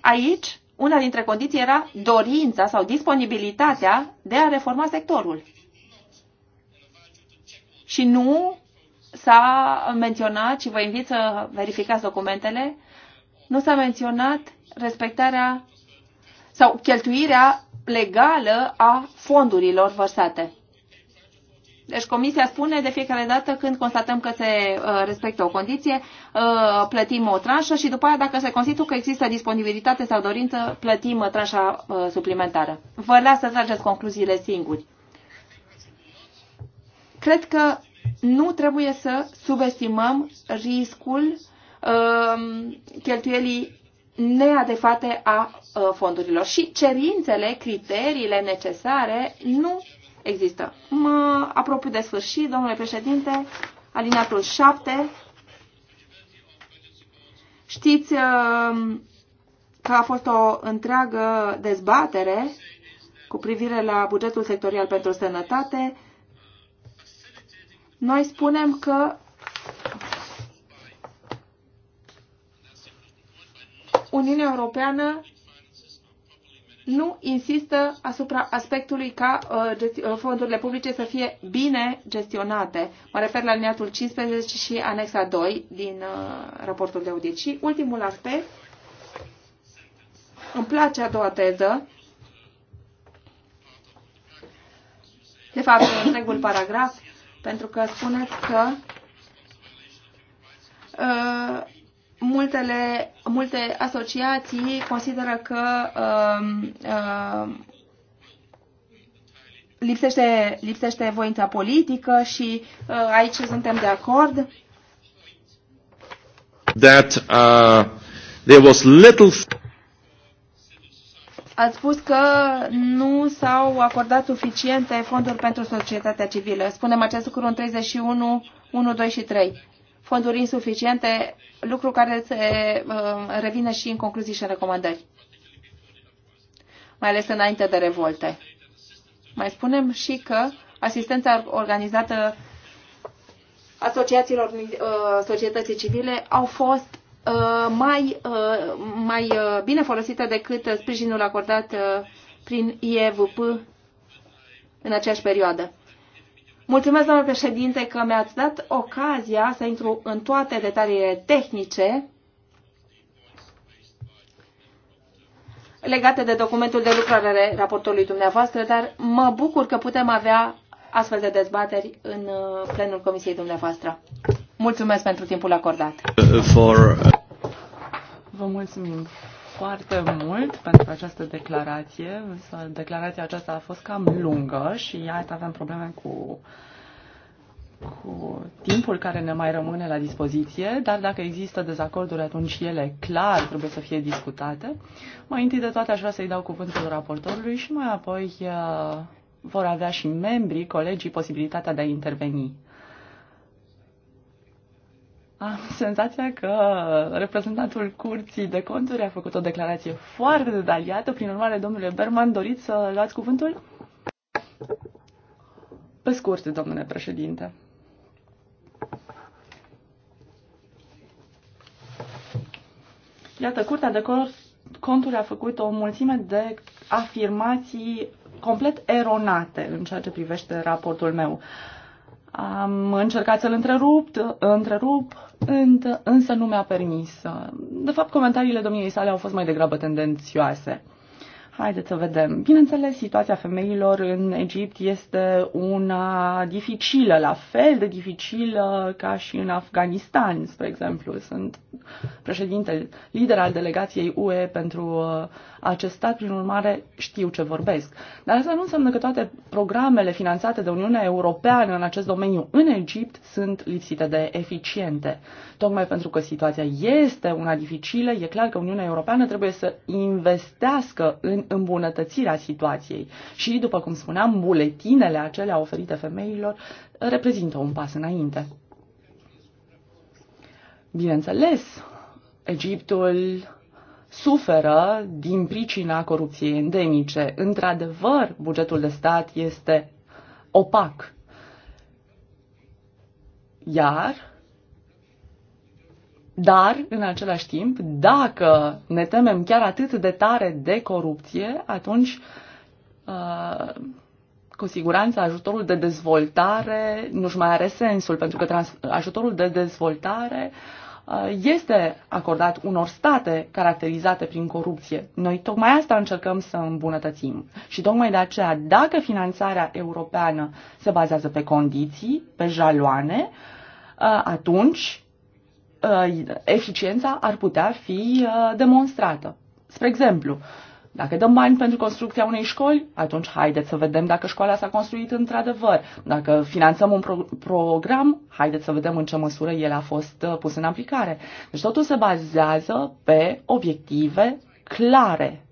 C: Aici, una dintre condiții era dorința sau disponibilitatea de a reforma sectorul. Și nu s-a menționat, și vă invit să verificați documentele, nu s-a menționat respectarea sau cheltuirea legală a fondurilor vărsate. Deci comisia spune de fiecare dată când constatăm că se uh, respectă o condiție, uh, plătim o tranșă și după aia dacă se constituie că există disponibilitate sau dorință, plătim uh, tranșa suplimentară. Vă las să trageți concluziile singuri. Cred că nu trebuie să subestimăm riscul um, cheltuielii neadefate a fondurilor și cerințele, criteriile necesare nu există. Mă apropiu de sfârșit, domnule președinte, alineatul 7. Știți uh, că a fost o întreagă dezbatere cu privire la bugetul sectorial pentru sănătate. Noi spunem că Uniunea Europeană nu insistă asupra aspectului ca uh, uh, fondurile publice să fie bine gestionate. Mă refer la liniatul 15 și anexa 2 din uh, raportul de audit. Și ultimul aspect, îmi place a doua teză, de fapt, întregul paragraf, pentru că spuneți că uh, multele, multe asociații consideră că uh, uh, lipsește, lipsește voința politică și uh, aici suntem de acord.
B: That uh, there was little
C: Ați spus că nu s-au acordat suficiente fonduri pentru societatea civilă. Spunem acest lucru în 31, 1, 2 și 3 fonduri insuficiente, lucru care se uh, revine și în concluzii și în recomandări, mai ales înainte de revolte. Mai spunem și că asistența organizată asociațiilor uh, societății civile au fost uh, mai, mai bine folosite decât sprijinul acordat prin IEVP în aceeași perioadă. Mulțumesc, domnule președinte, că mi-ați dat ocazia să intru în toate detaliile tehnice legate de documentul de lucrare ale raportului dumneavoastră, dar mă bucur că putem avea astfel de dezbateri în uh, plenul comisiei dumneavoastră. Mulțumesc pentru timpul acordat. Uh, uh,
B: Vă mulțumim foarte mult pentru această declarație, însă declarația aceasta a fost cam lungă și iată avem probleme cu cu timpul care ne mai rămâne la dispoziție, dar dacă există dezacorduri, atunci ele clar trebuie să fie discutate. Mai întâi de toate aș vrea să-i dau cuvântul raportorului și mai apoi uh, vor avea și membrii, colegii, posibilitatea de a interveni. Am senzația că reprezentantul Curții de Conturi a făcut o declarație foarte detaliată. Prin urmare, domnule Berman, doriți să luați cuvântul? Pe scurt, domnule președinte. Iată, Curtea de Conturi a făcut o mulțime de afirmații complet eronate în ceea ce privește raportul meu. Uh, am încercat să-l întrerup, întrerup însă nu mi-a permis. De fapt, comentariile domniei sale au fost mai degrabă tendențioase. Haideți să vedem. Bineînțeles, situația femeilor în Egipt este una dificilă, la fel de dificilă ca și în Afganistan, spre exemplu. Sunt președinte, lider al delegației UE pentru uh, acest stat, prin urmare știu ce vorbesc. Dar asta nu înseamnă că toate programele finanțate de Uniunea Europeană în acest domeniu în Egipt sunt lipsite de eficiente. Tocmai pentru că situația este una dificilă, e clar că Uniunea Europeană trebuie să investească în îmbunătățirea situației. Și, după cum spuneam, buletinele acelea oferite femeilor reprezintă un pas înainte. Bineînțeles, Egiptul suferă din pricina corupției endemice. Într-adevăr, bugetul de stat este opac. Iar, dar, în același timp, dacă ne temem chiar atât de tare de corupție, atunci uh, cu siguranță ajutorul de dezvoltare nu-și mai are sensul, pentru că ajutorul de dezvoltare uh, Uh, este acordat unor state caracterizate prin corupție. Noi tocmai asta încercăm să îmbunătățim. Și tocmai de aceea, dacă finanțarea europeană se bazează pe condiții, pe jaloane, uh, atunci uh, eficiența ar putea fi demonstrată. Spre exemplu, dacă dăm bani pentru construcția unei școli, atunci haideți să vedem dacă școala s-a construit într-adevăr. Dacă finanțăm un pro- program, haideți să vedem în ce măsură el a fost uh, pus în aplicare. Deci totul se bazează pe obiective clare.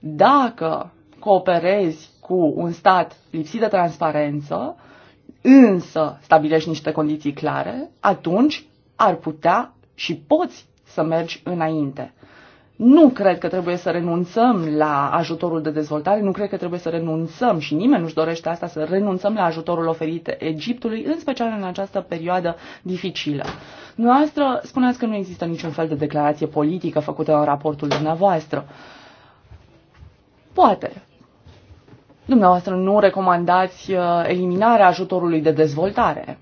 B: Dacă cooperezi cu un stat lipsit de transparență, însă stabilești niște condiții clare, atunci ar putea și poți să mergi înainte. Nu cred că trebuie să renunțăm la ajutorul de dezvoltare, nu cred că trebuie să renunțăm și nimeni nu-și dorește asta, să renunțăm la ajutorul oferit Egiptului, în special în această perioadă dificilă. Noastră spuneați că nu există niciun fel de declarație politică făcută în raportul dumneavoastră. Poate. Dumneavoastră nu recomandați uh, eliminarea ajutorului de dezvoltare.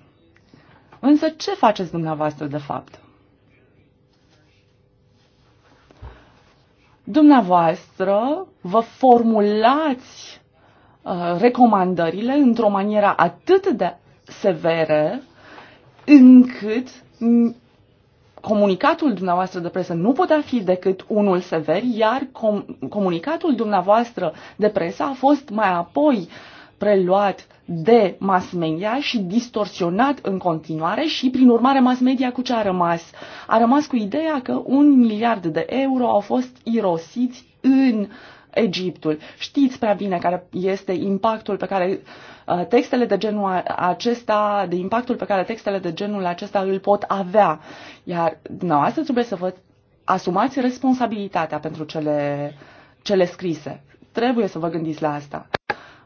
B: Însă ce faceți dumneavoastră de fapt? Dumneavoastră vă formulați uh, recomandările într-o manieră atât de severă, încât comunicatul dumneavoastră de presă nu putea fi decât unul sever, iar com- comunicatul dumneavoastră de presă a fost mai apoi preluat de mass media și distorsionat în continuare și, prin urmare, mass media cu ce a rămas? A rămas cu ideea că un miliard de euro au fost irosiți în Egiptul. Știți prea bine care este impactul pe care uh, textele de genul acesta, de impactul pe care textele de genul acesta îl pot avea. Iar dumneavoastră trebuie să vă asumați responsabilitatea pentru cele, cele scrise. Trebuie să vă gândiți la asta.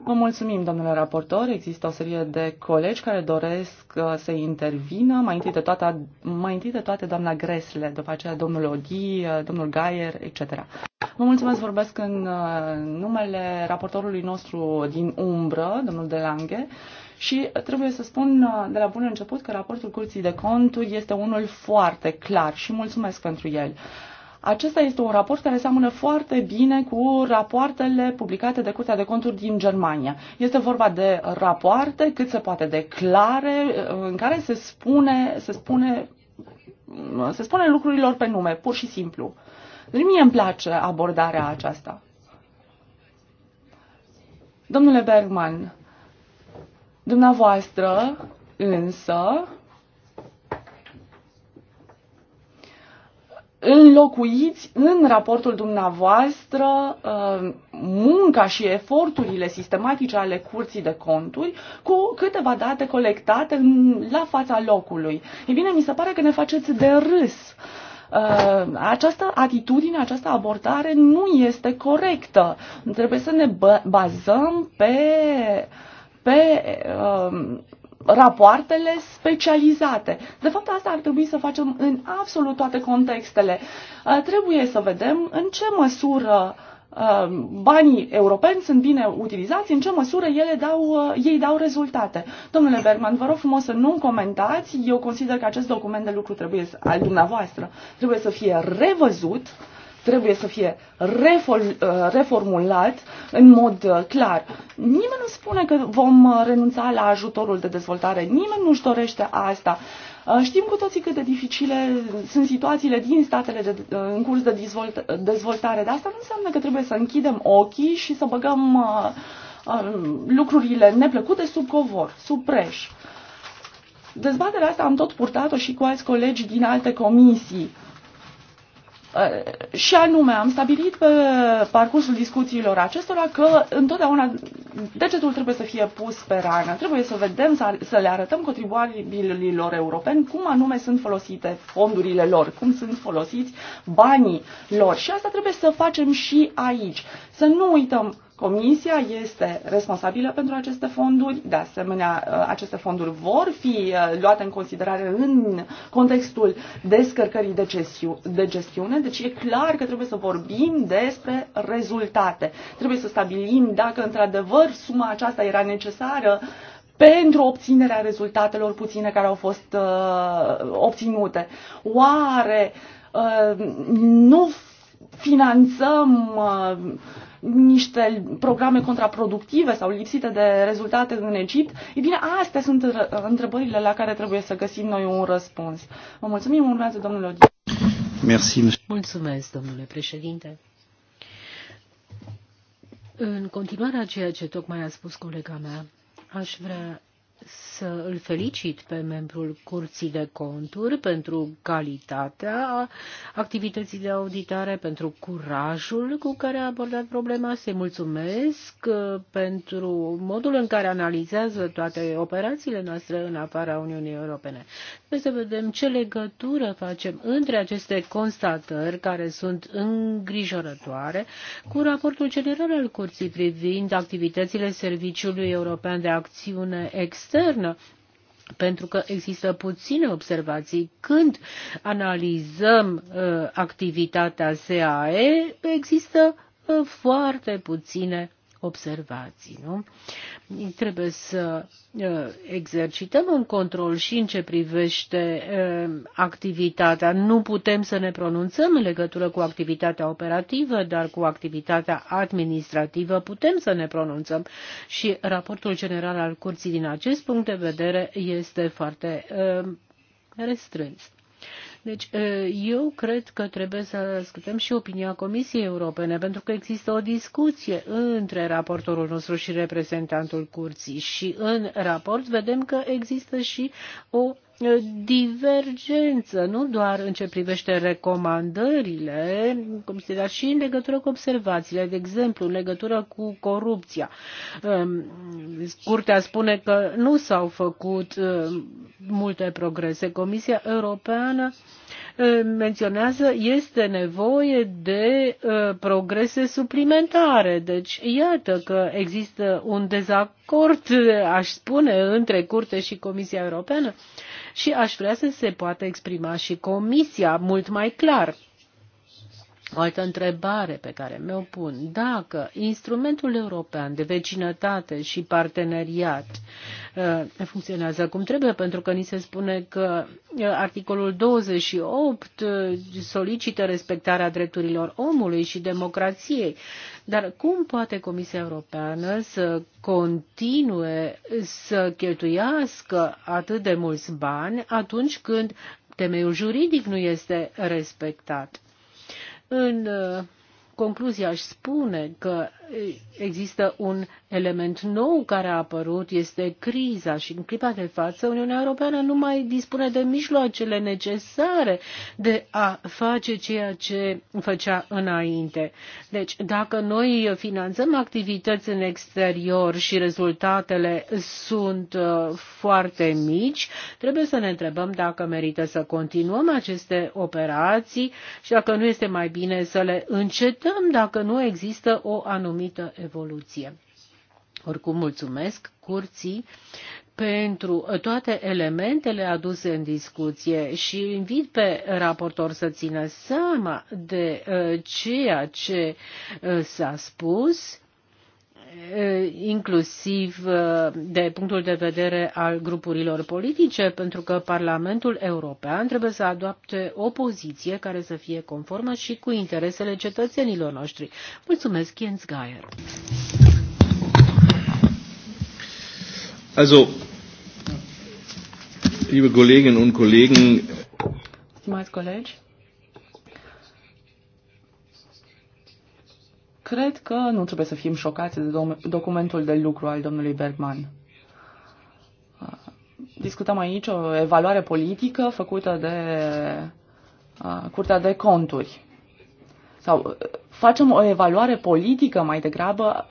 B: Vă mulțumim, domnule raportor. Există o serie de colegi care doresc uh, să intervină. Mai întâi de toate, mai întâi de toate doamna Gresle, după aceea domnul Odi, uh, domnul Gaier, etc. Vă mulțumesc, vorbesc în uh, numele raportorului nostru din umbră, domnul Delange. Și trebuie să spun de la bun început că raportul Curții de Conturi este unul foarte clar și mulțumesc pentru el. Acesta este un raport care seamănă foarte bine cu rapoartele publicate de Curtea de Conturi din Germania. Este vorba de rapoarte cât se poate de clare, în care se spune, se spune, se spune lucrurilor pe nume, pur și simplu. Deci mie îmi place abordarea aceasta. Domnule Bergman, dumneavoastră însă înlocuiți în raportul dumneavoastră uh, munca și eforturile sistematice ale curții de conturi cu câteva date colectate la fața locului. E bine, mi se pare că ne faceți de râs. Uh, această atitudine, această abordare nu este corectă. Trebuie să ne bazăm pe, pe uh, rapoartele specializate. De fapt, asta ar trebui să facem în absolut toate contextele. Uh, trebuie să vedem în ce măsură uh, banii europeni sunt bine utilizați, în ce măsură ele dau, uh, ei dau rezultate. Domnule Bergman, vă rog frumos să nu comentați. Eu consider că acest document de lucru trebuie să, al dumneavoastră trebuie să fie revăzut uh, trebuie să fie uh, reformulat în mod uh, clar. Nimeni nu spune că vom uh, renunța la ajutorul de dezvoltare, nimeni nu-și dorește asta. Știm cu toții cât de dificile sunt situațiile din statele de, în curs de dezvoltare, dar asta nu înseamnă că trebuie să închidem ochii și să băgăm lucrurile neplăcute sub covor, sub preș. Dezbaterea asta am tot purtat-o și cu alți colegi din alte comisii. Uh, Uh, și anume, am stabilit pe parcursul discuțiilor acestora că întotdeauna degetul trebuie să fie pus pe rană. Trebuie să vedem, să le arătăm contribuabililor europeni cum anume sunt folosite fondurile lor, cum sunt folosiți banii lor. Și asta trebuie să facem și aici. Să nu uităm Comisia este responsabilă pentru aceste fonduri, de asemenea, uh, aceste fonduri vor fi uh, luate în considerare în contextul descărcării de, gestiune, de gestiune, deci e clar că trebuie să vorbim despre rezultate. Trebuie să stabilim dacă într-adevăr suma aceasta era necesară pentru obținerea rezultatelor puține care au fost uh, obținute. Oare uh, nu finanțăm uh, niște programe contraproductive sau lipsite de rezultate în Egipt? Ei bine, astea sunt întrebările la care trebuie să găsim noi un răspuns. Vă mulțumim, urmează domnul
A: Odi. Merci. Mulțumesc, domnule președinte. În continuarea ceea ce tocmai a spus colega mea, aș vrea să îl felicit pe membrul Curții de Conturi pentru calitatea activității de auditare, pentru curajul cu care a abordat problema. se mulțumesc uh, pentru modul în care analizează toate operațiile noastre în afara Uniunii Europene. Trebuie să vedem ce legătură facem între aceste constatări care sunt îngrijorătoare cu raportul general al Curții privind activitățile Serviciului European de Acțiune Externă externă pentru că există puține observații. Când analizăm uh, activitatea SAE, există uh, foarte puține observații. Nu? Trebuie să uh, exercităm un control și în ce privește uh, activitatea. Nu putem să ne pronunțăm în legătură cu activitatea operativă, dar cu activitatea administrativă putem să ne pronunțăm și raportul general al curții din acest punct de vedere este foarte uh, restrâns. Deci eu cred că trebuie să ascultăm și opinia Comisiei Europene, pentru că există o discuție între raportorul nostru și reprezentantul curții și în raport vedem că există și o divergență, nu doar în ce privește recomandările, dar și în legătură cu observațiile, de exemplu, în legătură cu corupția. Curtea spune că nu s-au făcut multe progrese. Comisia Europeană menționează, este nevoie de progrese suplimentare. Deci, iată că există un dezacord, aș spune, între Curte și Comisia Europeană și aș vrea să se poată exprima și Comisia mult mai clar. O altă întrebare pe care mi-o pun, dacă instrumentul european de vecinătate și parteneriat uh, funcționează cum trebuie, pentru că ni se spune că uh, articolul 28 uh, solicită respectarea drepturilor omului și democrației, dar cum poate Comisia Europeană să continue să cheltuiască atât de mulți bani atunci când temeiul juridic nu este respectat? În uh, concluzie aș spune că există un element nou care a apărut, este criza și în clipa de față Uniunea Europeană nu mai dispune de mijloacele necesare de a face ceea ce făcea înainte. Deci, dacă noi finanțăm activități în exterior și rezultatele sunt uh, foarte mici, trebuie să ne întrebăm dacă merită să continuăm aceste operații și dacă nu este mai bine să le încetăm dacă nu există o anumită anumită evoluție. Oricum mulțumesc curții pentru uh, toate elementele aduse în discuție și invit pe raportor să țină seama de uh, ceea ce uh, s-a spus inclusiv de punctul de vedere al grupurilor politice, pentru că Parlamentul European trebuie să adopte o poziție care să fie conformă și cu interesele cetățenilor noștri. Mulțumesc, Jens Geier. Also, liebe Kolleginnen und Kollegen,
B: Stimați colegi, cred că nu trebuie să fim șocați de documentul de lucru al domnului Bergman. Uh, discutăm aici o evaluare politică făcută de uh, Curtea de Conturi. Sau uh, facem o evaluare politică mai degrabă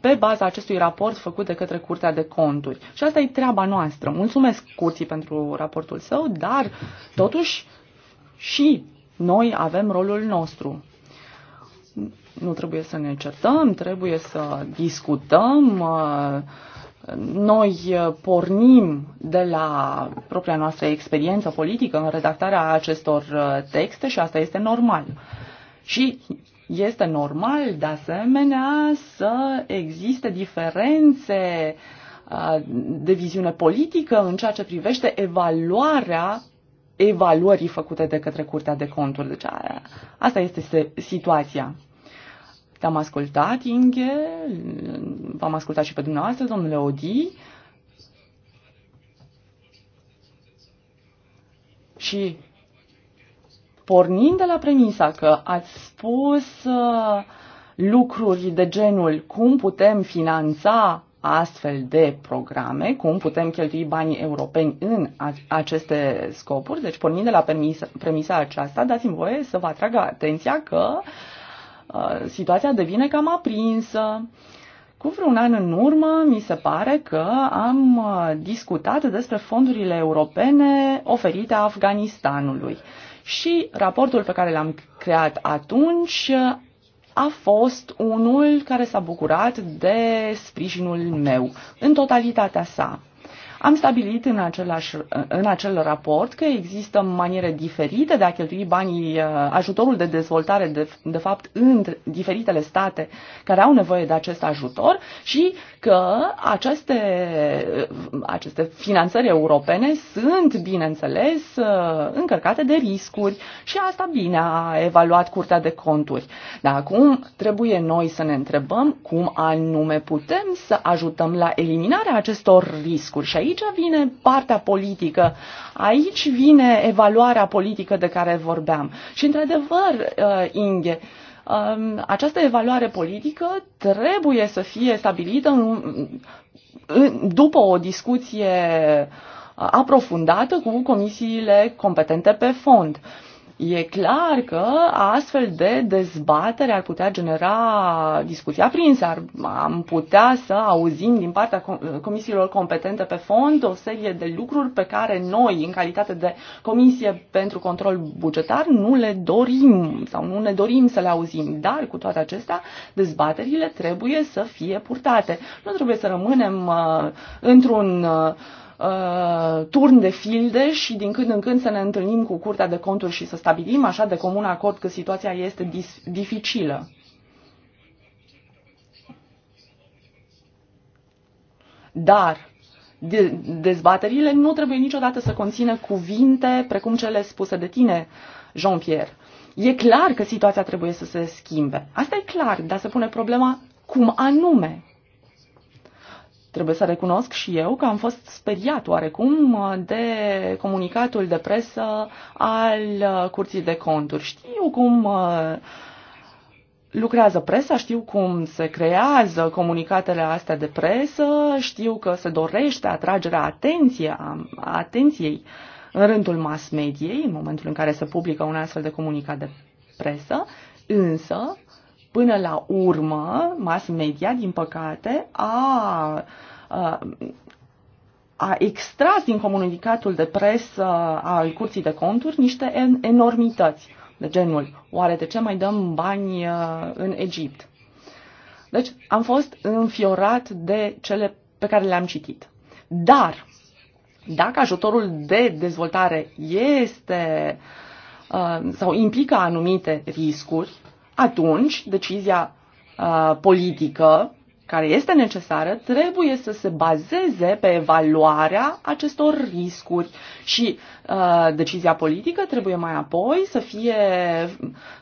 B: pe baza acestui raport făcut de către Curtea de Conturi. Și asta e treaba noastră. Mulțumesc Curții pentru raportul său, dar totuși și noi avem rolul nostru nu trebuie să ne certăm, trebuie să discutăm. Noi pornim de la propria noastră experiență politică în redactarea acestor texte și asta este normal. Și este normal, de asemenea, să existe diferențe uh, de viziune politică în ceea ce privește evaluarea evaluării făcute de către Curtea de Conturi. Deci aia, asta este situația. Te-am ascultat, Inge, v-am ascultat și pe dumneavoastră, domnule Odi, și pornind de la premisa că ați spus uh, lucruri de genul cum putem finanța astfel de programe, cum putem cheltui banii europeni în aceste scopuri. Deci, pornind de la premisa, premisa aceasta, dați-mi voie să vă atrag atenția că uh, situația devine cam aprinsă. Cu vreun an în urmă, mi se pare că am uh, discutat despre fondurile europene oferite Afganistanului. Și raportul pe care l-am creat atunci a fost unul care s-a bucurat de sprijinul meu în totalitatea sa. Am stabilit în, același, în acel raport că există maniere diferite de a cheltui banii, uh, ajutorul de dezvoltare, de, de fapt, în diferitele state care au nevoie de acest ajutor și că aceste, aceste finanțări europene sunt, bineînțeles, încărcate de riscuri și asta bine a evaluat Curtea de Conturi. Dar acum trebuie noi să ne întrebăm cum anume putem să ajutăm la eliminarea acestor riscuri și aici vine partea politică, aici vine evaluarea politică de care vorbeam. Și într-adevăr, uh, Inge, Um, această evaluare politică trebuie să fie stabilită în, în, după o discuție aprofundată cu comisiile competente pe fond. Uh, E clar că astfel de dezbatere ar putea genera discuții aprinse, ar, am putea să auzim din partea comisiilor competente pe fond o serie de lucruri pe care noi, în calitate de comisie pentru control bugetar, nu le dorim sau nu ne dorim să le auzim. Dar, cu toate acestea, dezbaterile trebuie să fie purtate. Nu trebuie să rămânem uh, într-un uh, Uh, turn de filde și din când în când să ne întâlnim cu Curtea de Conturi și să stabilim așa de comun acord că situația este dificilă. Dar de, dezbaterile nu trebuie niciodată să conțină cuvinte precum cele spuse de tine, Jean-Pierre. E clar că situația trebuie să se schimbe. Asta e clar, dar se pune problema cum anume Trebuie să recunosc și eu că am fost speriat oarecum uh, de comunicatul de presă al uh, Curții de Conturi. Știu cum uh, lucrează presa, știu cum se creează comunicatele astea de presă, știu că se dorește atragerea atenției în rândul mass mediei în momentul în care se publică un astfel de comunicat de presă, însă până la urmă, mass media, din păcate, a, a, a extras din comunicatul de presă al Curții de Conturi niște enormități de genul oare de ce mai dăm bani uh, în Egipt? Deci am fost înfiorat de cele pe care le-am citit. Dar dacă ajutorul de dezvoltare este uh, sau implică anumite riscuri, atunci decizia uh, politică care este necesară trebuie să se bazeze pe evaluarea acestor riscuri și uh, decizia politică trebuie mai apoi să fie,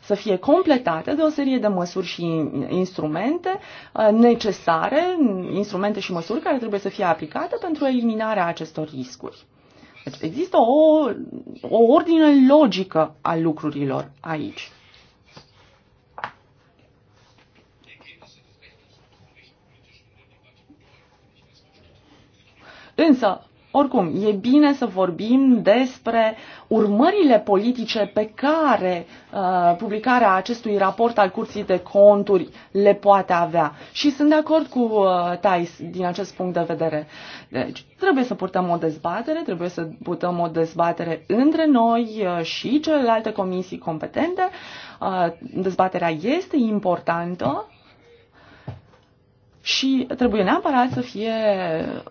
B: să fie completată de o serie de măsuri și instrumente uh, necesare, instrumente și măsuri care trebuie să fie aplicate pentru eliminarea acestor riscuri. Deci există o, o ordine logică a lucrurilor aici. Însă, oricum, e bine să vorbim despre urmările politice pe care uh, publicarea acestui raport al Curții de Conturi le poate avea. Și sunt de acord cu uh, Thais din acest punct de vedere. Deci, trebuie să purtăm o dezbatere, trebuie să purtăm o dezbatere între noi uh, și celelalte comisii competente. Uh, dezbaterea este importantă și trebuie neapărat să fie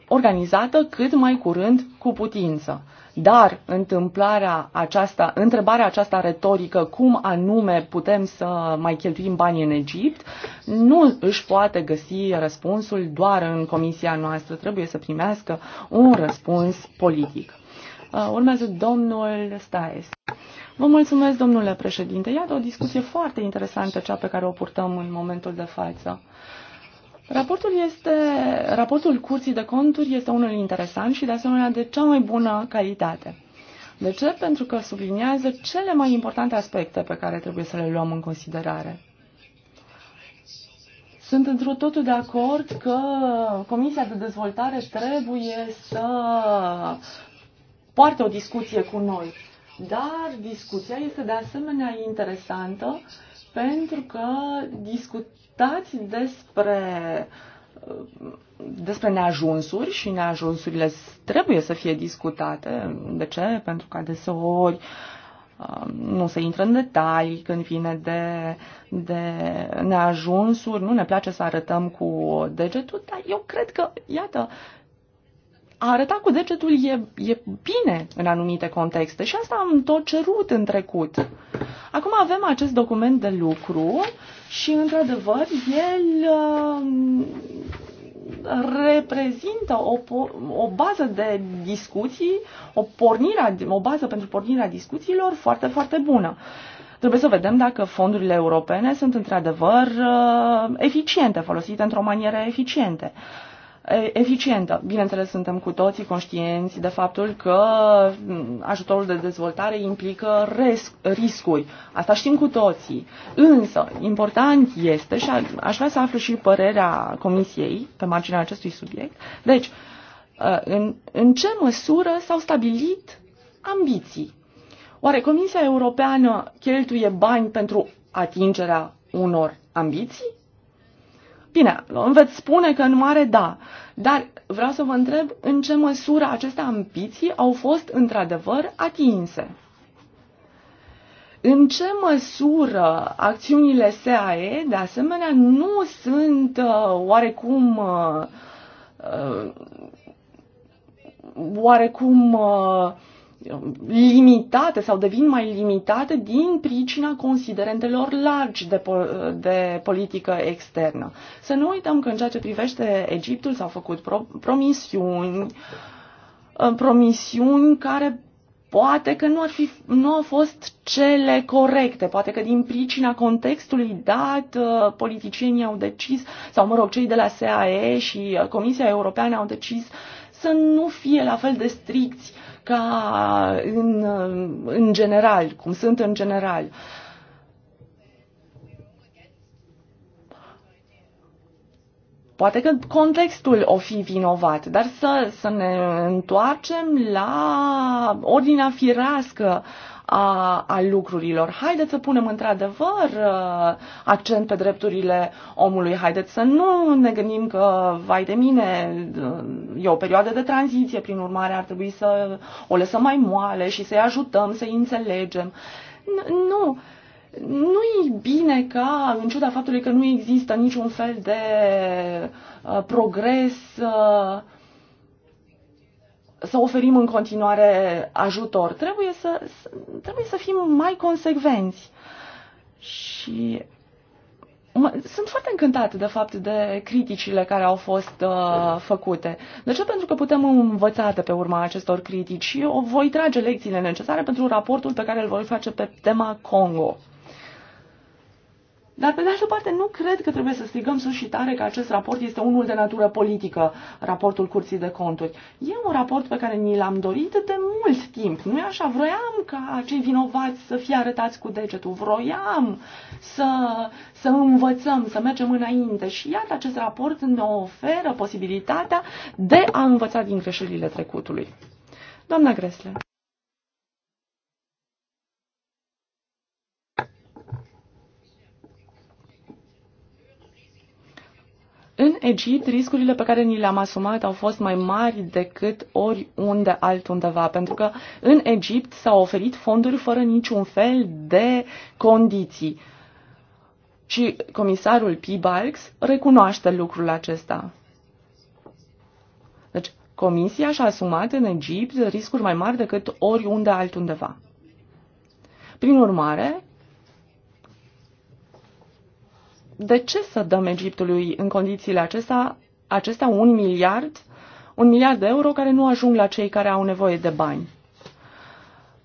B: organizată cât mai curând cu putință. Dar întâmplarea aceasta, întrebarea aceasta retorică, cum anume putem să mai cheltuim bani în Egipt, nu își poate găsi răspunsul doar în comisia noastră. Trebuie să primească un răspuns politic. Uh, urmează domnul Staes. Vă mulțumesc, domnule președinte. Iată o discuție foarte interesantă, cea pe care o purtăm în momentul de față. Raportul, este, raportul Curții de Conturi este unul interesant și de asemenea de cea mai bună calitate. De ce? Pentru că subliniază cele mai importante aspecte pe care trebuie să le luăm în considerare. Sunt într totul de acord că Comisia de Dezvoltare trebuie să poarte o discuție cu noi. Dar discuția este de asemenea interesantă pentru că discut discutați despre despre neajunsuri și neajunsurile trebuie să fie discutate. De ce? Pentru că adeseori um, nu se intră în detalii când vine de, de neajunsuri, nu ne place să arătăm cu degetul, dar eu cred că, iată, a arăta cu degetul e, e bine în anumite contexte și asta am tot cerut în trecut. Acum avem acest document de lucru și, într-adevăr, el um, reprezintă o, o bază de discuții, o, pornire, o bază pentru pornirea discuțiilor foarte, foarte bună. Trebuie să vedem dacă fondurile europene sunt într-adevăr uh, eficiente, folosite într-o manieră eficientă eficientă. Bineînțeles, suntem cu toții conștienți de faptul că ajutorul de dezvoltare implică risc, riscuri. Asta știm cu toții. Însă, important este, și aș vrea să aflu și părerea Comisiei pe marginea acestui subiect, deci, în, în ce măsură s-au stabilit ambiții? Oare Comisia Europeană cheltuie bani pentru atingerea unor ambiții? Bine, îmi veți spune că în mare da, dar vreau să vă întreb în ce măsură aceste ambiții au fost într-adevăr atinse. În ce măsură acțiunile SAE, de asemenea, nu sunt uh, oarecum uh, uh, oarecum uh, limitate sau devin mai limitate din pricina considerentelor largi de, po- de politică externă. Să nu uităm că în ceea ce privește Egiptul s-au făcut pro- promisiuni, uh, promisiuni care poate că nu, ar fi, nu au fost cele corecte, poate că din pricina contextului dat uh, politicienii au decis, sau mă rog, cei de la SAE și Comisia Europeană au decis să nu fie la fel de stricți uh, ca în, în general, cum sunt în general. Poate că contextul o fi vinovat, dar să, să ne întoarcem la ordinea firească a, a lucrurilor. Haideți să punem într-adevăr accent pe drepturile omului. Haideți să nu ne gândim că, vai de mine, e o perioadă de tranziție, prin urmare ar trebui să o lăsăm mai moale și să-i ajutăm, să-i înțelegem. Nu! nu e bine ca, în ciuda faptului că nu există niciun fel de uh, progres uh, să oferim în continuare ajutor. Trebuie să, trebuie să fim mai consecvenți. Și mă, sunt foarte încântată, de fapt, de criticile care au fost uh, făcute. De ce? Pentru că putem învăța de pe urma acestor critici. Eu voi trage lecțiile necesare pentru raportul pe care îl voi face pe tema Congo. Dar, pe de altă parte, nu cred că trebuie să strigăm sus și tare că acest raport este unul de natură politică, raportul Curții de Conturi. E un raport pe care ni l-am dorit de mult timp. Nu e așa? Vroiam ca cei vinovați să fie arătați cu degetul. Vroiam să, să învățăm, să mergem înainte. Și iată, acest raport ne oferă posibilitatea de a învăța din greșelile trecutului. Doamna Gresle. În Egipt, riscurile pe care ni le-am asumat au fost mai mari decât oriunde altundeva, pentru că în Egipt s-au oferit fonduri fără niciun fel de condiții. Și comisarul P. Balks recunoaște lucrul acesta. Deci, Comisia și-a asumat în Egipt riscuri mai mari decât oriunde altundeva. Prin urmare, de ce să dăm Egiptului în condițiile acestea, acestea un miliard, un miliard de euro care nu ajung la cei care au nevoie de bani?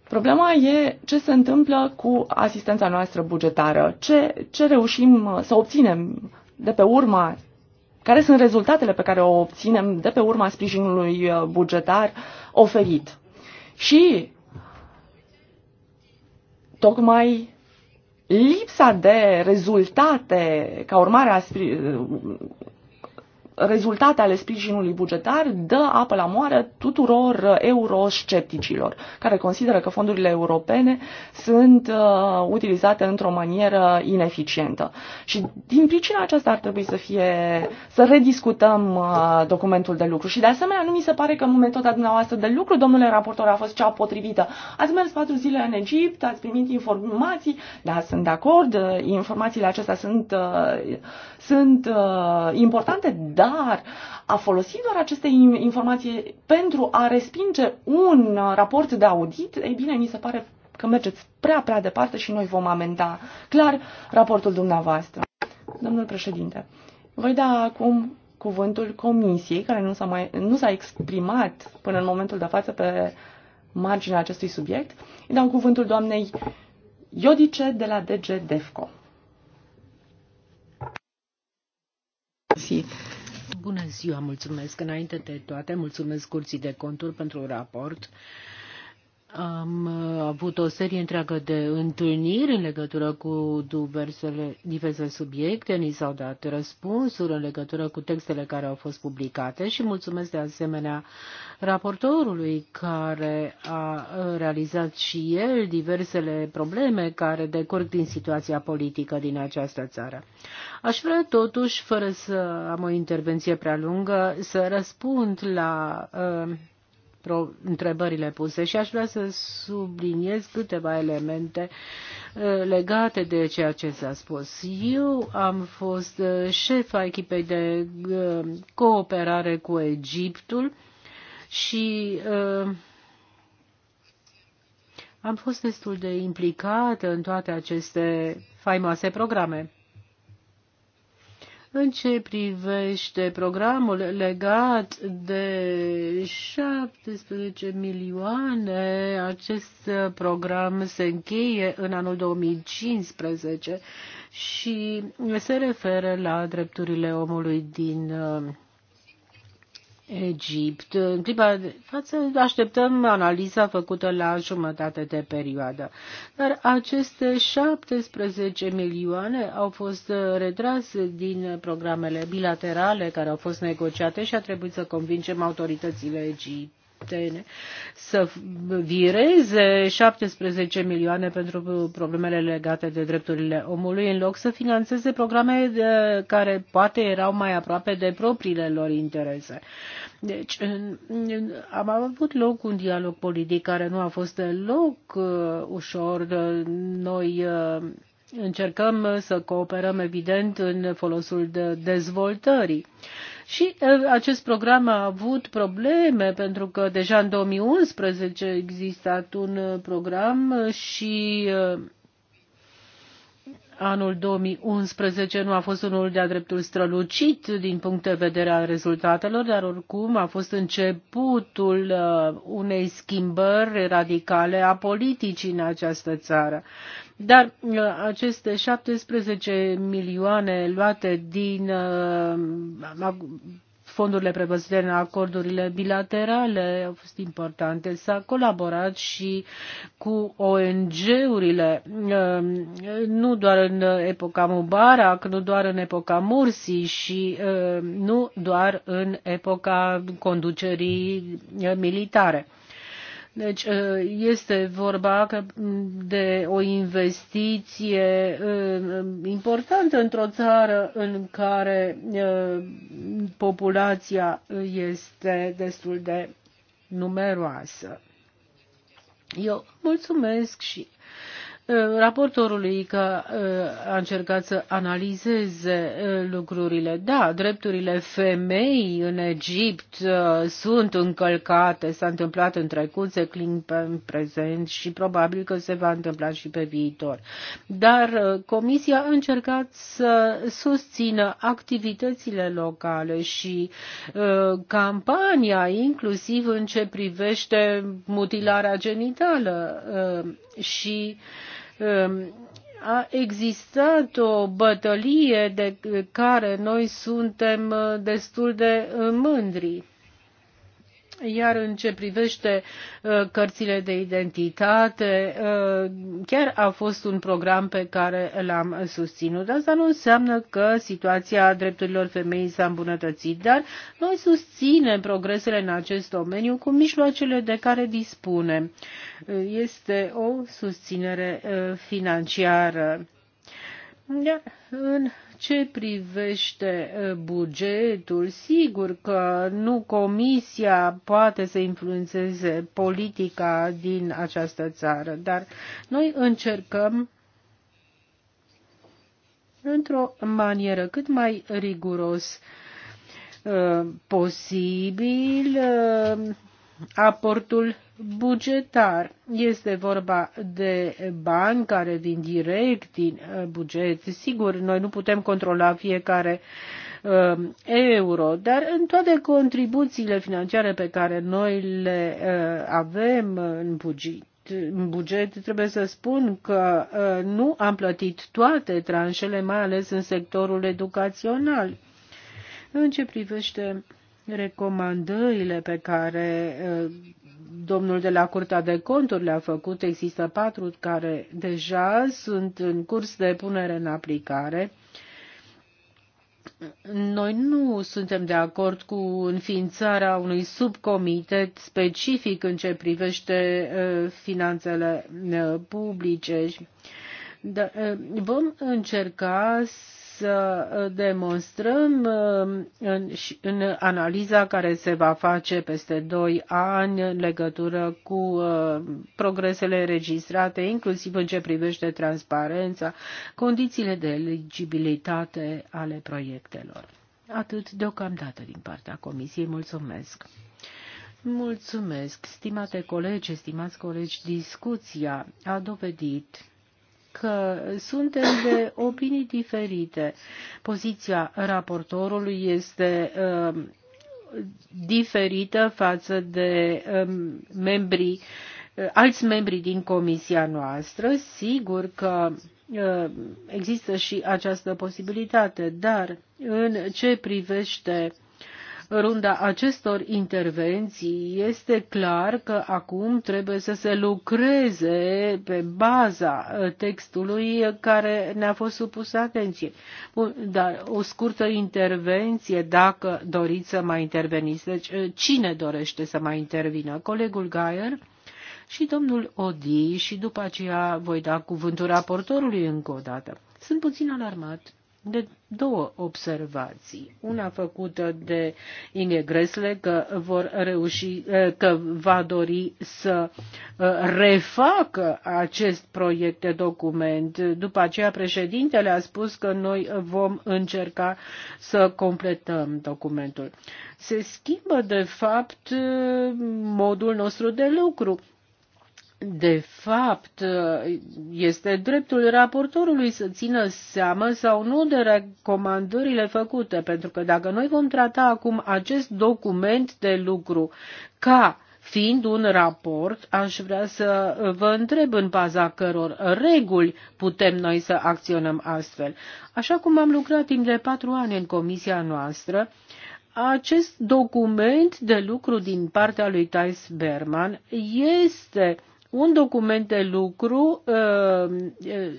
B: Problema e ce se întâmplă cu asistența noastră bugetară, ce, ce reușim să obținem de pe urma, care sunt rezultatele pe care o obținem de pe urma sprijinului uh, bugetar oferit. Și tocmai lipsa de rezultate ca urmare a rezultate ale sprijinului bugetar dă apă la moară tuturor uh, euroscepticilor, care consideră că fondurile europene sunt uh, utilizate într-o manieră ineficientă. Și din pricina aceasta ar trebui să fie să rediscutăm uh, documentul de lucru. Și de asemenea nu mi se pare că metoda dumneavoastră de lucru, domnule raportor, a fost cea potrivită. Ați mers patru zile în Egipt, ați primit informații, da, sunt de acord, uh, informațiile acestea sunt, uh, sunt uh, importante, dar dar a folosit doar aceste informații pentru a respinge un uh, raport de audit, ei bine, mi se pare că mergeți prea, prea departe și noi vom amenda clar raportul dumneavoastră. Domnul președinte, voi da acum cuvântul comisiei, care nu s-a, mai, nu s-a exprimat până în momentul de față pe marginea acestui subiect. Îi dau cuvântul doamnei Iodice de la DG DEFCO.
A: Bună ziua, mulțumesc. Înainte de toate, mulțumesc Curții de Conturi pentru un raport am uh, avut o serie întreagă de întâlniri în legătură cu diversele, diverse subiecte, ni s-au dat răspunsuri în legătură cu textele care au fost publicate și mulțumesc de asemenea raportorului care a uh, realizat și el diversele probleme care decurg din situația politică din această țară. Aș vrea totuși, fără să am o intervenție prea lungă, să răspund la uh, întrebările puse și aș vrea să subliniez câteva elemente uh, legate de ceea ce s-a spus. Eu am fost uh, șefa echipei de uh, cooperare cu Egiptul și am fost destul de implicată în toate aceste faimoase programe. În ce privește programul legat de 17 milioane, acest program se încheie în anul 2015 și se referă la drepturile omului din uh, Egipt. În clipa de față așteptăm analiza făcută la jumătate de perioadă. Dar aceste 17 milioane au fost retrase din programele bilaterale care au fost negociate și a trebuit să convingem autoritățile Egipt egiptene să vireze 17 milioane pentru problemele legate de drepturile omului, în loc să financeze programe de, eh, care poate erau mai aproape de propriile lor interese. Deci, am avut loc un dialog politic care nu a fost deloc eh, ușor. Noi eh, încercăm să cooperăm, evident, în folosul de dezvoltării. Și uh, acest program a avut probleme pentru că deja în 2011 exista un uh, program și uh, anul 2011 nu a fost unul de-a dreptul strălucit din punct de vedere al rezultatelor, dar oricum a fost începutul unei schimbări radicale a politicii în această țară. Dar uh, aceste 17 milioane luate din uh, fondurile prevăzute în acordurile bilaterale au fost importante. S-a colaborat și cu ONG-urile, uh, nu doar în epoca Mubarak, nu doar în epoca Mursi și nu doar în epoca conducerii militare. Deci ă, este vorba de o investiție ă, importantă într-o țară în care ă, populația este destul de numeroasă. Eu mulțumesc și Uh, raportorului că uh, a încercat să analizeze uh, lucrurile. Da, drepturile femei în Egipt sunt încălcate, s-a întâmplat în trecut, se pe în prezent și probabil că se va întâmpla și pe viitor. Dar Comisia a încercat să susțină activitățile locale și campania, inclusiv în ce privește mutilarea genitală și Um, a existat o bătălie de care noi suntem uh, destul de uh, mândri. Iar în ce privește uh, cărțile de identitate, uh, chiar a fost un program pe care l-am susținut. Asta nu înseamnă că situația drepturilor femeii s-a îmbunătățit, dar noi susținem progresele în acest domeniu cu mijloacele de care dispunem. Uh, este o susținere financiară. în ce privește bugetul, sigur că nu Comisia poate să influențeze politica din această țară, dar noi încercăm într-o manieră cât mai riguros posibil aportul bugetar. Este vorba de bani care vin direct din uh, buget. Sigur, noi nu putem controla fiecare uh, euro, dar în toate contribuțiile financiare pe care noi le uh, avem în buget, în buget, trebuie să spun că uh, nu am plătit toate tranșele, mai ales în sectorul educațional. În ce privește recomandările pe care domnul de la Curtea de Conturi le-a făcut, există patru care deja sunt în curs de punere în aplicare. Noi nu suntem de acord cu înființarea unui subcomitet specific în ce privește finanțele publice. Da, vom încerca să uh, demonstrăm uh, în analiza care se va face peste doi ani în legătură cu uh, progresele registrate, inclusiv în ce privește transparența, condițiile de eligibilitate ale proiectelor. Atât deocamdată din partea Comisiei. Mulțumesc! Mulțumesc, stimate colegi, stimați colegi, discuția a dovedit că suntem de opinii diferite. Poziția raportorului este um, diferită față de um, membrii, uh, alți membri din comisia noastră. Sigur că uh, există și această posibilitate, dar în ce privește runda acestor intervenții este clar că acum trebuie să se lucreze pe baza uh, textului care ne-a fost supus atenție. Bun, dar o scurtă intervenție dacă doriți să mai interveniți. Deci uh, cine dorește să mai intervină? Colegul Gaier? și domnul Odi și după aceea voi da cuvântul raportorului încă o dată. Sunt puțin alarmat de două observații. Una făcută de Inge Gresle că vor reuși, eh, că va dori să eh, refacă acest proiect de document. După aceea președintele a spus că noi vom încerca să completăm documentul. Se schimbă de fapt eh, modul nostru de lucru de fapt, este dreptul raportorului să țină seamă sau nu de recomandările făcute, pentru că dacă noi vom trata acum acest document de lucru ca fiind un raport, aș vrea să vă întreb în baza căror reguli putem noi să acționăm astfel. Așa cum am lucrat timp de patru ani în comisia noastră, acest document de lucru din partea lui Thais Berman este uh, un document de lucru uh, uh,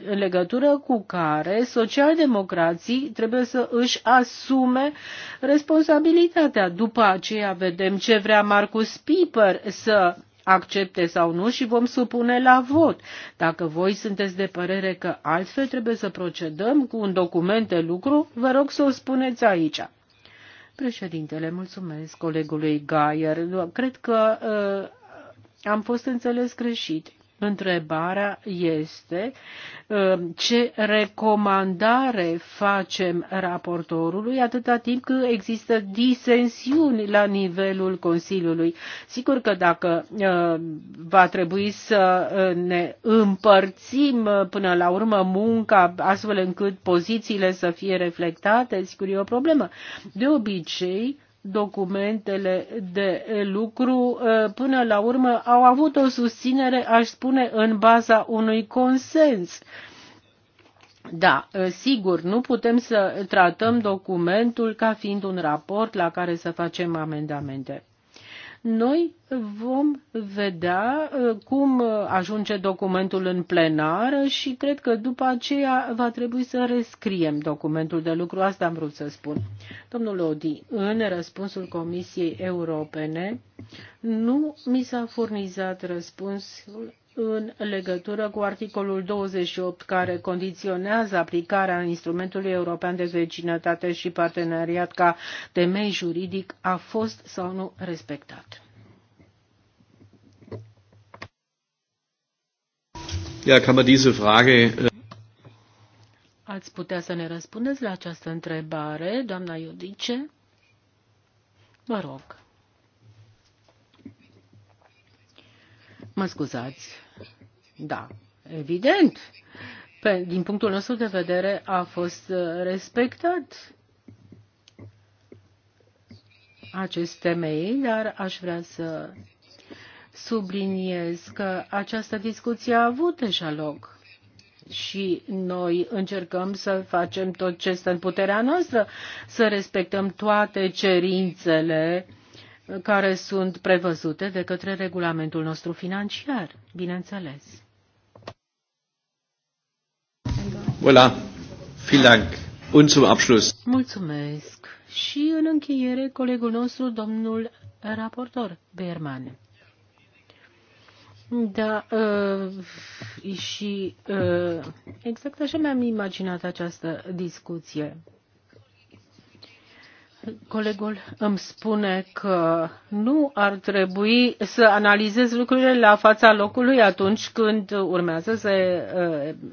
A: în legătură cu care socialdemocrații trebuie să își asume responsabilitatea. După aceea vedem ce vrea Marcus Piper să accepte sau nu și vom supune la vot. Dacă voi sunteți de părere că altfel trebuie să procedăm cu un document de lucru, vă rog să o spuneți aici. Președintele, mulțumesc colegului Gaier. Cred că uh, am fost înțeles greșit. Întrebarea este ă, ce recomandare facem raportorului atâta timp cât există disensiuni la nivelul Consiliului. Sigur că dacă ă, va trebui să ă, ne împărțim până la urmă munca astfel încât pozițiile să fie reflectate, sigur e o problemă. De obicei, documentele de lucru, ă, până la urmă au avut o susținere, aș spune, în baza unui consens. Da, ă, sigur, nu putem să tratăm documentul ca fiind un raport la care să facem amendamente. Noi vom vedea uh, cum uh, ajunge documentul în plenar și cred că după aceea va trebui să rescriem documentul de lucru. Asta am vrut să spun. Domnul Odi, în răspunsul Comisiei Europene, nu mi s-a furnizat răspunsul în legătură cu articolul 28 care condiționează aplicarea instrumentului european de vecinătate și parteneriat ca temei juridic a fost sau nu respectat.
C: Ja, kann man diese Frage äh,
A: Ați putea să ne răspundeți la această întrebare, doamna Iudice? Vă rog. Mă scuzați, da, evident. Pe, din punctul nostru de vedere a fost uh, respectat acest temei, dar aș vrea să subliniez că această discuție a avut deja loc și noi încercăm să facem tot ce stă în puterea noastră, să respectăm toate cerințele care sunt prevăzute de către regulamentul nostru financiar, bineînțeles. Voilà. Vielen Dank. Und zum Abschluss. Mulțumesc. Și în încheiere, colegul nostru, domnul raportor Berman. Da, uh, și uh, exact așa mi-am imaginat această discuție. Colegul îmi spune că nu ar trebui să analizez lucrurile la fața locului atunci când urmează să uh,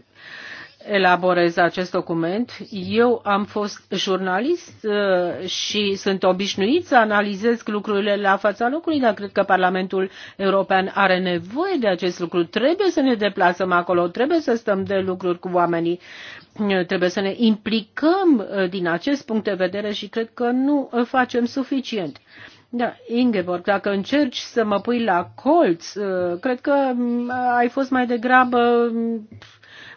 A: elaborez acest document. Eu am fost jurnalist uh, și sunt obișnuit să analizez lucrurile la fața locului, dar cred că Parlamentul European are nevoie de acest lucru. Trebuie să ne deplasăm acolo, trebuie să stăm de lucruri cu oamenii, uh, trebuie să ne implicăm uh, din acest punct de vedere și cred că nu facem suficient. Da, Ingeborg, dacă încerci să mă pui la colț, cred că mm, ai fost mai degrabă mm,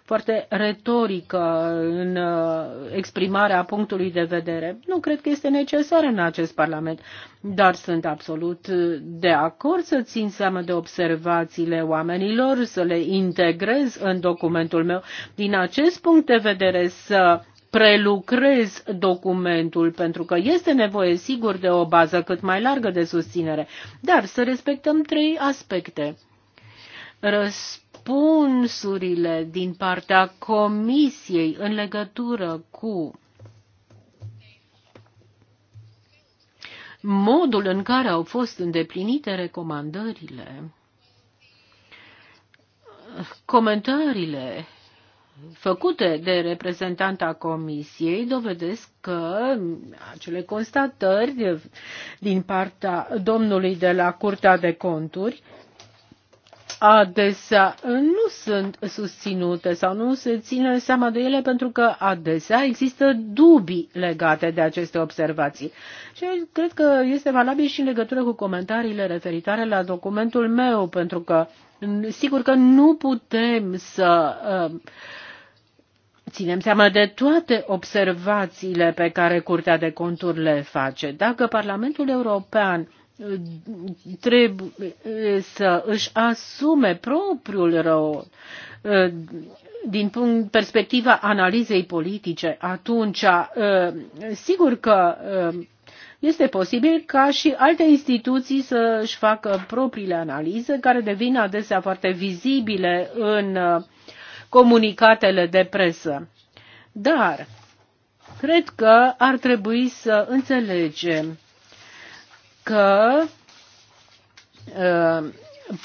A: foarte retorică în uh, exprimarea punctului de vedere. Nu cred că este necesar în acest Parlament, dar sunt absolut de acord să țin seama de observațiile oamenilor, să le integrez în documentul meu. Din acest punct de vedere să prelucrez documentul, pentru că este nevoie, sigur, de o bază cât mai largă de susținere, dar să respectăm trei aspecte. Răs răspunsurile din partea Comisiei în legătură cu modul în care au fost îndeplinite recomandările, comentariile făcute de reprezentanta Comisiei dovedesc că acele constatări din partea domnului de la Curtea de Conturi adesea nu sunt susținute sau nu se ține seama de ele pentru că adesea există dubii legate de aceste observații. Și cred că este valabil și în legătură cu comentariile referitoare la documentul meu, pentru că sigur că nu putem să uh, ținem seama de toate observațiile pe care Curtea de Conturi le face. Dacă Parlamentul European trebuie să își asume propriul rol din punct perspectiva analizei politice, atunci sigur că este posibil ca și alte instituții să își facă propriile analize, care devin adesea foarte vizibile în comunicatele de presă. Dar cred că ar trebui să înțelegem că uh,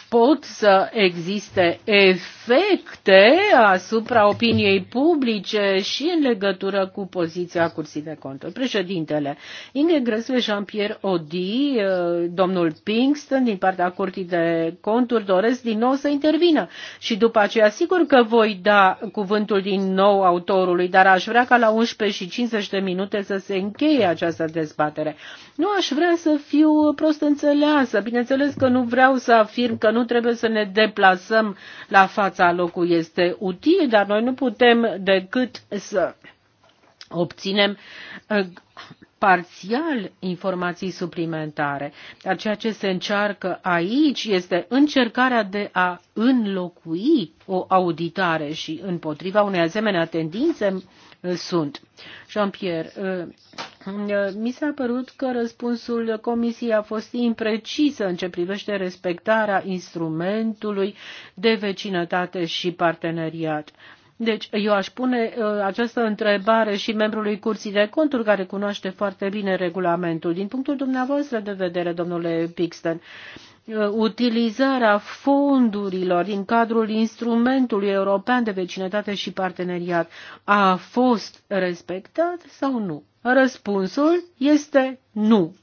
A: pot să existe efecte asupra opiniei publice și în legătură cu poziția Cursii de Conturi. Președintele Inge Grăsue, Jean-Pierre Odi, eh, domnul Pinkston din partea Curții de Conturi doresc din nou să intervină și după aceea sigur că voi da cuvântul din nou autorului, dar aș vrea ca la 11 și 50 de minute să se încheie această dezbatere. Nu aș vrea să fiu prost înțeleasă. Bineînțeles că nu vreau să afirm știm că nu trebuie să ne deplasăm la fața locului. Este util, dar noi nu putem decât să obținem uh, parțial informații suplimentare. Dar ceea ce se încearcă aici este încercarea de a înlocui o auditare și împotriva unei asemenea tendințe Uh, sunt. Jean-Pierre, uh, uh, mi s-a părut că răspunsul Comisiei a fost imprecis în ce privește respectarea instrumentului de vecinătate și parteneriat. Deci, eu aș pune uh, această întrebare și membrului Curții de Conturi, care cunoaște foarte bine regulamentul. Din punctul dumneavoastră de vedere, domnule Pixton, utilizarea fondurilor din cadrul instrumentului european de vecinătate și parteneriat a fost respectat sau nu? Răspunsul este nu.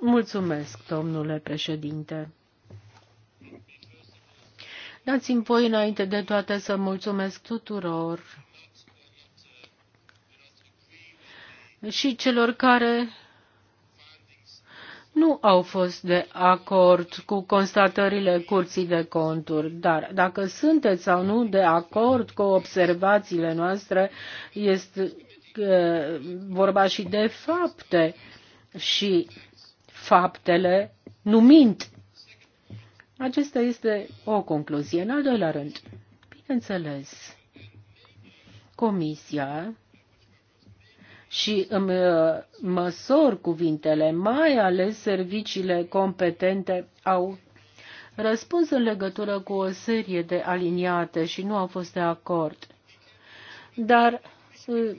A: Mulțumesc, domnule președinte. Dați-mi voi înainte de toate să mulțumesc tuturor și celor care nu au fost de acord cu constatările curții de conturi, dar dacă sunteți sau nu de acord cu observațiile noastre, este vorba și de fapte și faptele nu mint. Acesta este o concluzie. În al doilea rând, bineînțeles, Comisia și îmi uh, măsor cuvintele, mai ales serviciile competente au răspuns în legătură cu o serie de aliniate și nu au fost de acord. Dar uh,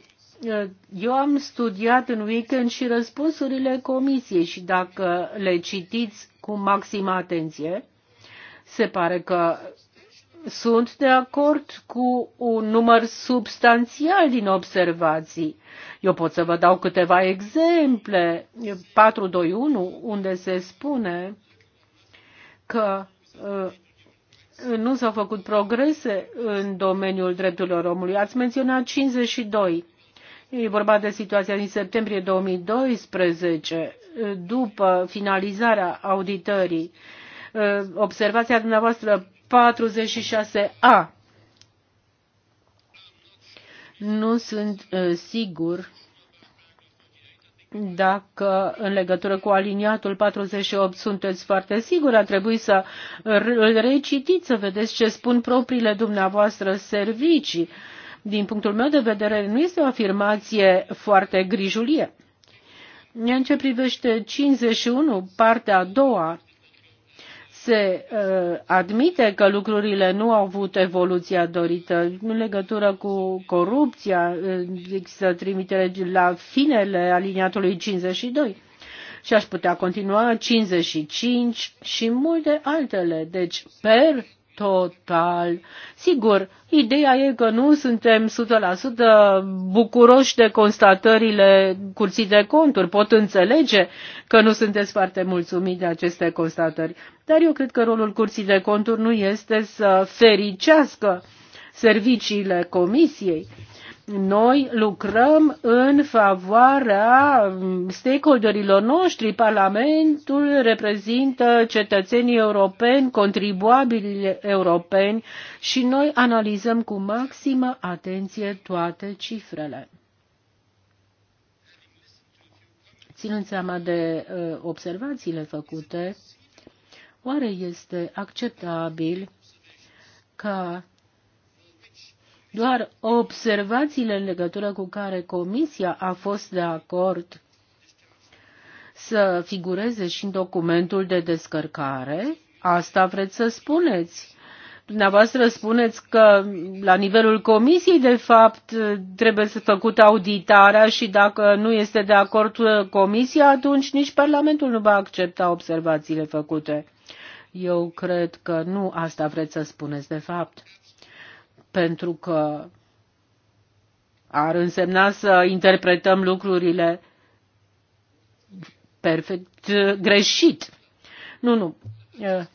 A: uh, eu am studiat în weekend și răspunsurile comisiei și dacă le citiți cu maximă atenție, se pare că sunt de acord cu un număr substanțial din observații. Eu pot să vă dau câteva exemple. 421, unde se spune că uh, nu s-au făcut progrese în domeniul drepturilor omului. Ați menționat 52. E vorba de situația din septembrie 2012, după finalizarea auditării. Uh, observația dumneavoastră 46A. Nu sunt ă, sigur dacă în legătură cu aliniatul 48 sunteți foarte sigur. a trebuit să îl recitiți, să vedeți ce spun propriile dumneavoastră servicii. Din punctul meu de vedere, nu este o afirmație foarte grijulie. În ce privește 51, partea a doua, se uh, admite că lucrurile nu au avut evoluția dorită în legătură cu corupția, uh, există trimitere la finele aliniatului 52 și aș putea continua 55 și multe altele. Deci, per total. Sigur, ideea e că nu suntem 100% bucuroși de constatările curții de conturi. Pot înțelege că nu sunteți foarte mulțumiți de aceste constatări, dar eu cred că rolul curții de conturi nu este să fericească serviciile comisiei, noi lucrăm în favoarea um, stakeholderilor noștri. Parlamentul reprezintă cetățenii europeni, contribuabilii europeni și noi analizăm cu maximă atenție toate cifrele. Ținând seama de uh, observațiile făcute, oare este acceptabil ca doar observațiile în legătură cu care Comisia a fost de acord să figureze și în documentul de descărcare, asta vreți să spuneți. Dumneavoastră spuneți că la nivelul comisiei, de fapt, trebuie să făcut auditarea și dacă nu este de acord comisia, atunci nici Parlamentul nu va accepta observațiile făcute. Eu cred că nu asta vreți să spuneți, de fapt pentru că ar însemna să interpretăm lucrurile perfect uh, greșit. Nu, nu. Uh,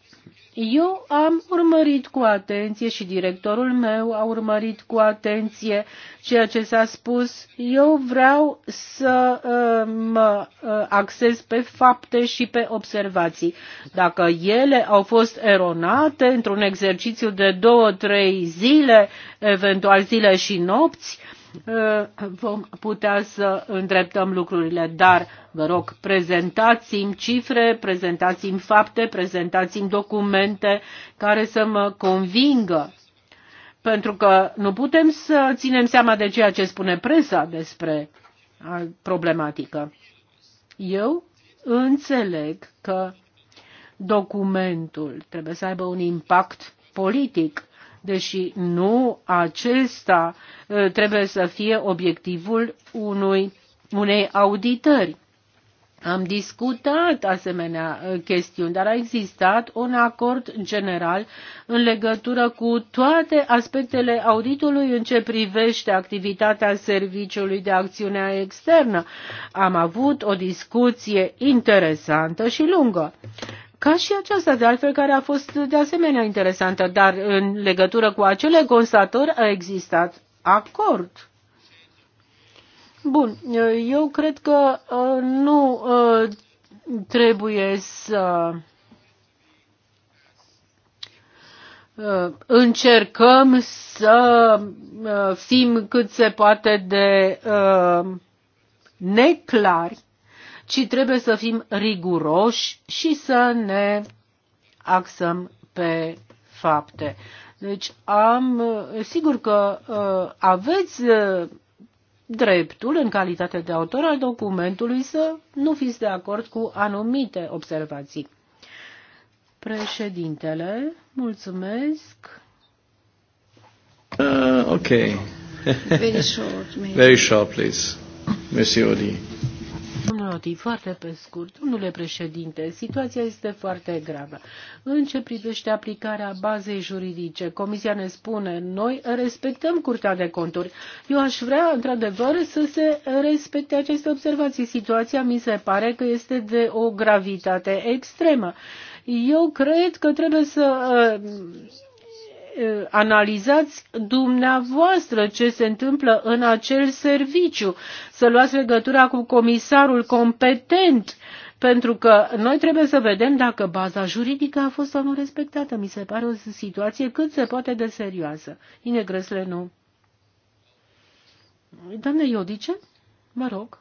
A: eu am urmărit cu atenție și directorul meu a urmărit cu atenție ceea ce s-a spus. Eu vreau să uh, mă uh, axez pe fapte și pe observații. Dacă ele au fost eronate într-un exercițiu de două, trei zile, eventual zile și nopți, Eh, vom putea să îndreptăm lucrurile, dar vă rog, prezentați-mi cifre, prezentați-mi fapte, prezentați-mi documente care să mă convingă. Pentru că nu putem să ținem seama de ceea ce spune presa despre problematică. Eu înțeleg că documentul trebuie să aibă un impact politic deși nu acesta trebuie să fie obiectivul unui, unei auditări. Am discutat asemenea chestiuni, dar a existat un acord general în legătură cu toate aspectele auditului în ce privește activitatea Serviciului de Acțiune Externă. Am avut o discuție interesantă și lungă ca și aceasta de altfel care a fost de asemenea interesantă, dar în legătură cu acele constatări a existat acord. Bun, eu cred că uh, nu uh, trebuie să uh, încercăm să fim cât se poate de neclari ci trebuie să fim riguroși și să ne axăm pe fapte. Deci am, sigur că uh, aveți uh, dreptul, în calitate de autor al documentului, să nu fiți de acord cu anumite observații. Președintele, mulțumesc.
C: Uh, ok. Very short, maybe. Very short, please. Monsieur Odi.
A: Zanotti, foarte pe scurt. Domnule președinte, situația este foarte gravă. În ce privește aplicarea bazei juridice, Comisia ne spune, noi respectăm Curtea de Conturi. Eu aș vrea, într-adevăr, să se respecte aceste observații. Situația mi se pare că este de o gravitate extremă. Eu cred că trebuie să Uh, analizați dumneavoastră ce se întâmplă în acel serviciu, să luați legătura cu comisarul competent, pentru că noi trebuie să vedem dacă baza juridică a fost sau nu respectată. Mi se pare o situație cât se poate de serioasă. Ine nu. Doamne Iodice, mă rog.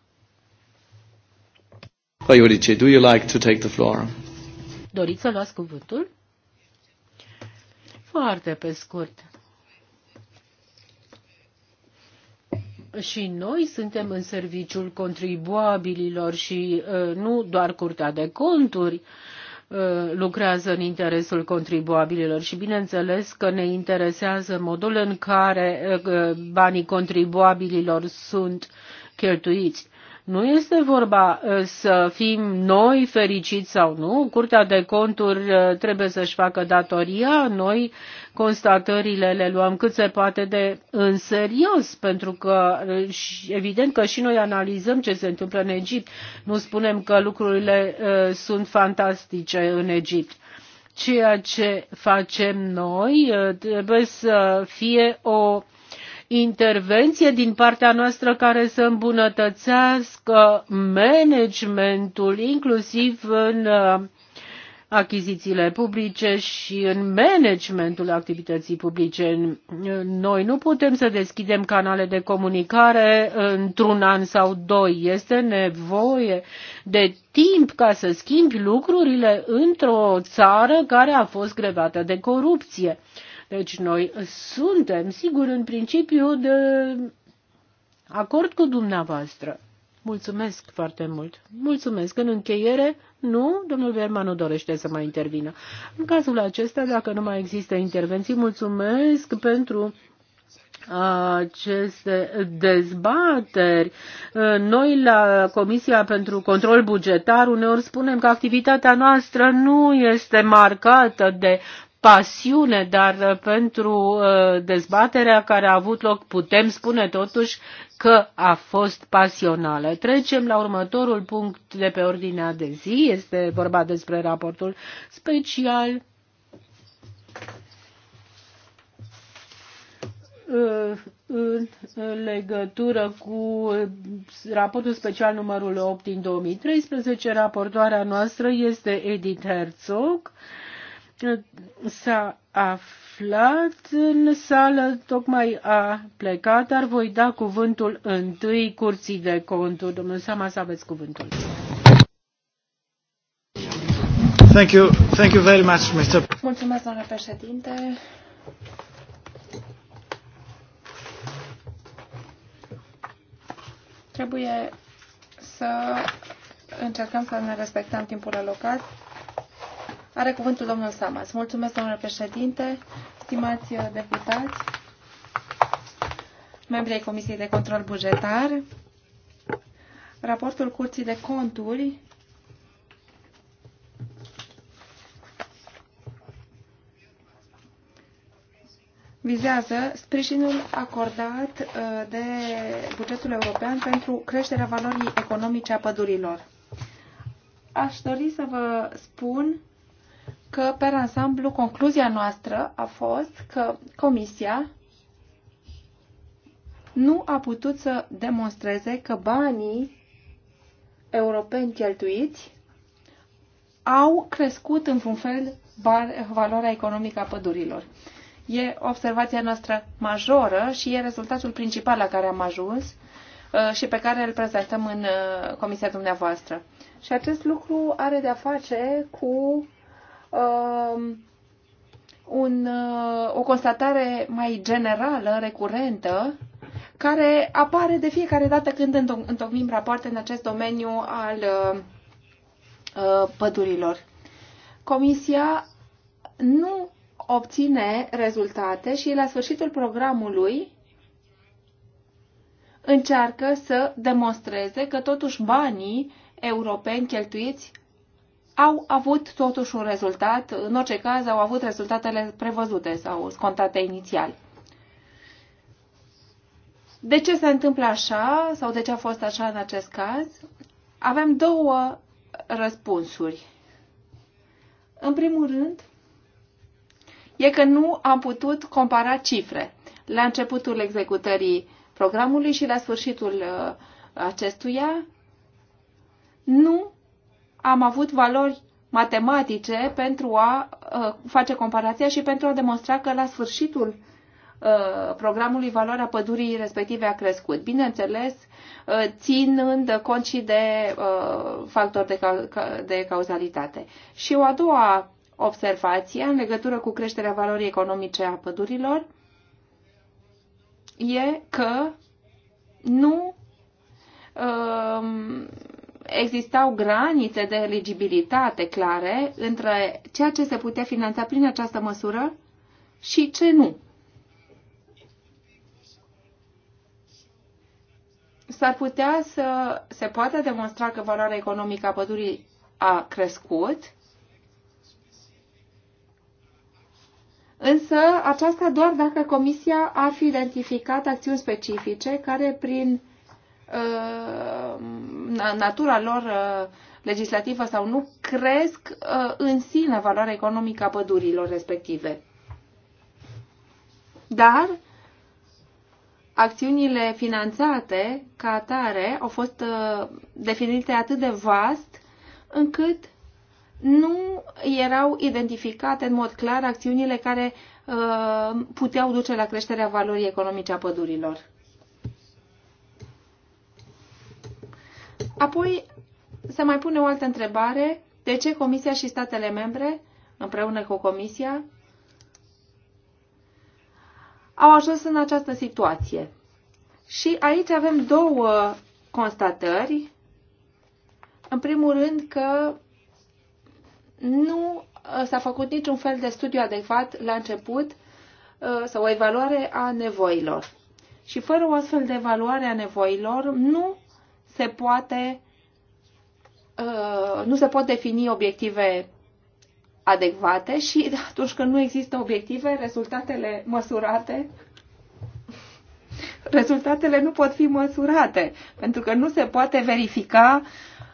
C: Iodice, do you like to take the floor?
A: Doriți să luați cuvântul? Foarte pe scurt. Și noi suntem în serviciul contribuabililor și uh, nu doar Curtea de Conturi uh, lucrează în interesul contribuabililor și bineînțeles că ne interesează modul în care uh, banii contribuabililor sunt cheltuiți. Nu este vorba uh, să fim noi fericiți sau nu. Curtea de conturi uh, trebuie să-și facă datoria. Noi constatările le luăm cât se poate de în serios, pentru că uh, evident că și noi analizăm ce se întâmplă în Egipt. Nu spunem că lucrurile sunt fantastice în Egipt ceea ce facem noi trebuie să fie o intervenție din partea noastră care să îmbunătățească managementul, inclusiv în uh, achizițiile publice și în managementul activității publice. Uh, noi nu putem să deschidem canale de comunicare într-un an sau doi. Este nevoie de timp ca să schimbi lucrurile într-o țară care a fost grevată de corupție. Deci noi suntem, sigur, în principiu de acord cu dumneavoastră. Mulțumesc foarte mult. Mulțumesc. În încheiere, nu, domnul Verma nu dorește să mai intervină. În cazul acesta, dacă nu mai există intervenții, mulțumesc pentru aceste dezbateri. Noi la Comisia pentru Control Bugetar uneori spunem că activitatea noastră nu este marcată de pasiune, dar uh, pentru uh, dezbaterea care a avut loc putem spune totuși că a fost pasională. Trecem la următorul punct de pe ordinea de zi. Este vorba despre raportul special uh, în legătură cu raportul special numărul 8 din 2013. Raportoarea noastră este Edith Herzog s-a aflat în sală, tocmai a plecat, dar voi da cuvântul întâi curții de conturi. Domnul Sama, să aveți cuvântul.
C: Thank you. Thank you very much, Mr. Mulțumesc, doamnă președinte. Trebuie să încercăm să ne respectăm timpul alocat are cuvântul domnul Samas. Mulțumesc, domnule președinte, stimați uh, deputați, membrii ai Comisiei de Control Bugetar. Raportul Curții de Conturi vizează sprijinul acordat uh, de bugetul european pentru creșterea valorii economice a pădurilor. Aș dori să vă spun că, pe ansamblu, concluzia noastră a fost că Comisia nu a putut să demonstreze că banii europeni cheltuiți au crescut într-un fel valoarea economică a pădurilor. E observația noastră majoră și e rezultatul principal la care am ajuns uh, și pe care îl prezentăm în uh, comisia dumneavoastră. Și acest lucru are de-a face cu Um, un, uh, o constatare mai generală, recurentă, care apare de fiecare dată când întocmim rapoarte în acest domeniu al uh, uh, pădurilor. Comisia nu obține rezultate și la sfârșitul programului încearcă să demonstreze că totuși banii europeni cheltuiți au avut totuși un rezultat, în orice caz au avut rezultatele prevăzute sau scontate inițial. De ce se întâmplă așa sau de ce a fost așa în acest caz? Avem două răspunsuri. În primul rând, e că nu am putut compara cifre la începutul executării programului și la sfârșitul uh, acestuia. Nu am avut valori matematice pentru a uh, face comparația și pentru a demonstra că la sfârșitul uh, programului valoarea pădurii respective a crescut. Bineînțeles, uh, ținând cont și de factori de, ca- de cauzalitate. Și o a doua observație în legătură cu creșterea valorii economice a pădurilor e că nu um, existau granițe de eligibilitate clare între ceea ce se putea finanța prin această măsură și ce nu. S-ar putea să se poată demonstra că valoarea economică a pădurii a crescut, Însă aceasta doar dacă Comisia ar fi identificat acțiuni specifice care, prin Uh, natura lor uh, legislativă sau nu, cresc uh, în sine valoarea economică a pădurilor respective. Dar acțiunile finanțate ca atare au fost definite atât de vast încât nu erau identificate în mod clar acțiunile care puteau duce la creșterea valorii economice a pădurilor. Apoi se mai pune o altă întrebare. De ce Comisia și statele membre, împreună cu Comisia, au ajuns în această situație? Și aici avem două constatări. În primul rând că nu s-a făcut niciun fel de studiu adecvat la început uh, sau o evaluare a nevoilor. Și fără o astfel de evaluare a nevoilor, nu se poate, uh, nu se pot defini obiective adecvate și atunci când nu există obiective, rezultatele măsurate rezultatele nu pot fi măsurate, pentru că nu se poate verifica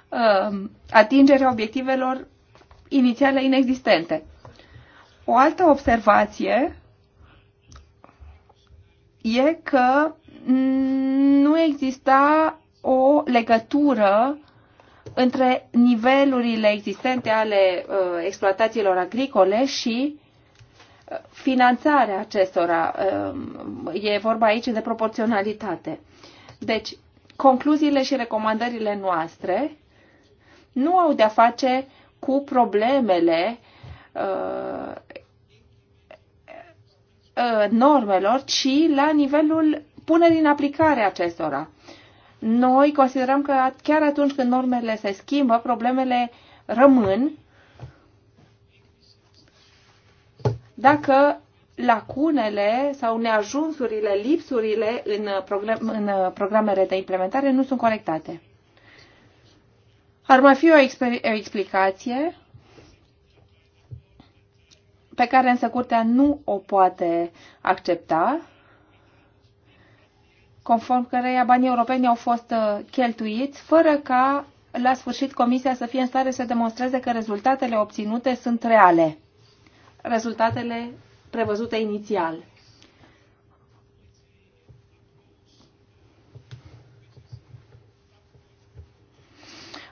C: uh, atingerea obiectivelor inițiale inexistente. O altă observație e că nu exista o legătură între nivelurile existente ale uh, exploatațiilor agricole și uh, finanțarea acestora. Uh, e vorba aici de proporționalitate. Deci, concluziile și recomandările noastre nu au de-a face cu problemele uh, uh normelor, ci la nivelul punerii în aplicare acestora. Noi considerăm că chiar atunci când normele se schimbă, problemele rămân dacă lacunele sau neajunsurile, lipsurile în, uh, program, în uh, programele de implementare nu sunt corectate. Ar mai fi o, o explicație pe care însă curtea nu o poate accepta conform căreia banii europeni au fost uh, cheltuiți, fără ca la sfârșit Comisia să fie în stare să demonstreze că rezultatele obținute sunt reale, rezultatele prevăzute inițial.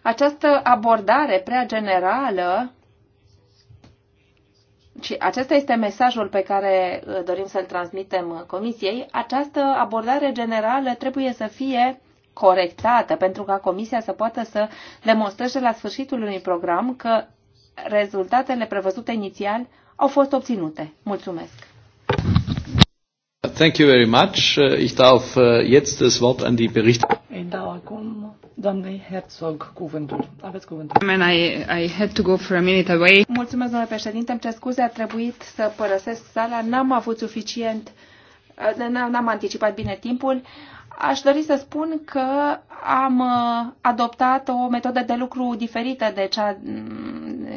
C: Această abordare prea generală și acesta este mesajul pe care uh, dorim să-l transmitem uh, Comisiei, această abordare generală trebuie să fie corectată pentru ca Comisia să poată să demonstreze la sfârșitul unui program că rezultatele prevăzute inițial
B: au fost obținute. Mulțumesc!
A: Thank you very much.
B: Äh, ich darf äh, jetzt das Wort an die Berichterstatterin. Um
C: I, had to go for a minute away. Mulțumesc, domnule președinte. Îmi cer scuze, a trebuit să părăsesc sala. N-am avut suficient n-am anticipat bine timpul, aș dori să spun că am uh, adoptat o metodă de lucru diferită de cea în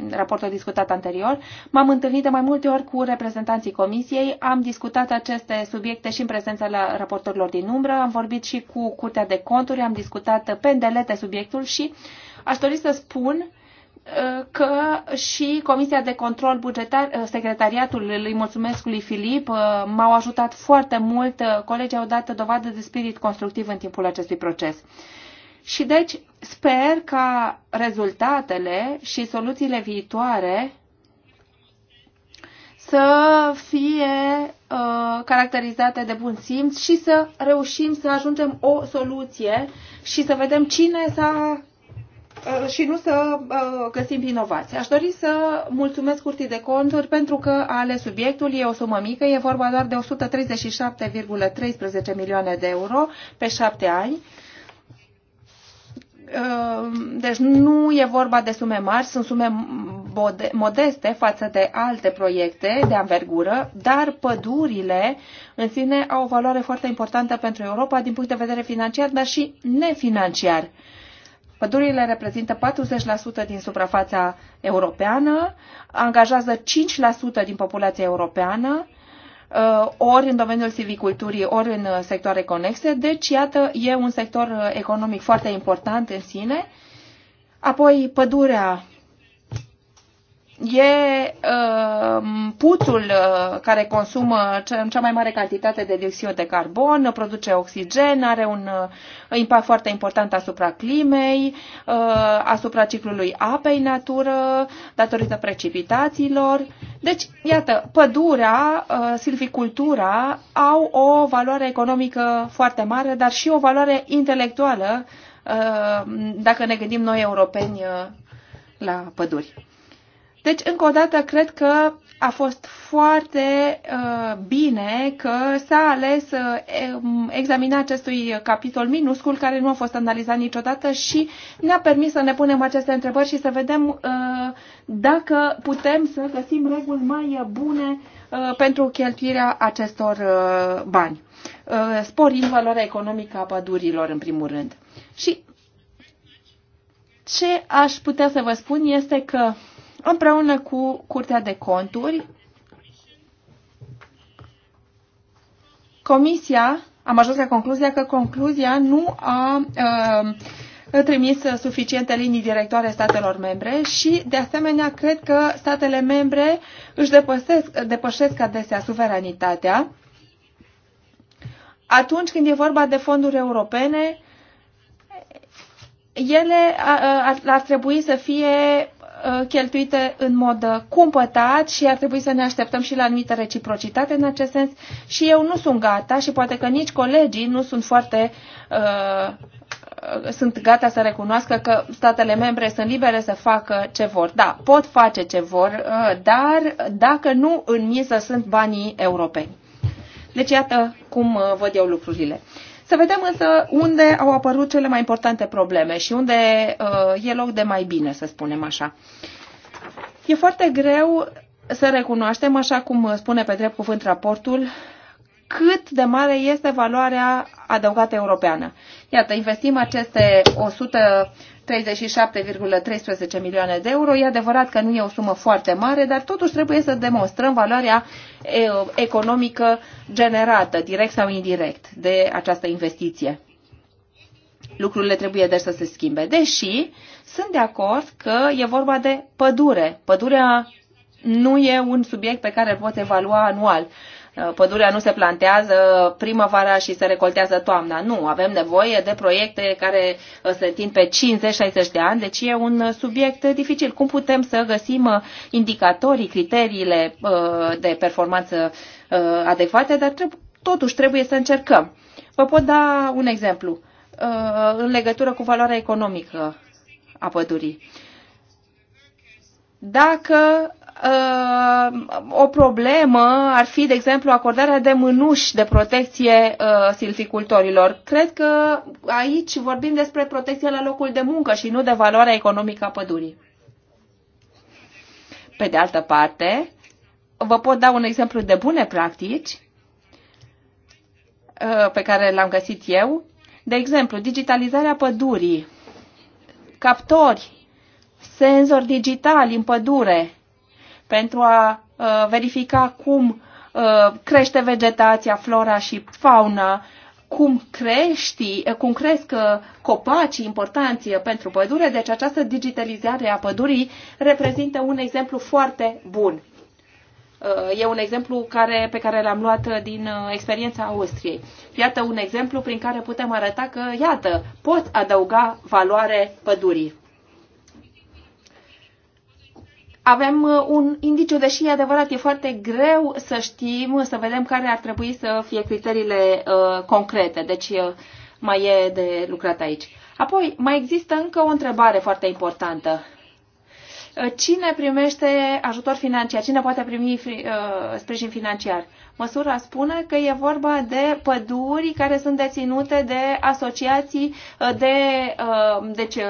C: mm, raportul discutat anterior. M-am întâlnit de mai multe ori cu reprezentanții comisiei, am discutat aceste subiecte și în prezența la raportorilor din umbră, am vorbit și cu Curtea de Conturi, am discutat pe îndelete subiectul și aș dori să spun că și Comisia de Control Bugetar, uh, Secretariatul, îi mulțumesc lui Filip, uh, m-au ajutat foarte mult. Uh, colegii au dat dovadă de spirit constructiv în timpul acestui proces. Și deci sper ca rezultatele și soluțiile viitoare să fie uh, caracterizate de bun simț și să reușim să ajungem o soluție și să vedem cine s-a Uh, și nu să uh, găsim vinovați. Aș dori să mulțumesc Curții de Conturi pentru că a ales subiectul, e o sumă mică, e vorba doar de 137,13 milioane de euro pe șapte ani uh, deci nu e vorba de sume mari, sunt sume modeste față de alte proiecte de anvergură, dar pădurile în sine au o valoare foarte importantă pentru Europa din punct de vedere financiar, dar și nefinanciar. Pădurile reprezintă 40% din suprafața europeană, angajează 5% din populația europeană, uh, ori în domeniul silviculturii, ori în sectoare conexe. Deci, iată, e un sector economic foarte important în sine. Apoi, pădurea e uh, puțul uh, care consumă cea, cea mai mare cantitate de dioxid de carbon, produce oxigen, are un uh, impact foarte important asupra climei, uh, asupra ciclului apei natură, datorită precipitațiilor. Deci, iată, pădurea, uh, silvicultura au o valoare economică foarte mare, dar și o valoare intelectuală, uh, dacă ne gândim noi europeni uh, la păduri. Deci, încă o dată, cred că a fost foarte uh, bine că s-a ales uh, examina acestui capitol minuscul care nu a fost analizat niciodată și ne-a permis să ne punem aceste întrebări și să vedem uh, dacă putem să găsim reguli mai bune uh, pentru cheltuirea acestor uh, bani, uh, sporind valoarea economică a pădurilor în primul rând. Și ce aș putea să vă spun este că împreună cu Curtea de Conturi. Comisia, am ajuns la concluzia că concluzia nu a uh, trimis suficiente linii directoare statelor membre și, de asemenea, cred că statele membre își depășesc, depășesc adesea suveranitatea atunci când e vorba de fonduri europene, ele uh, ar, ar trebui să fie Uh, cheltuite în mod uh, cumpătat și ar trebui să ne așteptăm și la anumită reciprocitate în acest sens și eu nu sunt gata și poate că nici colegii nu sunt foarte uh, sunt gata să recunoască că statele membre sunt libere să facă ce vor. Da, pot face ce vor, uh, dar dacă nu, în miză sunt banii europeni. Deci iată cum văd eu lucrurile. Să vedem însă unde au apărut cele mai importante probleme și unde uh, e loc de mai bine, să spunem așa. E foarte greu să recunoaștem, așa cum spune pe drept cuvânt raportul, cât de mare este valoarea adăugată europeană. Iată, investim aceste 100 37,13 milioane de euro. E adevărat că nu e o sumă foarte mare, dar totuși trebuie să demonstrăm valoarea economică generată, direct sau indirect, de această investiție. Lucrurile trebuie deci să se schimbe. Deși sunt de acord că e vorba de pădure. Pădurea nu e un subiect pe care îl pot evalua anual. Uh, pădurea nu se plantează primăvara și se recoltează toamna. Nu, avem nevoie de proiecte care uh, se întind pe 50-60 de ani, deci e un uh, subiect dificil. Cum putem să găsim indicatorii, criteriile de performanță adecvate, dar trebuie, totuși trebuie să încercăm. Vă pot da un exemplu în legătură cu valoarea economică a pădurii. Dacă Uh, o problemă ar fi, de exemplu, acordarea de mânuși de protecție uh, silvicultorilor. Cred că aici vorbim despre protecția la locul de muncă și nu de valoarea economică a pădurii. Pe de altă parte, vă pot da un exemplu de bune practici uh, pe care l-am găsit eu. De exemplu, digitalizarea pădurii, captori, senzori digitali în pădure, pentru a uh, verifica cum uh, crește vegetația, flora și fauna, cum, crești, uh, cum cresc copacii importanți pentru pădure. Deci această digitalizare a pădurii reprezintă un exemplu foarte bun. E un exemplu care, pe care l-am luat din experiența Austriei. Iată un exemplu prin care putem arăta că, iată, pot adăuga valoare pădurii avem uh, un indiciu, deși e adevărat, e foarte greu să știm, să vedem care ar trebui să fie criteriile uh, concrete. Deci uh, mai e de lucrat aici. Apoi, mai există încă o întrebare foarte importantă. Uh, cine primește ajutor financiar? Cine poate primi uh, sprijin financiar? Măsura spune că e vorba de păduri care sunt deținute de asociații uh, de deci, um,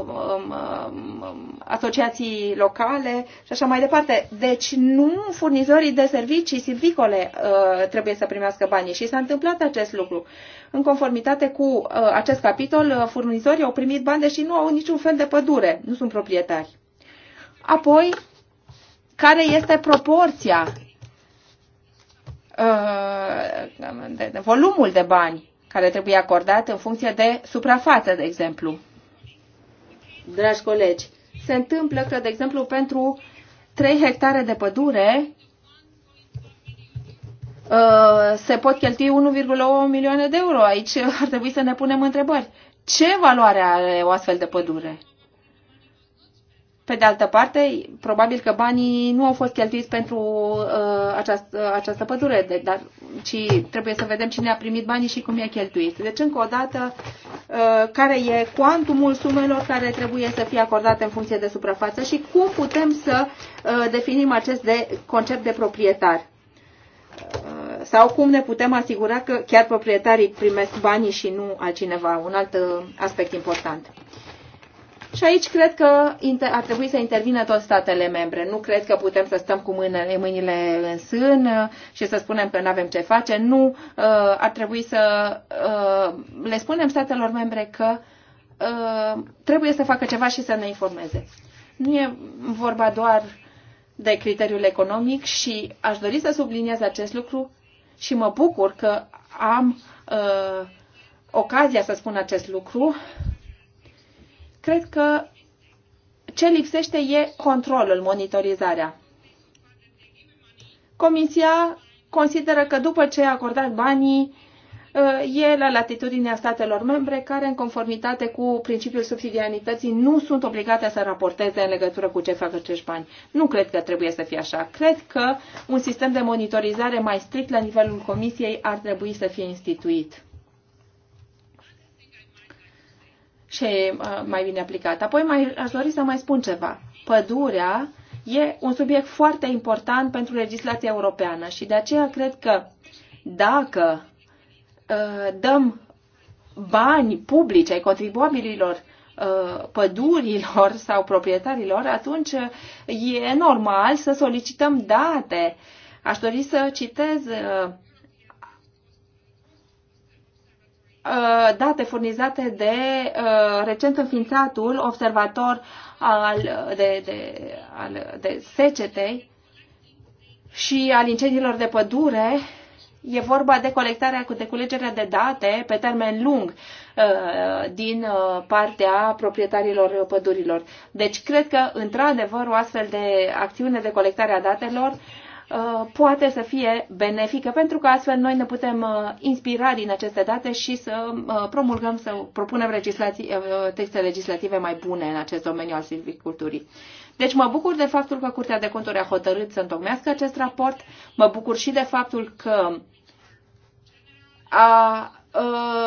C: um, um, asociații locale și așa mai departe. Deci nu furnizorii de servicii silvicole trebuie să primească banii și s-a întâmplat acest lucru. În conformitate cu acest capitol, furnizorii au primit bani deși nu au niciun fel de pădure, nu sunt proprietari. Apoi, care este proporția, uh, volumul de bani care trebuie acordat în funcție de suprafață, de exemplu. Dragi colegi, se întâmplă că, de exemplu, pentru 3 hectare de pădure uh, se pot cheltui 1,8 milioane de euro. Aici ar trebui să ne punem întrebări. Ce valoare are o astfel de pădure? Pe de altă parte, probabil că banii nu au fost cheltuiți pentru uh, această, uh, această pădure, de, dar, ci trebuie să vedem cine a primit banii și cum i-a cheltuit. Deci, încă o dată, uh, care e cuantumul sumelor care trebuie să fie acordate în funcție de suprafață și cum putem să uh, definim acest de concept de proprietar uh, sau cum ne putem asigura că chiar proprietarii primesc banii și nu altcineva, un alt uh, aspect important. Și aici cred că ar trebui să intervină toate statele membre. Nu cred că putem să stăm cu mâinile, mâinile în sân uh, și să spunem că nu avem ce face. Nu, uh, ar trebui să uh, le spunem statelor membre că trebuie să facă ceva și să ne informeze. Nu e vorba doar de criteriul economic și aș dori să subliniez acest lucru și mă bucur că am uh, ocazia să spun acest lucru Cred că ce lipsește e controlul, monitorizarea. Comisia consideră că după ce a acordat banii, uh, e la latitudinea statelor membre care, în conformitate cu principiul subsidiarității, nu sunt obligate să raporteze în legătură cu ce fac acești bani. Nu cred că trebuie să fie așa. Cred că un sistem de monitorizare mai strict la nivelul Comisiei ar trebui să fie instituit. ce e uh, mai bine aplicat. Apoi mai, aș dori să mai spun ceva. Pădurea e un subiect foarte important pentru legislația europeană și de aceea cred că dacă uh, dăm bani publici ai contribuabililor uh, pădurilor sau proprietarilor, atunci e normal să solicităm date. Aș dori să citez Uh, date furnizate de uh, recent înființatul observator al, de, de, al, de secetei și al incendiilor de pădure. E vorba de colectarea cu deculegerea de date pe termen lung uh, din partea proprietarilor pădurilor. Deci cred că, într-adevăr, o astfel de acțiune de colectare a datelor Uh, poate să fie benefică, pentru că astfel noi ne putem uh, inspira din aceste date și să uh, promulgăm, să propunem legislații, texte legislative mai bune în acest domeniu al silviculturii. Deci mă bucur de faptul că Curtea de Conturi a hotărât să întocmească acest raport, mă bucur și de faptul că a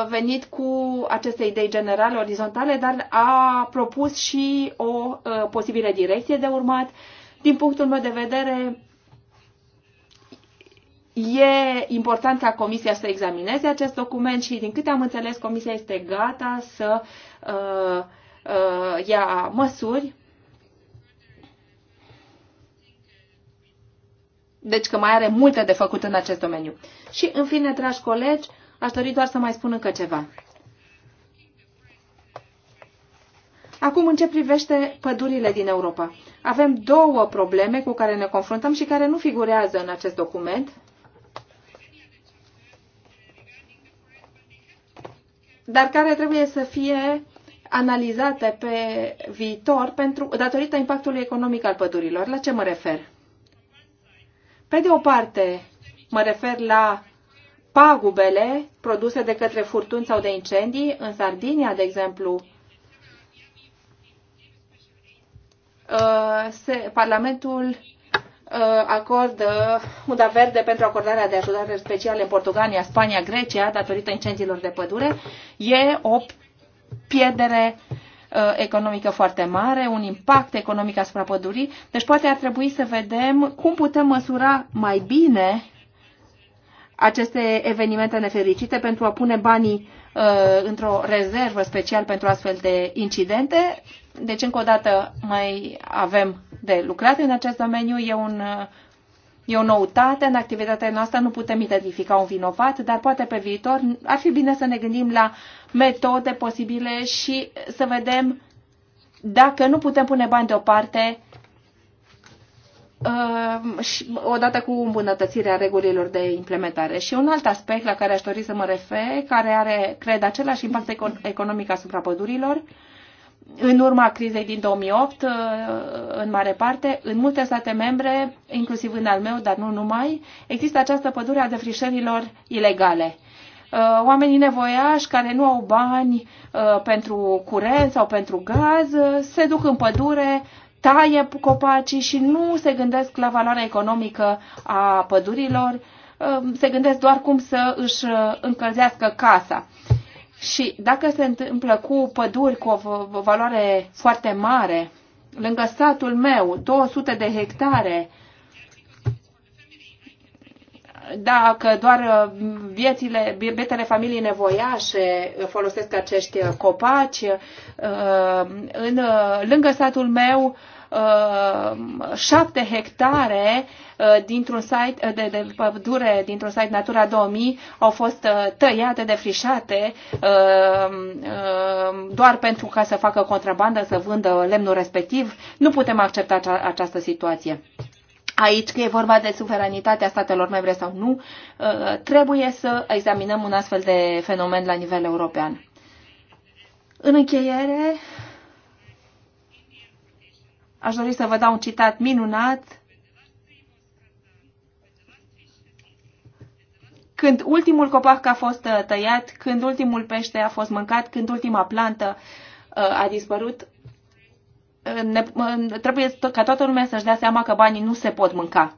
C: venit cu aceste idei generale, orizontale, dar a propus și o posibilă direcție de urmat. Din punctul meu de vedere, E important ca Comisia să examineze acest document și, din câte am înțeles, Comisia este gata să uh, uh, ia măsuri. Deci că mai are multe de făcut în acest domeniu. Și, în fine, dragi colegi, aș dori doar să mai spun încă ceva. Acum, în ce privește pădurile din Europa, avem două probleme cu care ne confruntăm și care nu figurează în acest document. dar care trebuie să fie analizate pe viitor pentru, datorită impactului economic al pădurilor. La ce mă refer? Pe de o parte, mă refer la pagubele produse de către furtuni sau de incendii. În Sardinia, de exemplu, uh, se, Parlamentul Uh, acordă muda uh, verde pentru acordarea de ajutoare speciale în Portugalia, Spania, Grecia, datorită incendiilor de pădure, e o pierdere uh, economică foarte mare, un impact economic asupra pădurii. Deci poate ar trebui să vedem cum putem măsura mai bine aceste evenimente nefericite pentru a pune banii uh, într-o rezervă special pentru astfel de incidente deci, încă o dată, mai avem de lucrat în acest domeniu. E, un, e o noutate în activitatea noastră. Nu putem identifica un vinovat, dar poate pe viitor ar fi bine să ne gândim la metode posibile și să vedem dacă nu putem pune bani deoparte uh, și odată cu îmbunătățirea regulilor de implementare. Și un alt aspect la care aș dori să mă refer, care are, cred, același impact economic asupra pădurilor, uh, în urma crizei din 2008, uh, în mare parte, în multe state membre, inclusiv în al meu, dar nu numai, există această pădure a defrișărilor ilegale. Uh, oamenii nevoiași care nu au bani uh, pentru curent sau pentru gaz se duc în pădure, taie copacii și nu se gândesc la valoarea economică a pădurilor, se gândesc doar cum să își încălzească casa. Și dacă se întâmplă cu păduri cu o valoare foarte mare, lângă satul meu, 200 de hectare, dacă doar uh, viețile, bietele familii nevoiașe uh, folosesc acești uh, copaci, în, lângă satul meu Uh, șapte hectare uh, dintr-un site, uh, de, de pădure dintr-un site Natura 2000 au fost tăiate, defrișate doar pentru ca să facă contrabandă, să vândă lemnul respectiv. Nu putem accepta această situație aici, că e vorba de suveranitatea statelor membre sau nu, trebuie să examinăm un astfel de fenomen la nivel european. În încheiere, Aș dori să vă dau un citat minunat. Când ultimul copac a fost uh, tăiat, când ultimul pește a fost mâncat, când ultima plantă uh, a dispărut, uh, ne, trebuie ca toată lumea să-și dea seama că banii nu se pot mânca.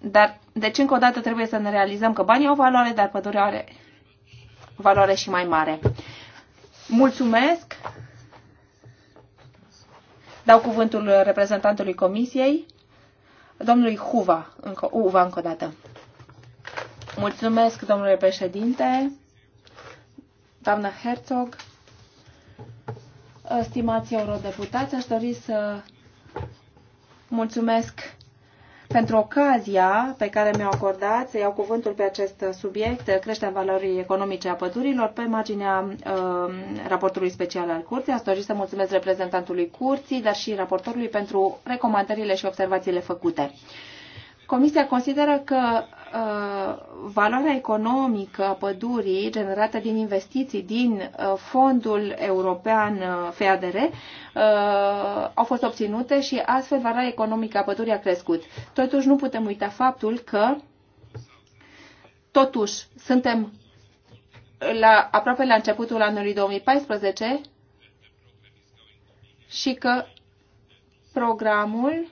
C: Dar, deci, încă o dată trebuie să ne realizăm că banii au valoare, dar pădurea are valoare și mai mare. Mulțumesc! Dau cuvântul reprezentantului Comisiei, domnului Huva, încă, Uva încă o dată. Mulțumesc, domnule președinte, doamnă Herzog, stimați eurodeputați, aș dori să mulțumesc pentru ocazia pe care mi au acordat să iau cuvântul pe acest subiect, creșterea valorii economice a pădurilor, pe marginea uh, raportului special al Curții. Aș dori să mulțumesc reprezentantului Curții, dar și raportorului pentru recomandările și observațiile făcute. Comisia consideră că Uh, valoarea economică a pădurii generată din investiții din uh, fondul european uh, FEADR au fost obținute și astfel valoarea economică a pădurii a crescut. Totuși nu putem uita faptul că totuși suntem la, aproape la începutul anului 2014 și că programul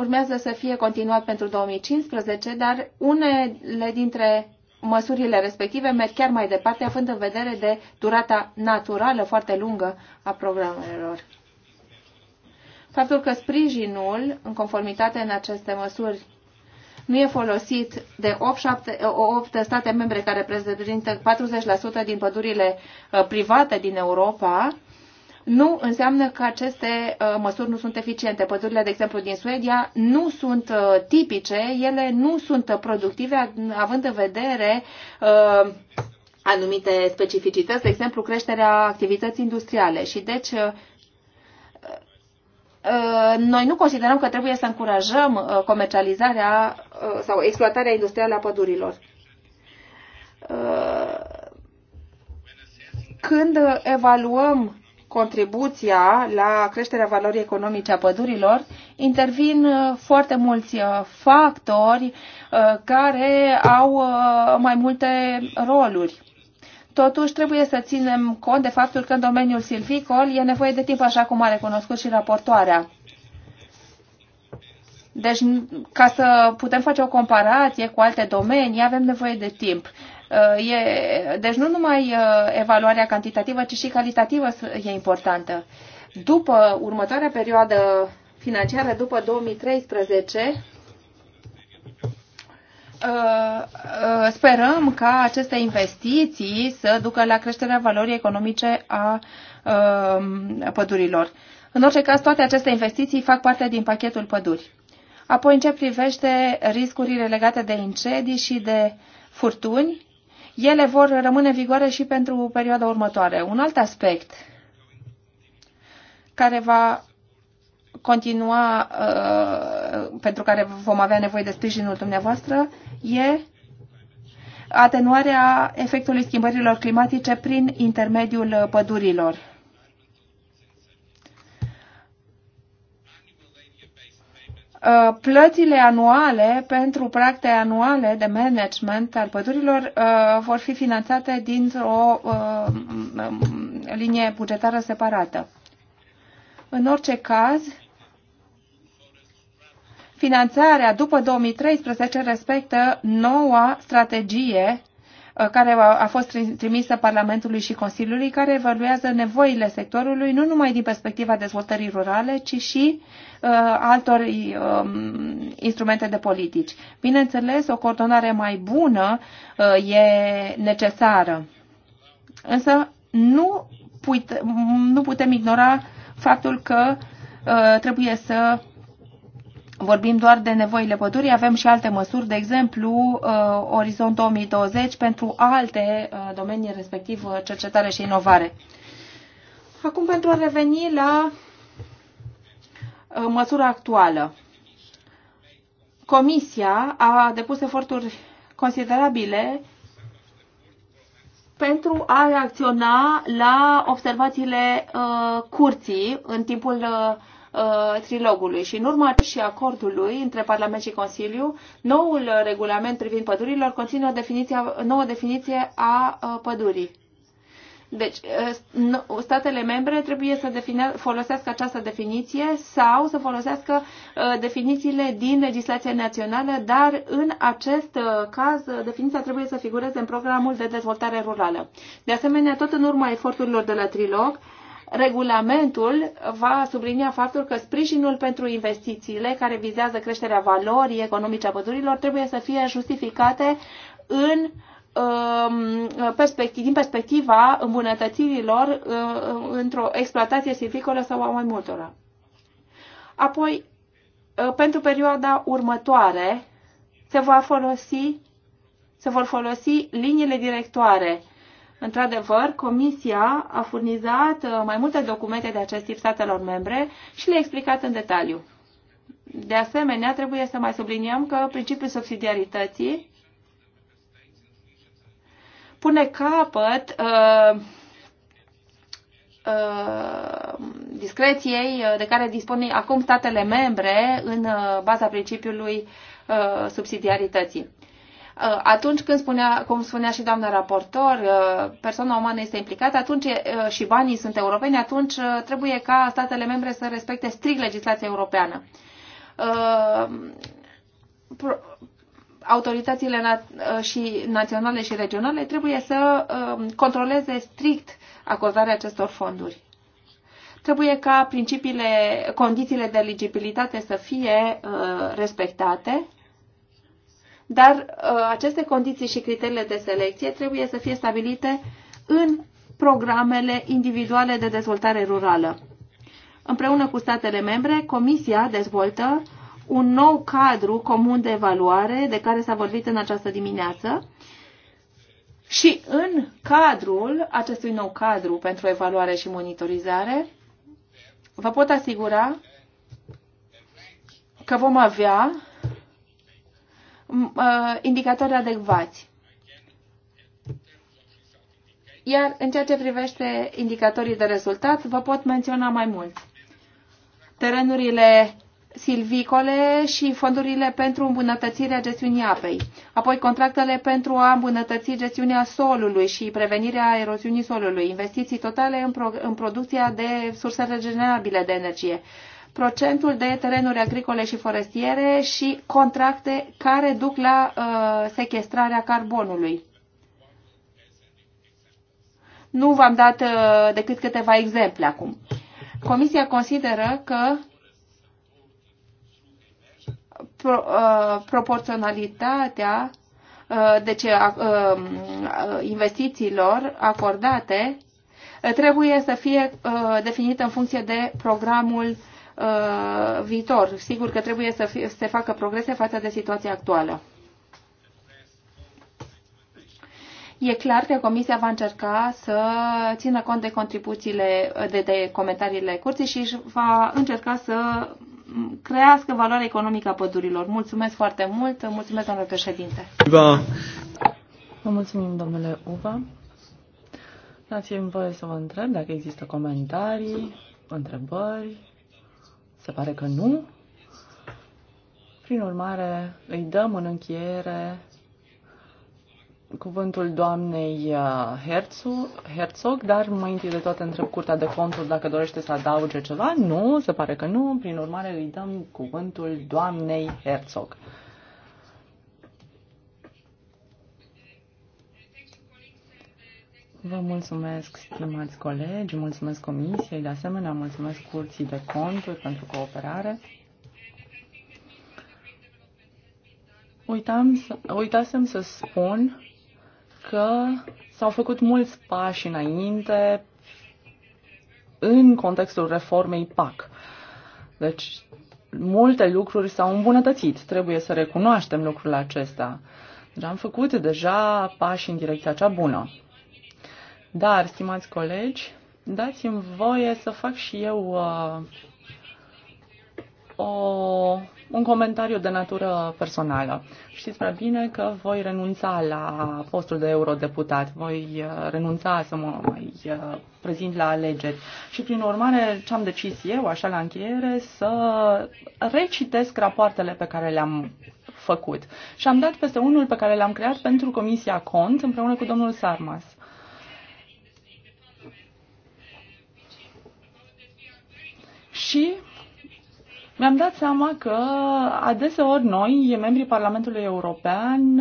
C: urmează să fie continuat pentru 2015, dar unele dintre măsurile respective merg chiar mai departe, având în vedere de durata naturală foarte lungă a programelor. Faptul că sprijinul, în conformitate în aceste măsuri, nu e folosit de 8, 7, 8 state membre care reprezintă 40% din pădurile uh, private din Europa, nu înseamnă că aceste uh, măsuri nu sunt eficiente. Pădurile, de exemplu, din Suedia nu sunt uh, tipice, ele nu sunt productive, având în vedere uh, anumite specificități, de exemplu, creșterea activității industriale. Și deci noi nu considerăm că trebuie să încurajăm comercializarea sau exploatarea industrială a pădurilor. Când evaluăm contribuția la creșterea valorii economice a pădurilor, intervin uh, foarte mulți uh, factori uh, care au mai multe roluri. Totuși, trebuie să ținem cont de faptul că în domeniul silvicol e nevoie de timp, așa cum a recunoscut și raportoarea. Deci, ca să putem face o comparație cu alte domenii, avem nevoie de timp. Uh, e, deci nu numai uh, evaluarea cantitativă, ci și calitativă e importantă. După următoarea perioadă financiară, după 2013, uh, sperăm ca aceste investiții să ducă la creșterea valorii economice a pădurilor. În orice caz, toate aceste investiții fac parte din pachetul păduri. Apoi, în ce privește riscurile legate de incendii și de furtuni, ele vor rămâne în vigoare și pentru perioada următoare. Un alt aspect care va continua, uh, pentru care vom avea nevoie de sprijinul dumneavoastră, e atenuarea efectului schimbărilor climatice prin intermediul pădurilor. Uh, plățile anuale pentru practe anuale de management al pădurilor uh, vor fi finanțate dintr-o uh, um, linie bugetară separată. În orice caz, finanțarea după 2013 respectă noua strategie care a fost trimisă Parlamentului și Consiliului, care evaluează nevoile sectorului nu numai din perspectiva dezvoltării rurale, ci și uh, Uh, altor um, instrumente de politici. Bineînțeles, o coordonare mai bună uh, e necesară, însă nu, nu putem ignora faptul că uh, trebuie să vorbim doar de nevoile pădurii, avem și alte măsuri, de exemplu, Orizont 2020 pentru alte domenii, respectiv cercetare și inovare. Acum, pentru a reveni la Uh, măsura actuală. Comisia a depus eforturi considerabile pentru a reacționa la observațiile uh, curții în timpul uh, uh trilogului și în urma și acordului între Parlament și Consiliu, noul regulament privind pădurilor conține o definiție, nouă definiție a uh, pădurii. Deci, ă, statele membre trebuie să define, folosească această definiție sau să folosească ă, definițiile din legislația națională, dar în acest ă, caz definiția trebuie să figureze în programul de dezvoltare rurală. De asemenea, tot în urma eforturilor de la Trilog, Regulamentul va sublinia faptul că sprijinul pentru investițiile care vizează creșterea valorii economice a pădurilor trebuie să fie justificate în Um, perspectiv, din perspectiva îmbunătățirilor uh, uh, într-o exploatație silvicolă sau a mai multora. Apoi, uh, pentru perioada următoare, se, va folosi, se vor folosi liniile directoare. Într-adevăr, Comisia a furnizat mai multe documente de acest tip statelor membre și le-a explicat în detaliu. De asemenea, trebuie să mai subliniem că principiul subsidiarității pune capăt uh, uh discreției uh, de care dispun acum statele membre în uh, baza principiului subsidiarității. Atunci când spunea, cum spunea și doamna raportor, persoana umană este implicată atunci și banii sunt europeni, atunci trebuie ca statele membre să respecte strict legislația europeană autoritățile na- uh, și naționale și regionale trebuie să um, controleze strict acordarea acestor fonduri. Trebuie ca principiile, condițiile de eligibilitate să fie uh, respectate, dar uh, aceste condiții și criteriile de selecție trebuie să fie stabilite în programele individuale de dezvoltare rurală. Împreună cu statele membre, Comisia dezvoltă un nou cadru comun de evaluare de care s-a vorbit în această dimineață și în cadrul acestui nou cadru pentru evaluare și monitorizare vă pot asigura că vom avea uh, indicatori adecvați. Iar în ceea ce privește indicatorii de rezultat, vă pot menționa mai mult. Terenurile silvicole și fondurile pentru îmbunătățirea gestiunii apei, apoi contractele pentru a îmbunătăți gestiunea solului și prevenirea eroziunii solului, investiții totale în, pro- în producția de surse regenerabile de energie, procentul de terenuri agricole și forestiere și contracte care duc la uh, sequestrarea carbonului. Nu v-am dat uh, decât câteva exemple acum. Comisia consideră că pro, uh, proporționalitatea uh, ce, deci, uh, um, uh, investițiilor acordate uh, trebuie să fie uh, definită în funcție de programul uh, viitor. Sigur că trebuie să fie, se facă progrese față de situația actuală. E clar că Comisia va încerca să țină cont de contribuțiile, de, de comentariile curții și va încerca să crească valoarea economică a pădurilor. Mulțumesc
B: foarte mult, mulțumesc, domnule președinte. Uva. Vă mulțumim, domnule Uva. Dați-mi voie să vă întreb dacă există comentarii, întrebări. Se pare că nu. Prin urmare, îi dăm în încheiere cuvântul doamnei uh, Herzog, dar mai întâi de toate întreb Curtea de Conturi dacă dorește să adauge ceva. Nu, se pare că nu. Prin urmare îi dăm cuvântul doamnei Herzog. Vă mulțumesc, stimați colegi, mulțumesc Comisiei, de asemenea mulțumesc Curții de Conturi pentru cooperare. Uitam, uitasem să spun că s-au făcut mulți pași înainte în contextul reformei PAC. Deci, multe lucruri s-au îmbunătățit. Trebuie să recunoaștem lucrurile acesta. Deci am făcut deja pași în direcția cea bună. Dar, stimați colegi, dați-mi voie să fac și eu uh, o, un comentariu de natură personală. Știți prea bine că voi renunța la postul de eurodeputat, voi uh, renunța să mă mai uh, prezint la alegeri și prin urmare ce am decis eu, așa la încheiere, să recitesc rapoartele pe care le-am făcut. Și am dat peste unul pe care l-am creat pentru Comisia Cont împreună cu domnul Sarmas. Și mi-am dat seama că adeseori noi, membrii Parlamentului European,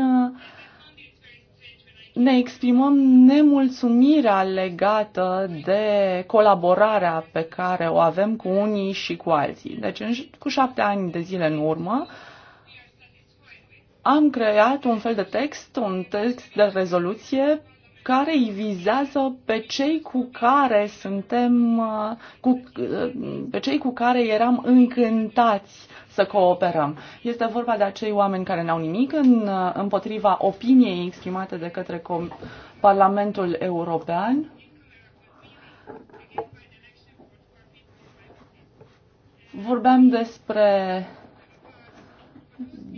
B: ne exprimăm nemulțumirea legată de colaborarea pe care o avem cu unii și cu alții. Deci, cu șapte ani de zile în urmă, am creat un fel de text, un text de rezoluție care îi vizează pe cei cu care suntem, uh, cu, uh, pe cei cu care eram încântați să cooperăm. Este vorba de acei oameni care n-au nimic în, uh, împotriva opiniei exprimate de către Com- Parlamentul European. Vorbeam despre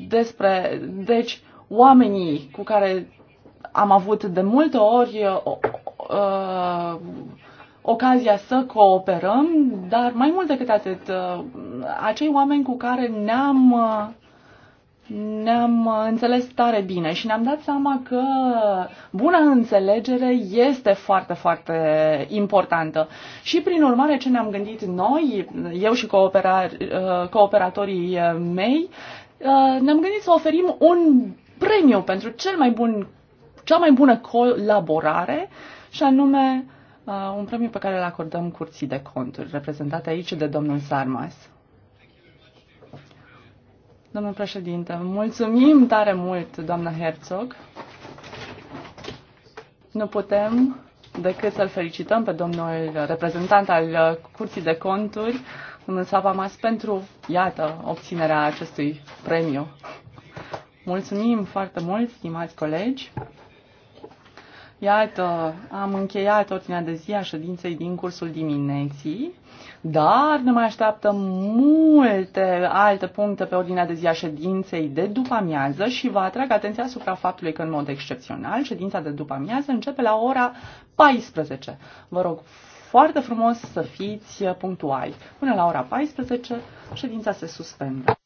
B: despre, deci, oamenii cu care am avut de multe ori uh, uh, ocazia să cooperăm, dar mai mult decât atât, uh, acei oameni cu care ne-am ne-am înțeles tare bine și ne-am dat seama că buna înțelegere este foarte, foarte importantă. Și prin urmare ce ne-am gândit noi, eu și cooperatorii mei, ne-am gândit să oferim un premiu pentru cel mai bun cea mai bună colaborare și anume uh, un premiu pe care îl acordăm curții de conturi, reprezentate aici de domnul Sarmas. Domnul președinte, mulțumim tare mult, doamna Herzog. Nu putem decât să-l felicităm pe domnul reprezentant al Curții de Conturi, domnul Savamas, pentru, iată, obținerea acestui premiu. Mulțumim foarte mult, stimați colegi. Iată, am încheiat ordinea de zi a ședinței din cursul dimineții, dar ne mai așteaptă multe alte puncte pe ordinea de zi a ședinței de după amiază și vă atrag atenția asupra faptului că, în mod excepțional, ședința de după amiază începe la ora 14. Vă rog foarte frumos să fiți punctuali. Până la ora 14, ședința se suspendă.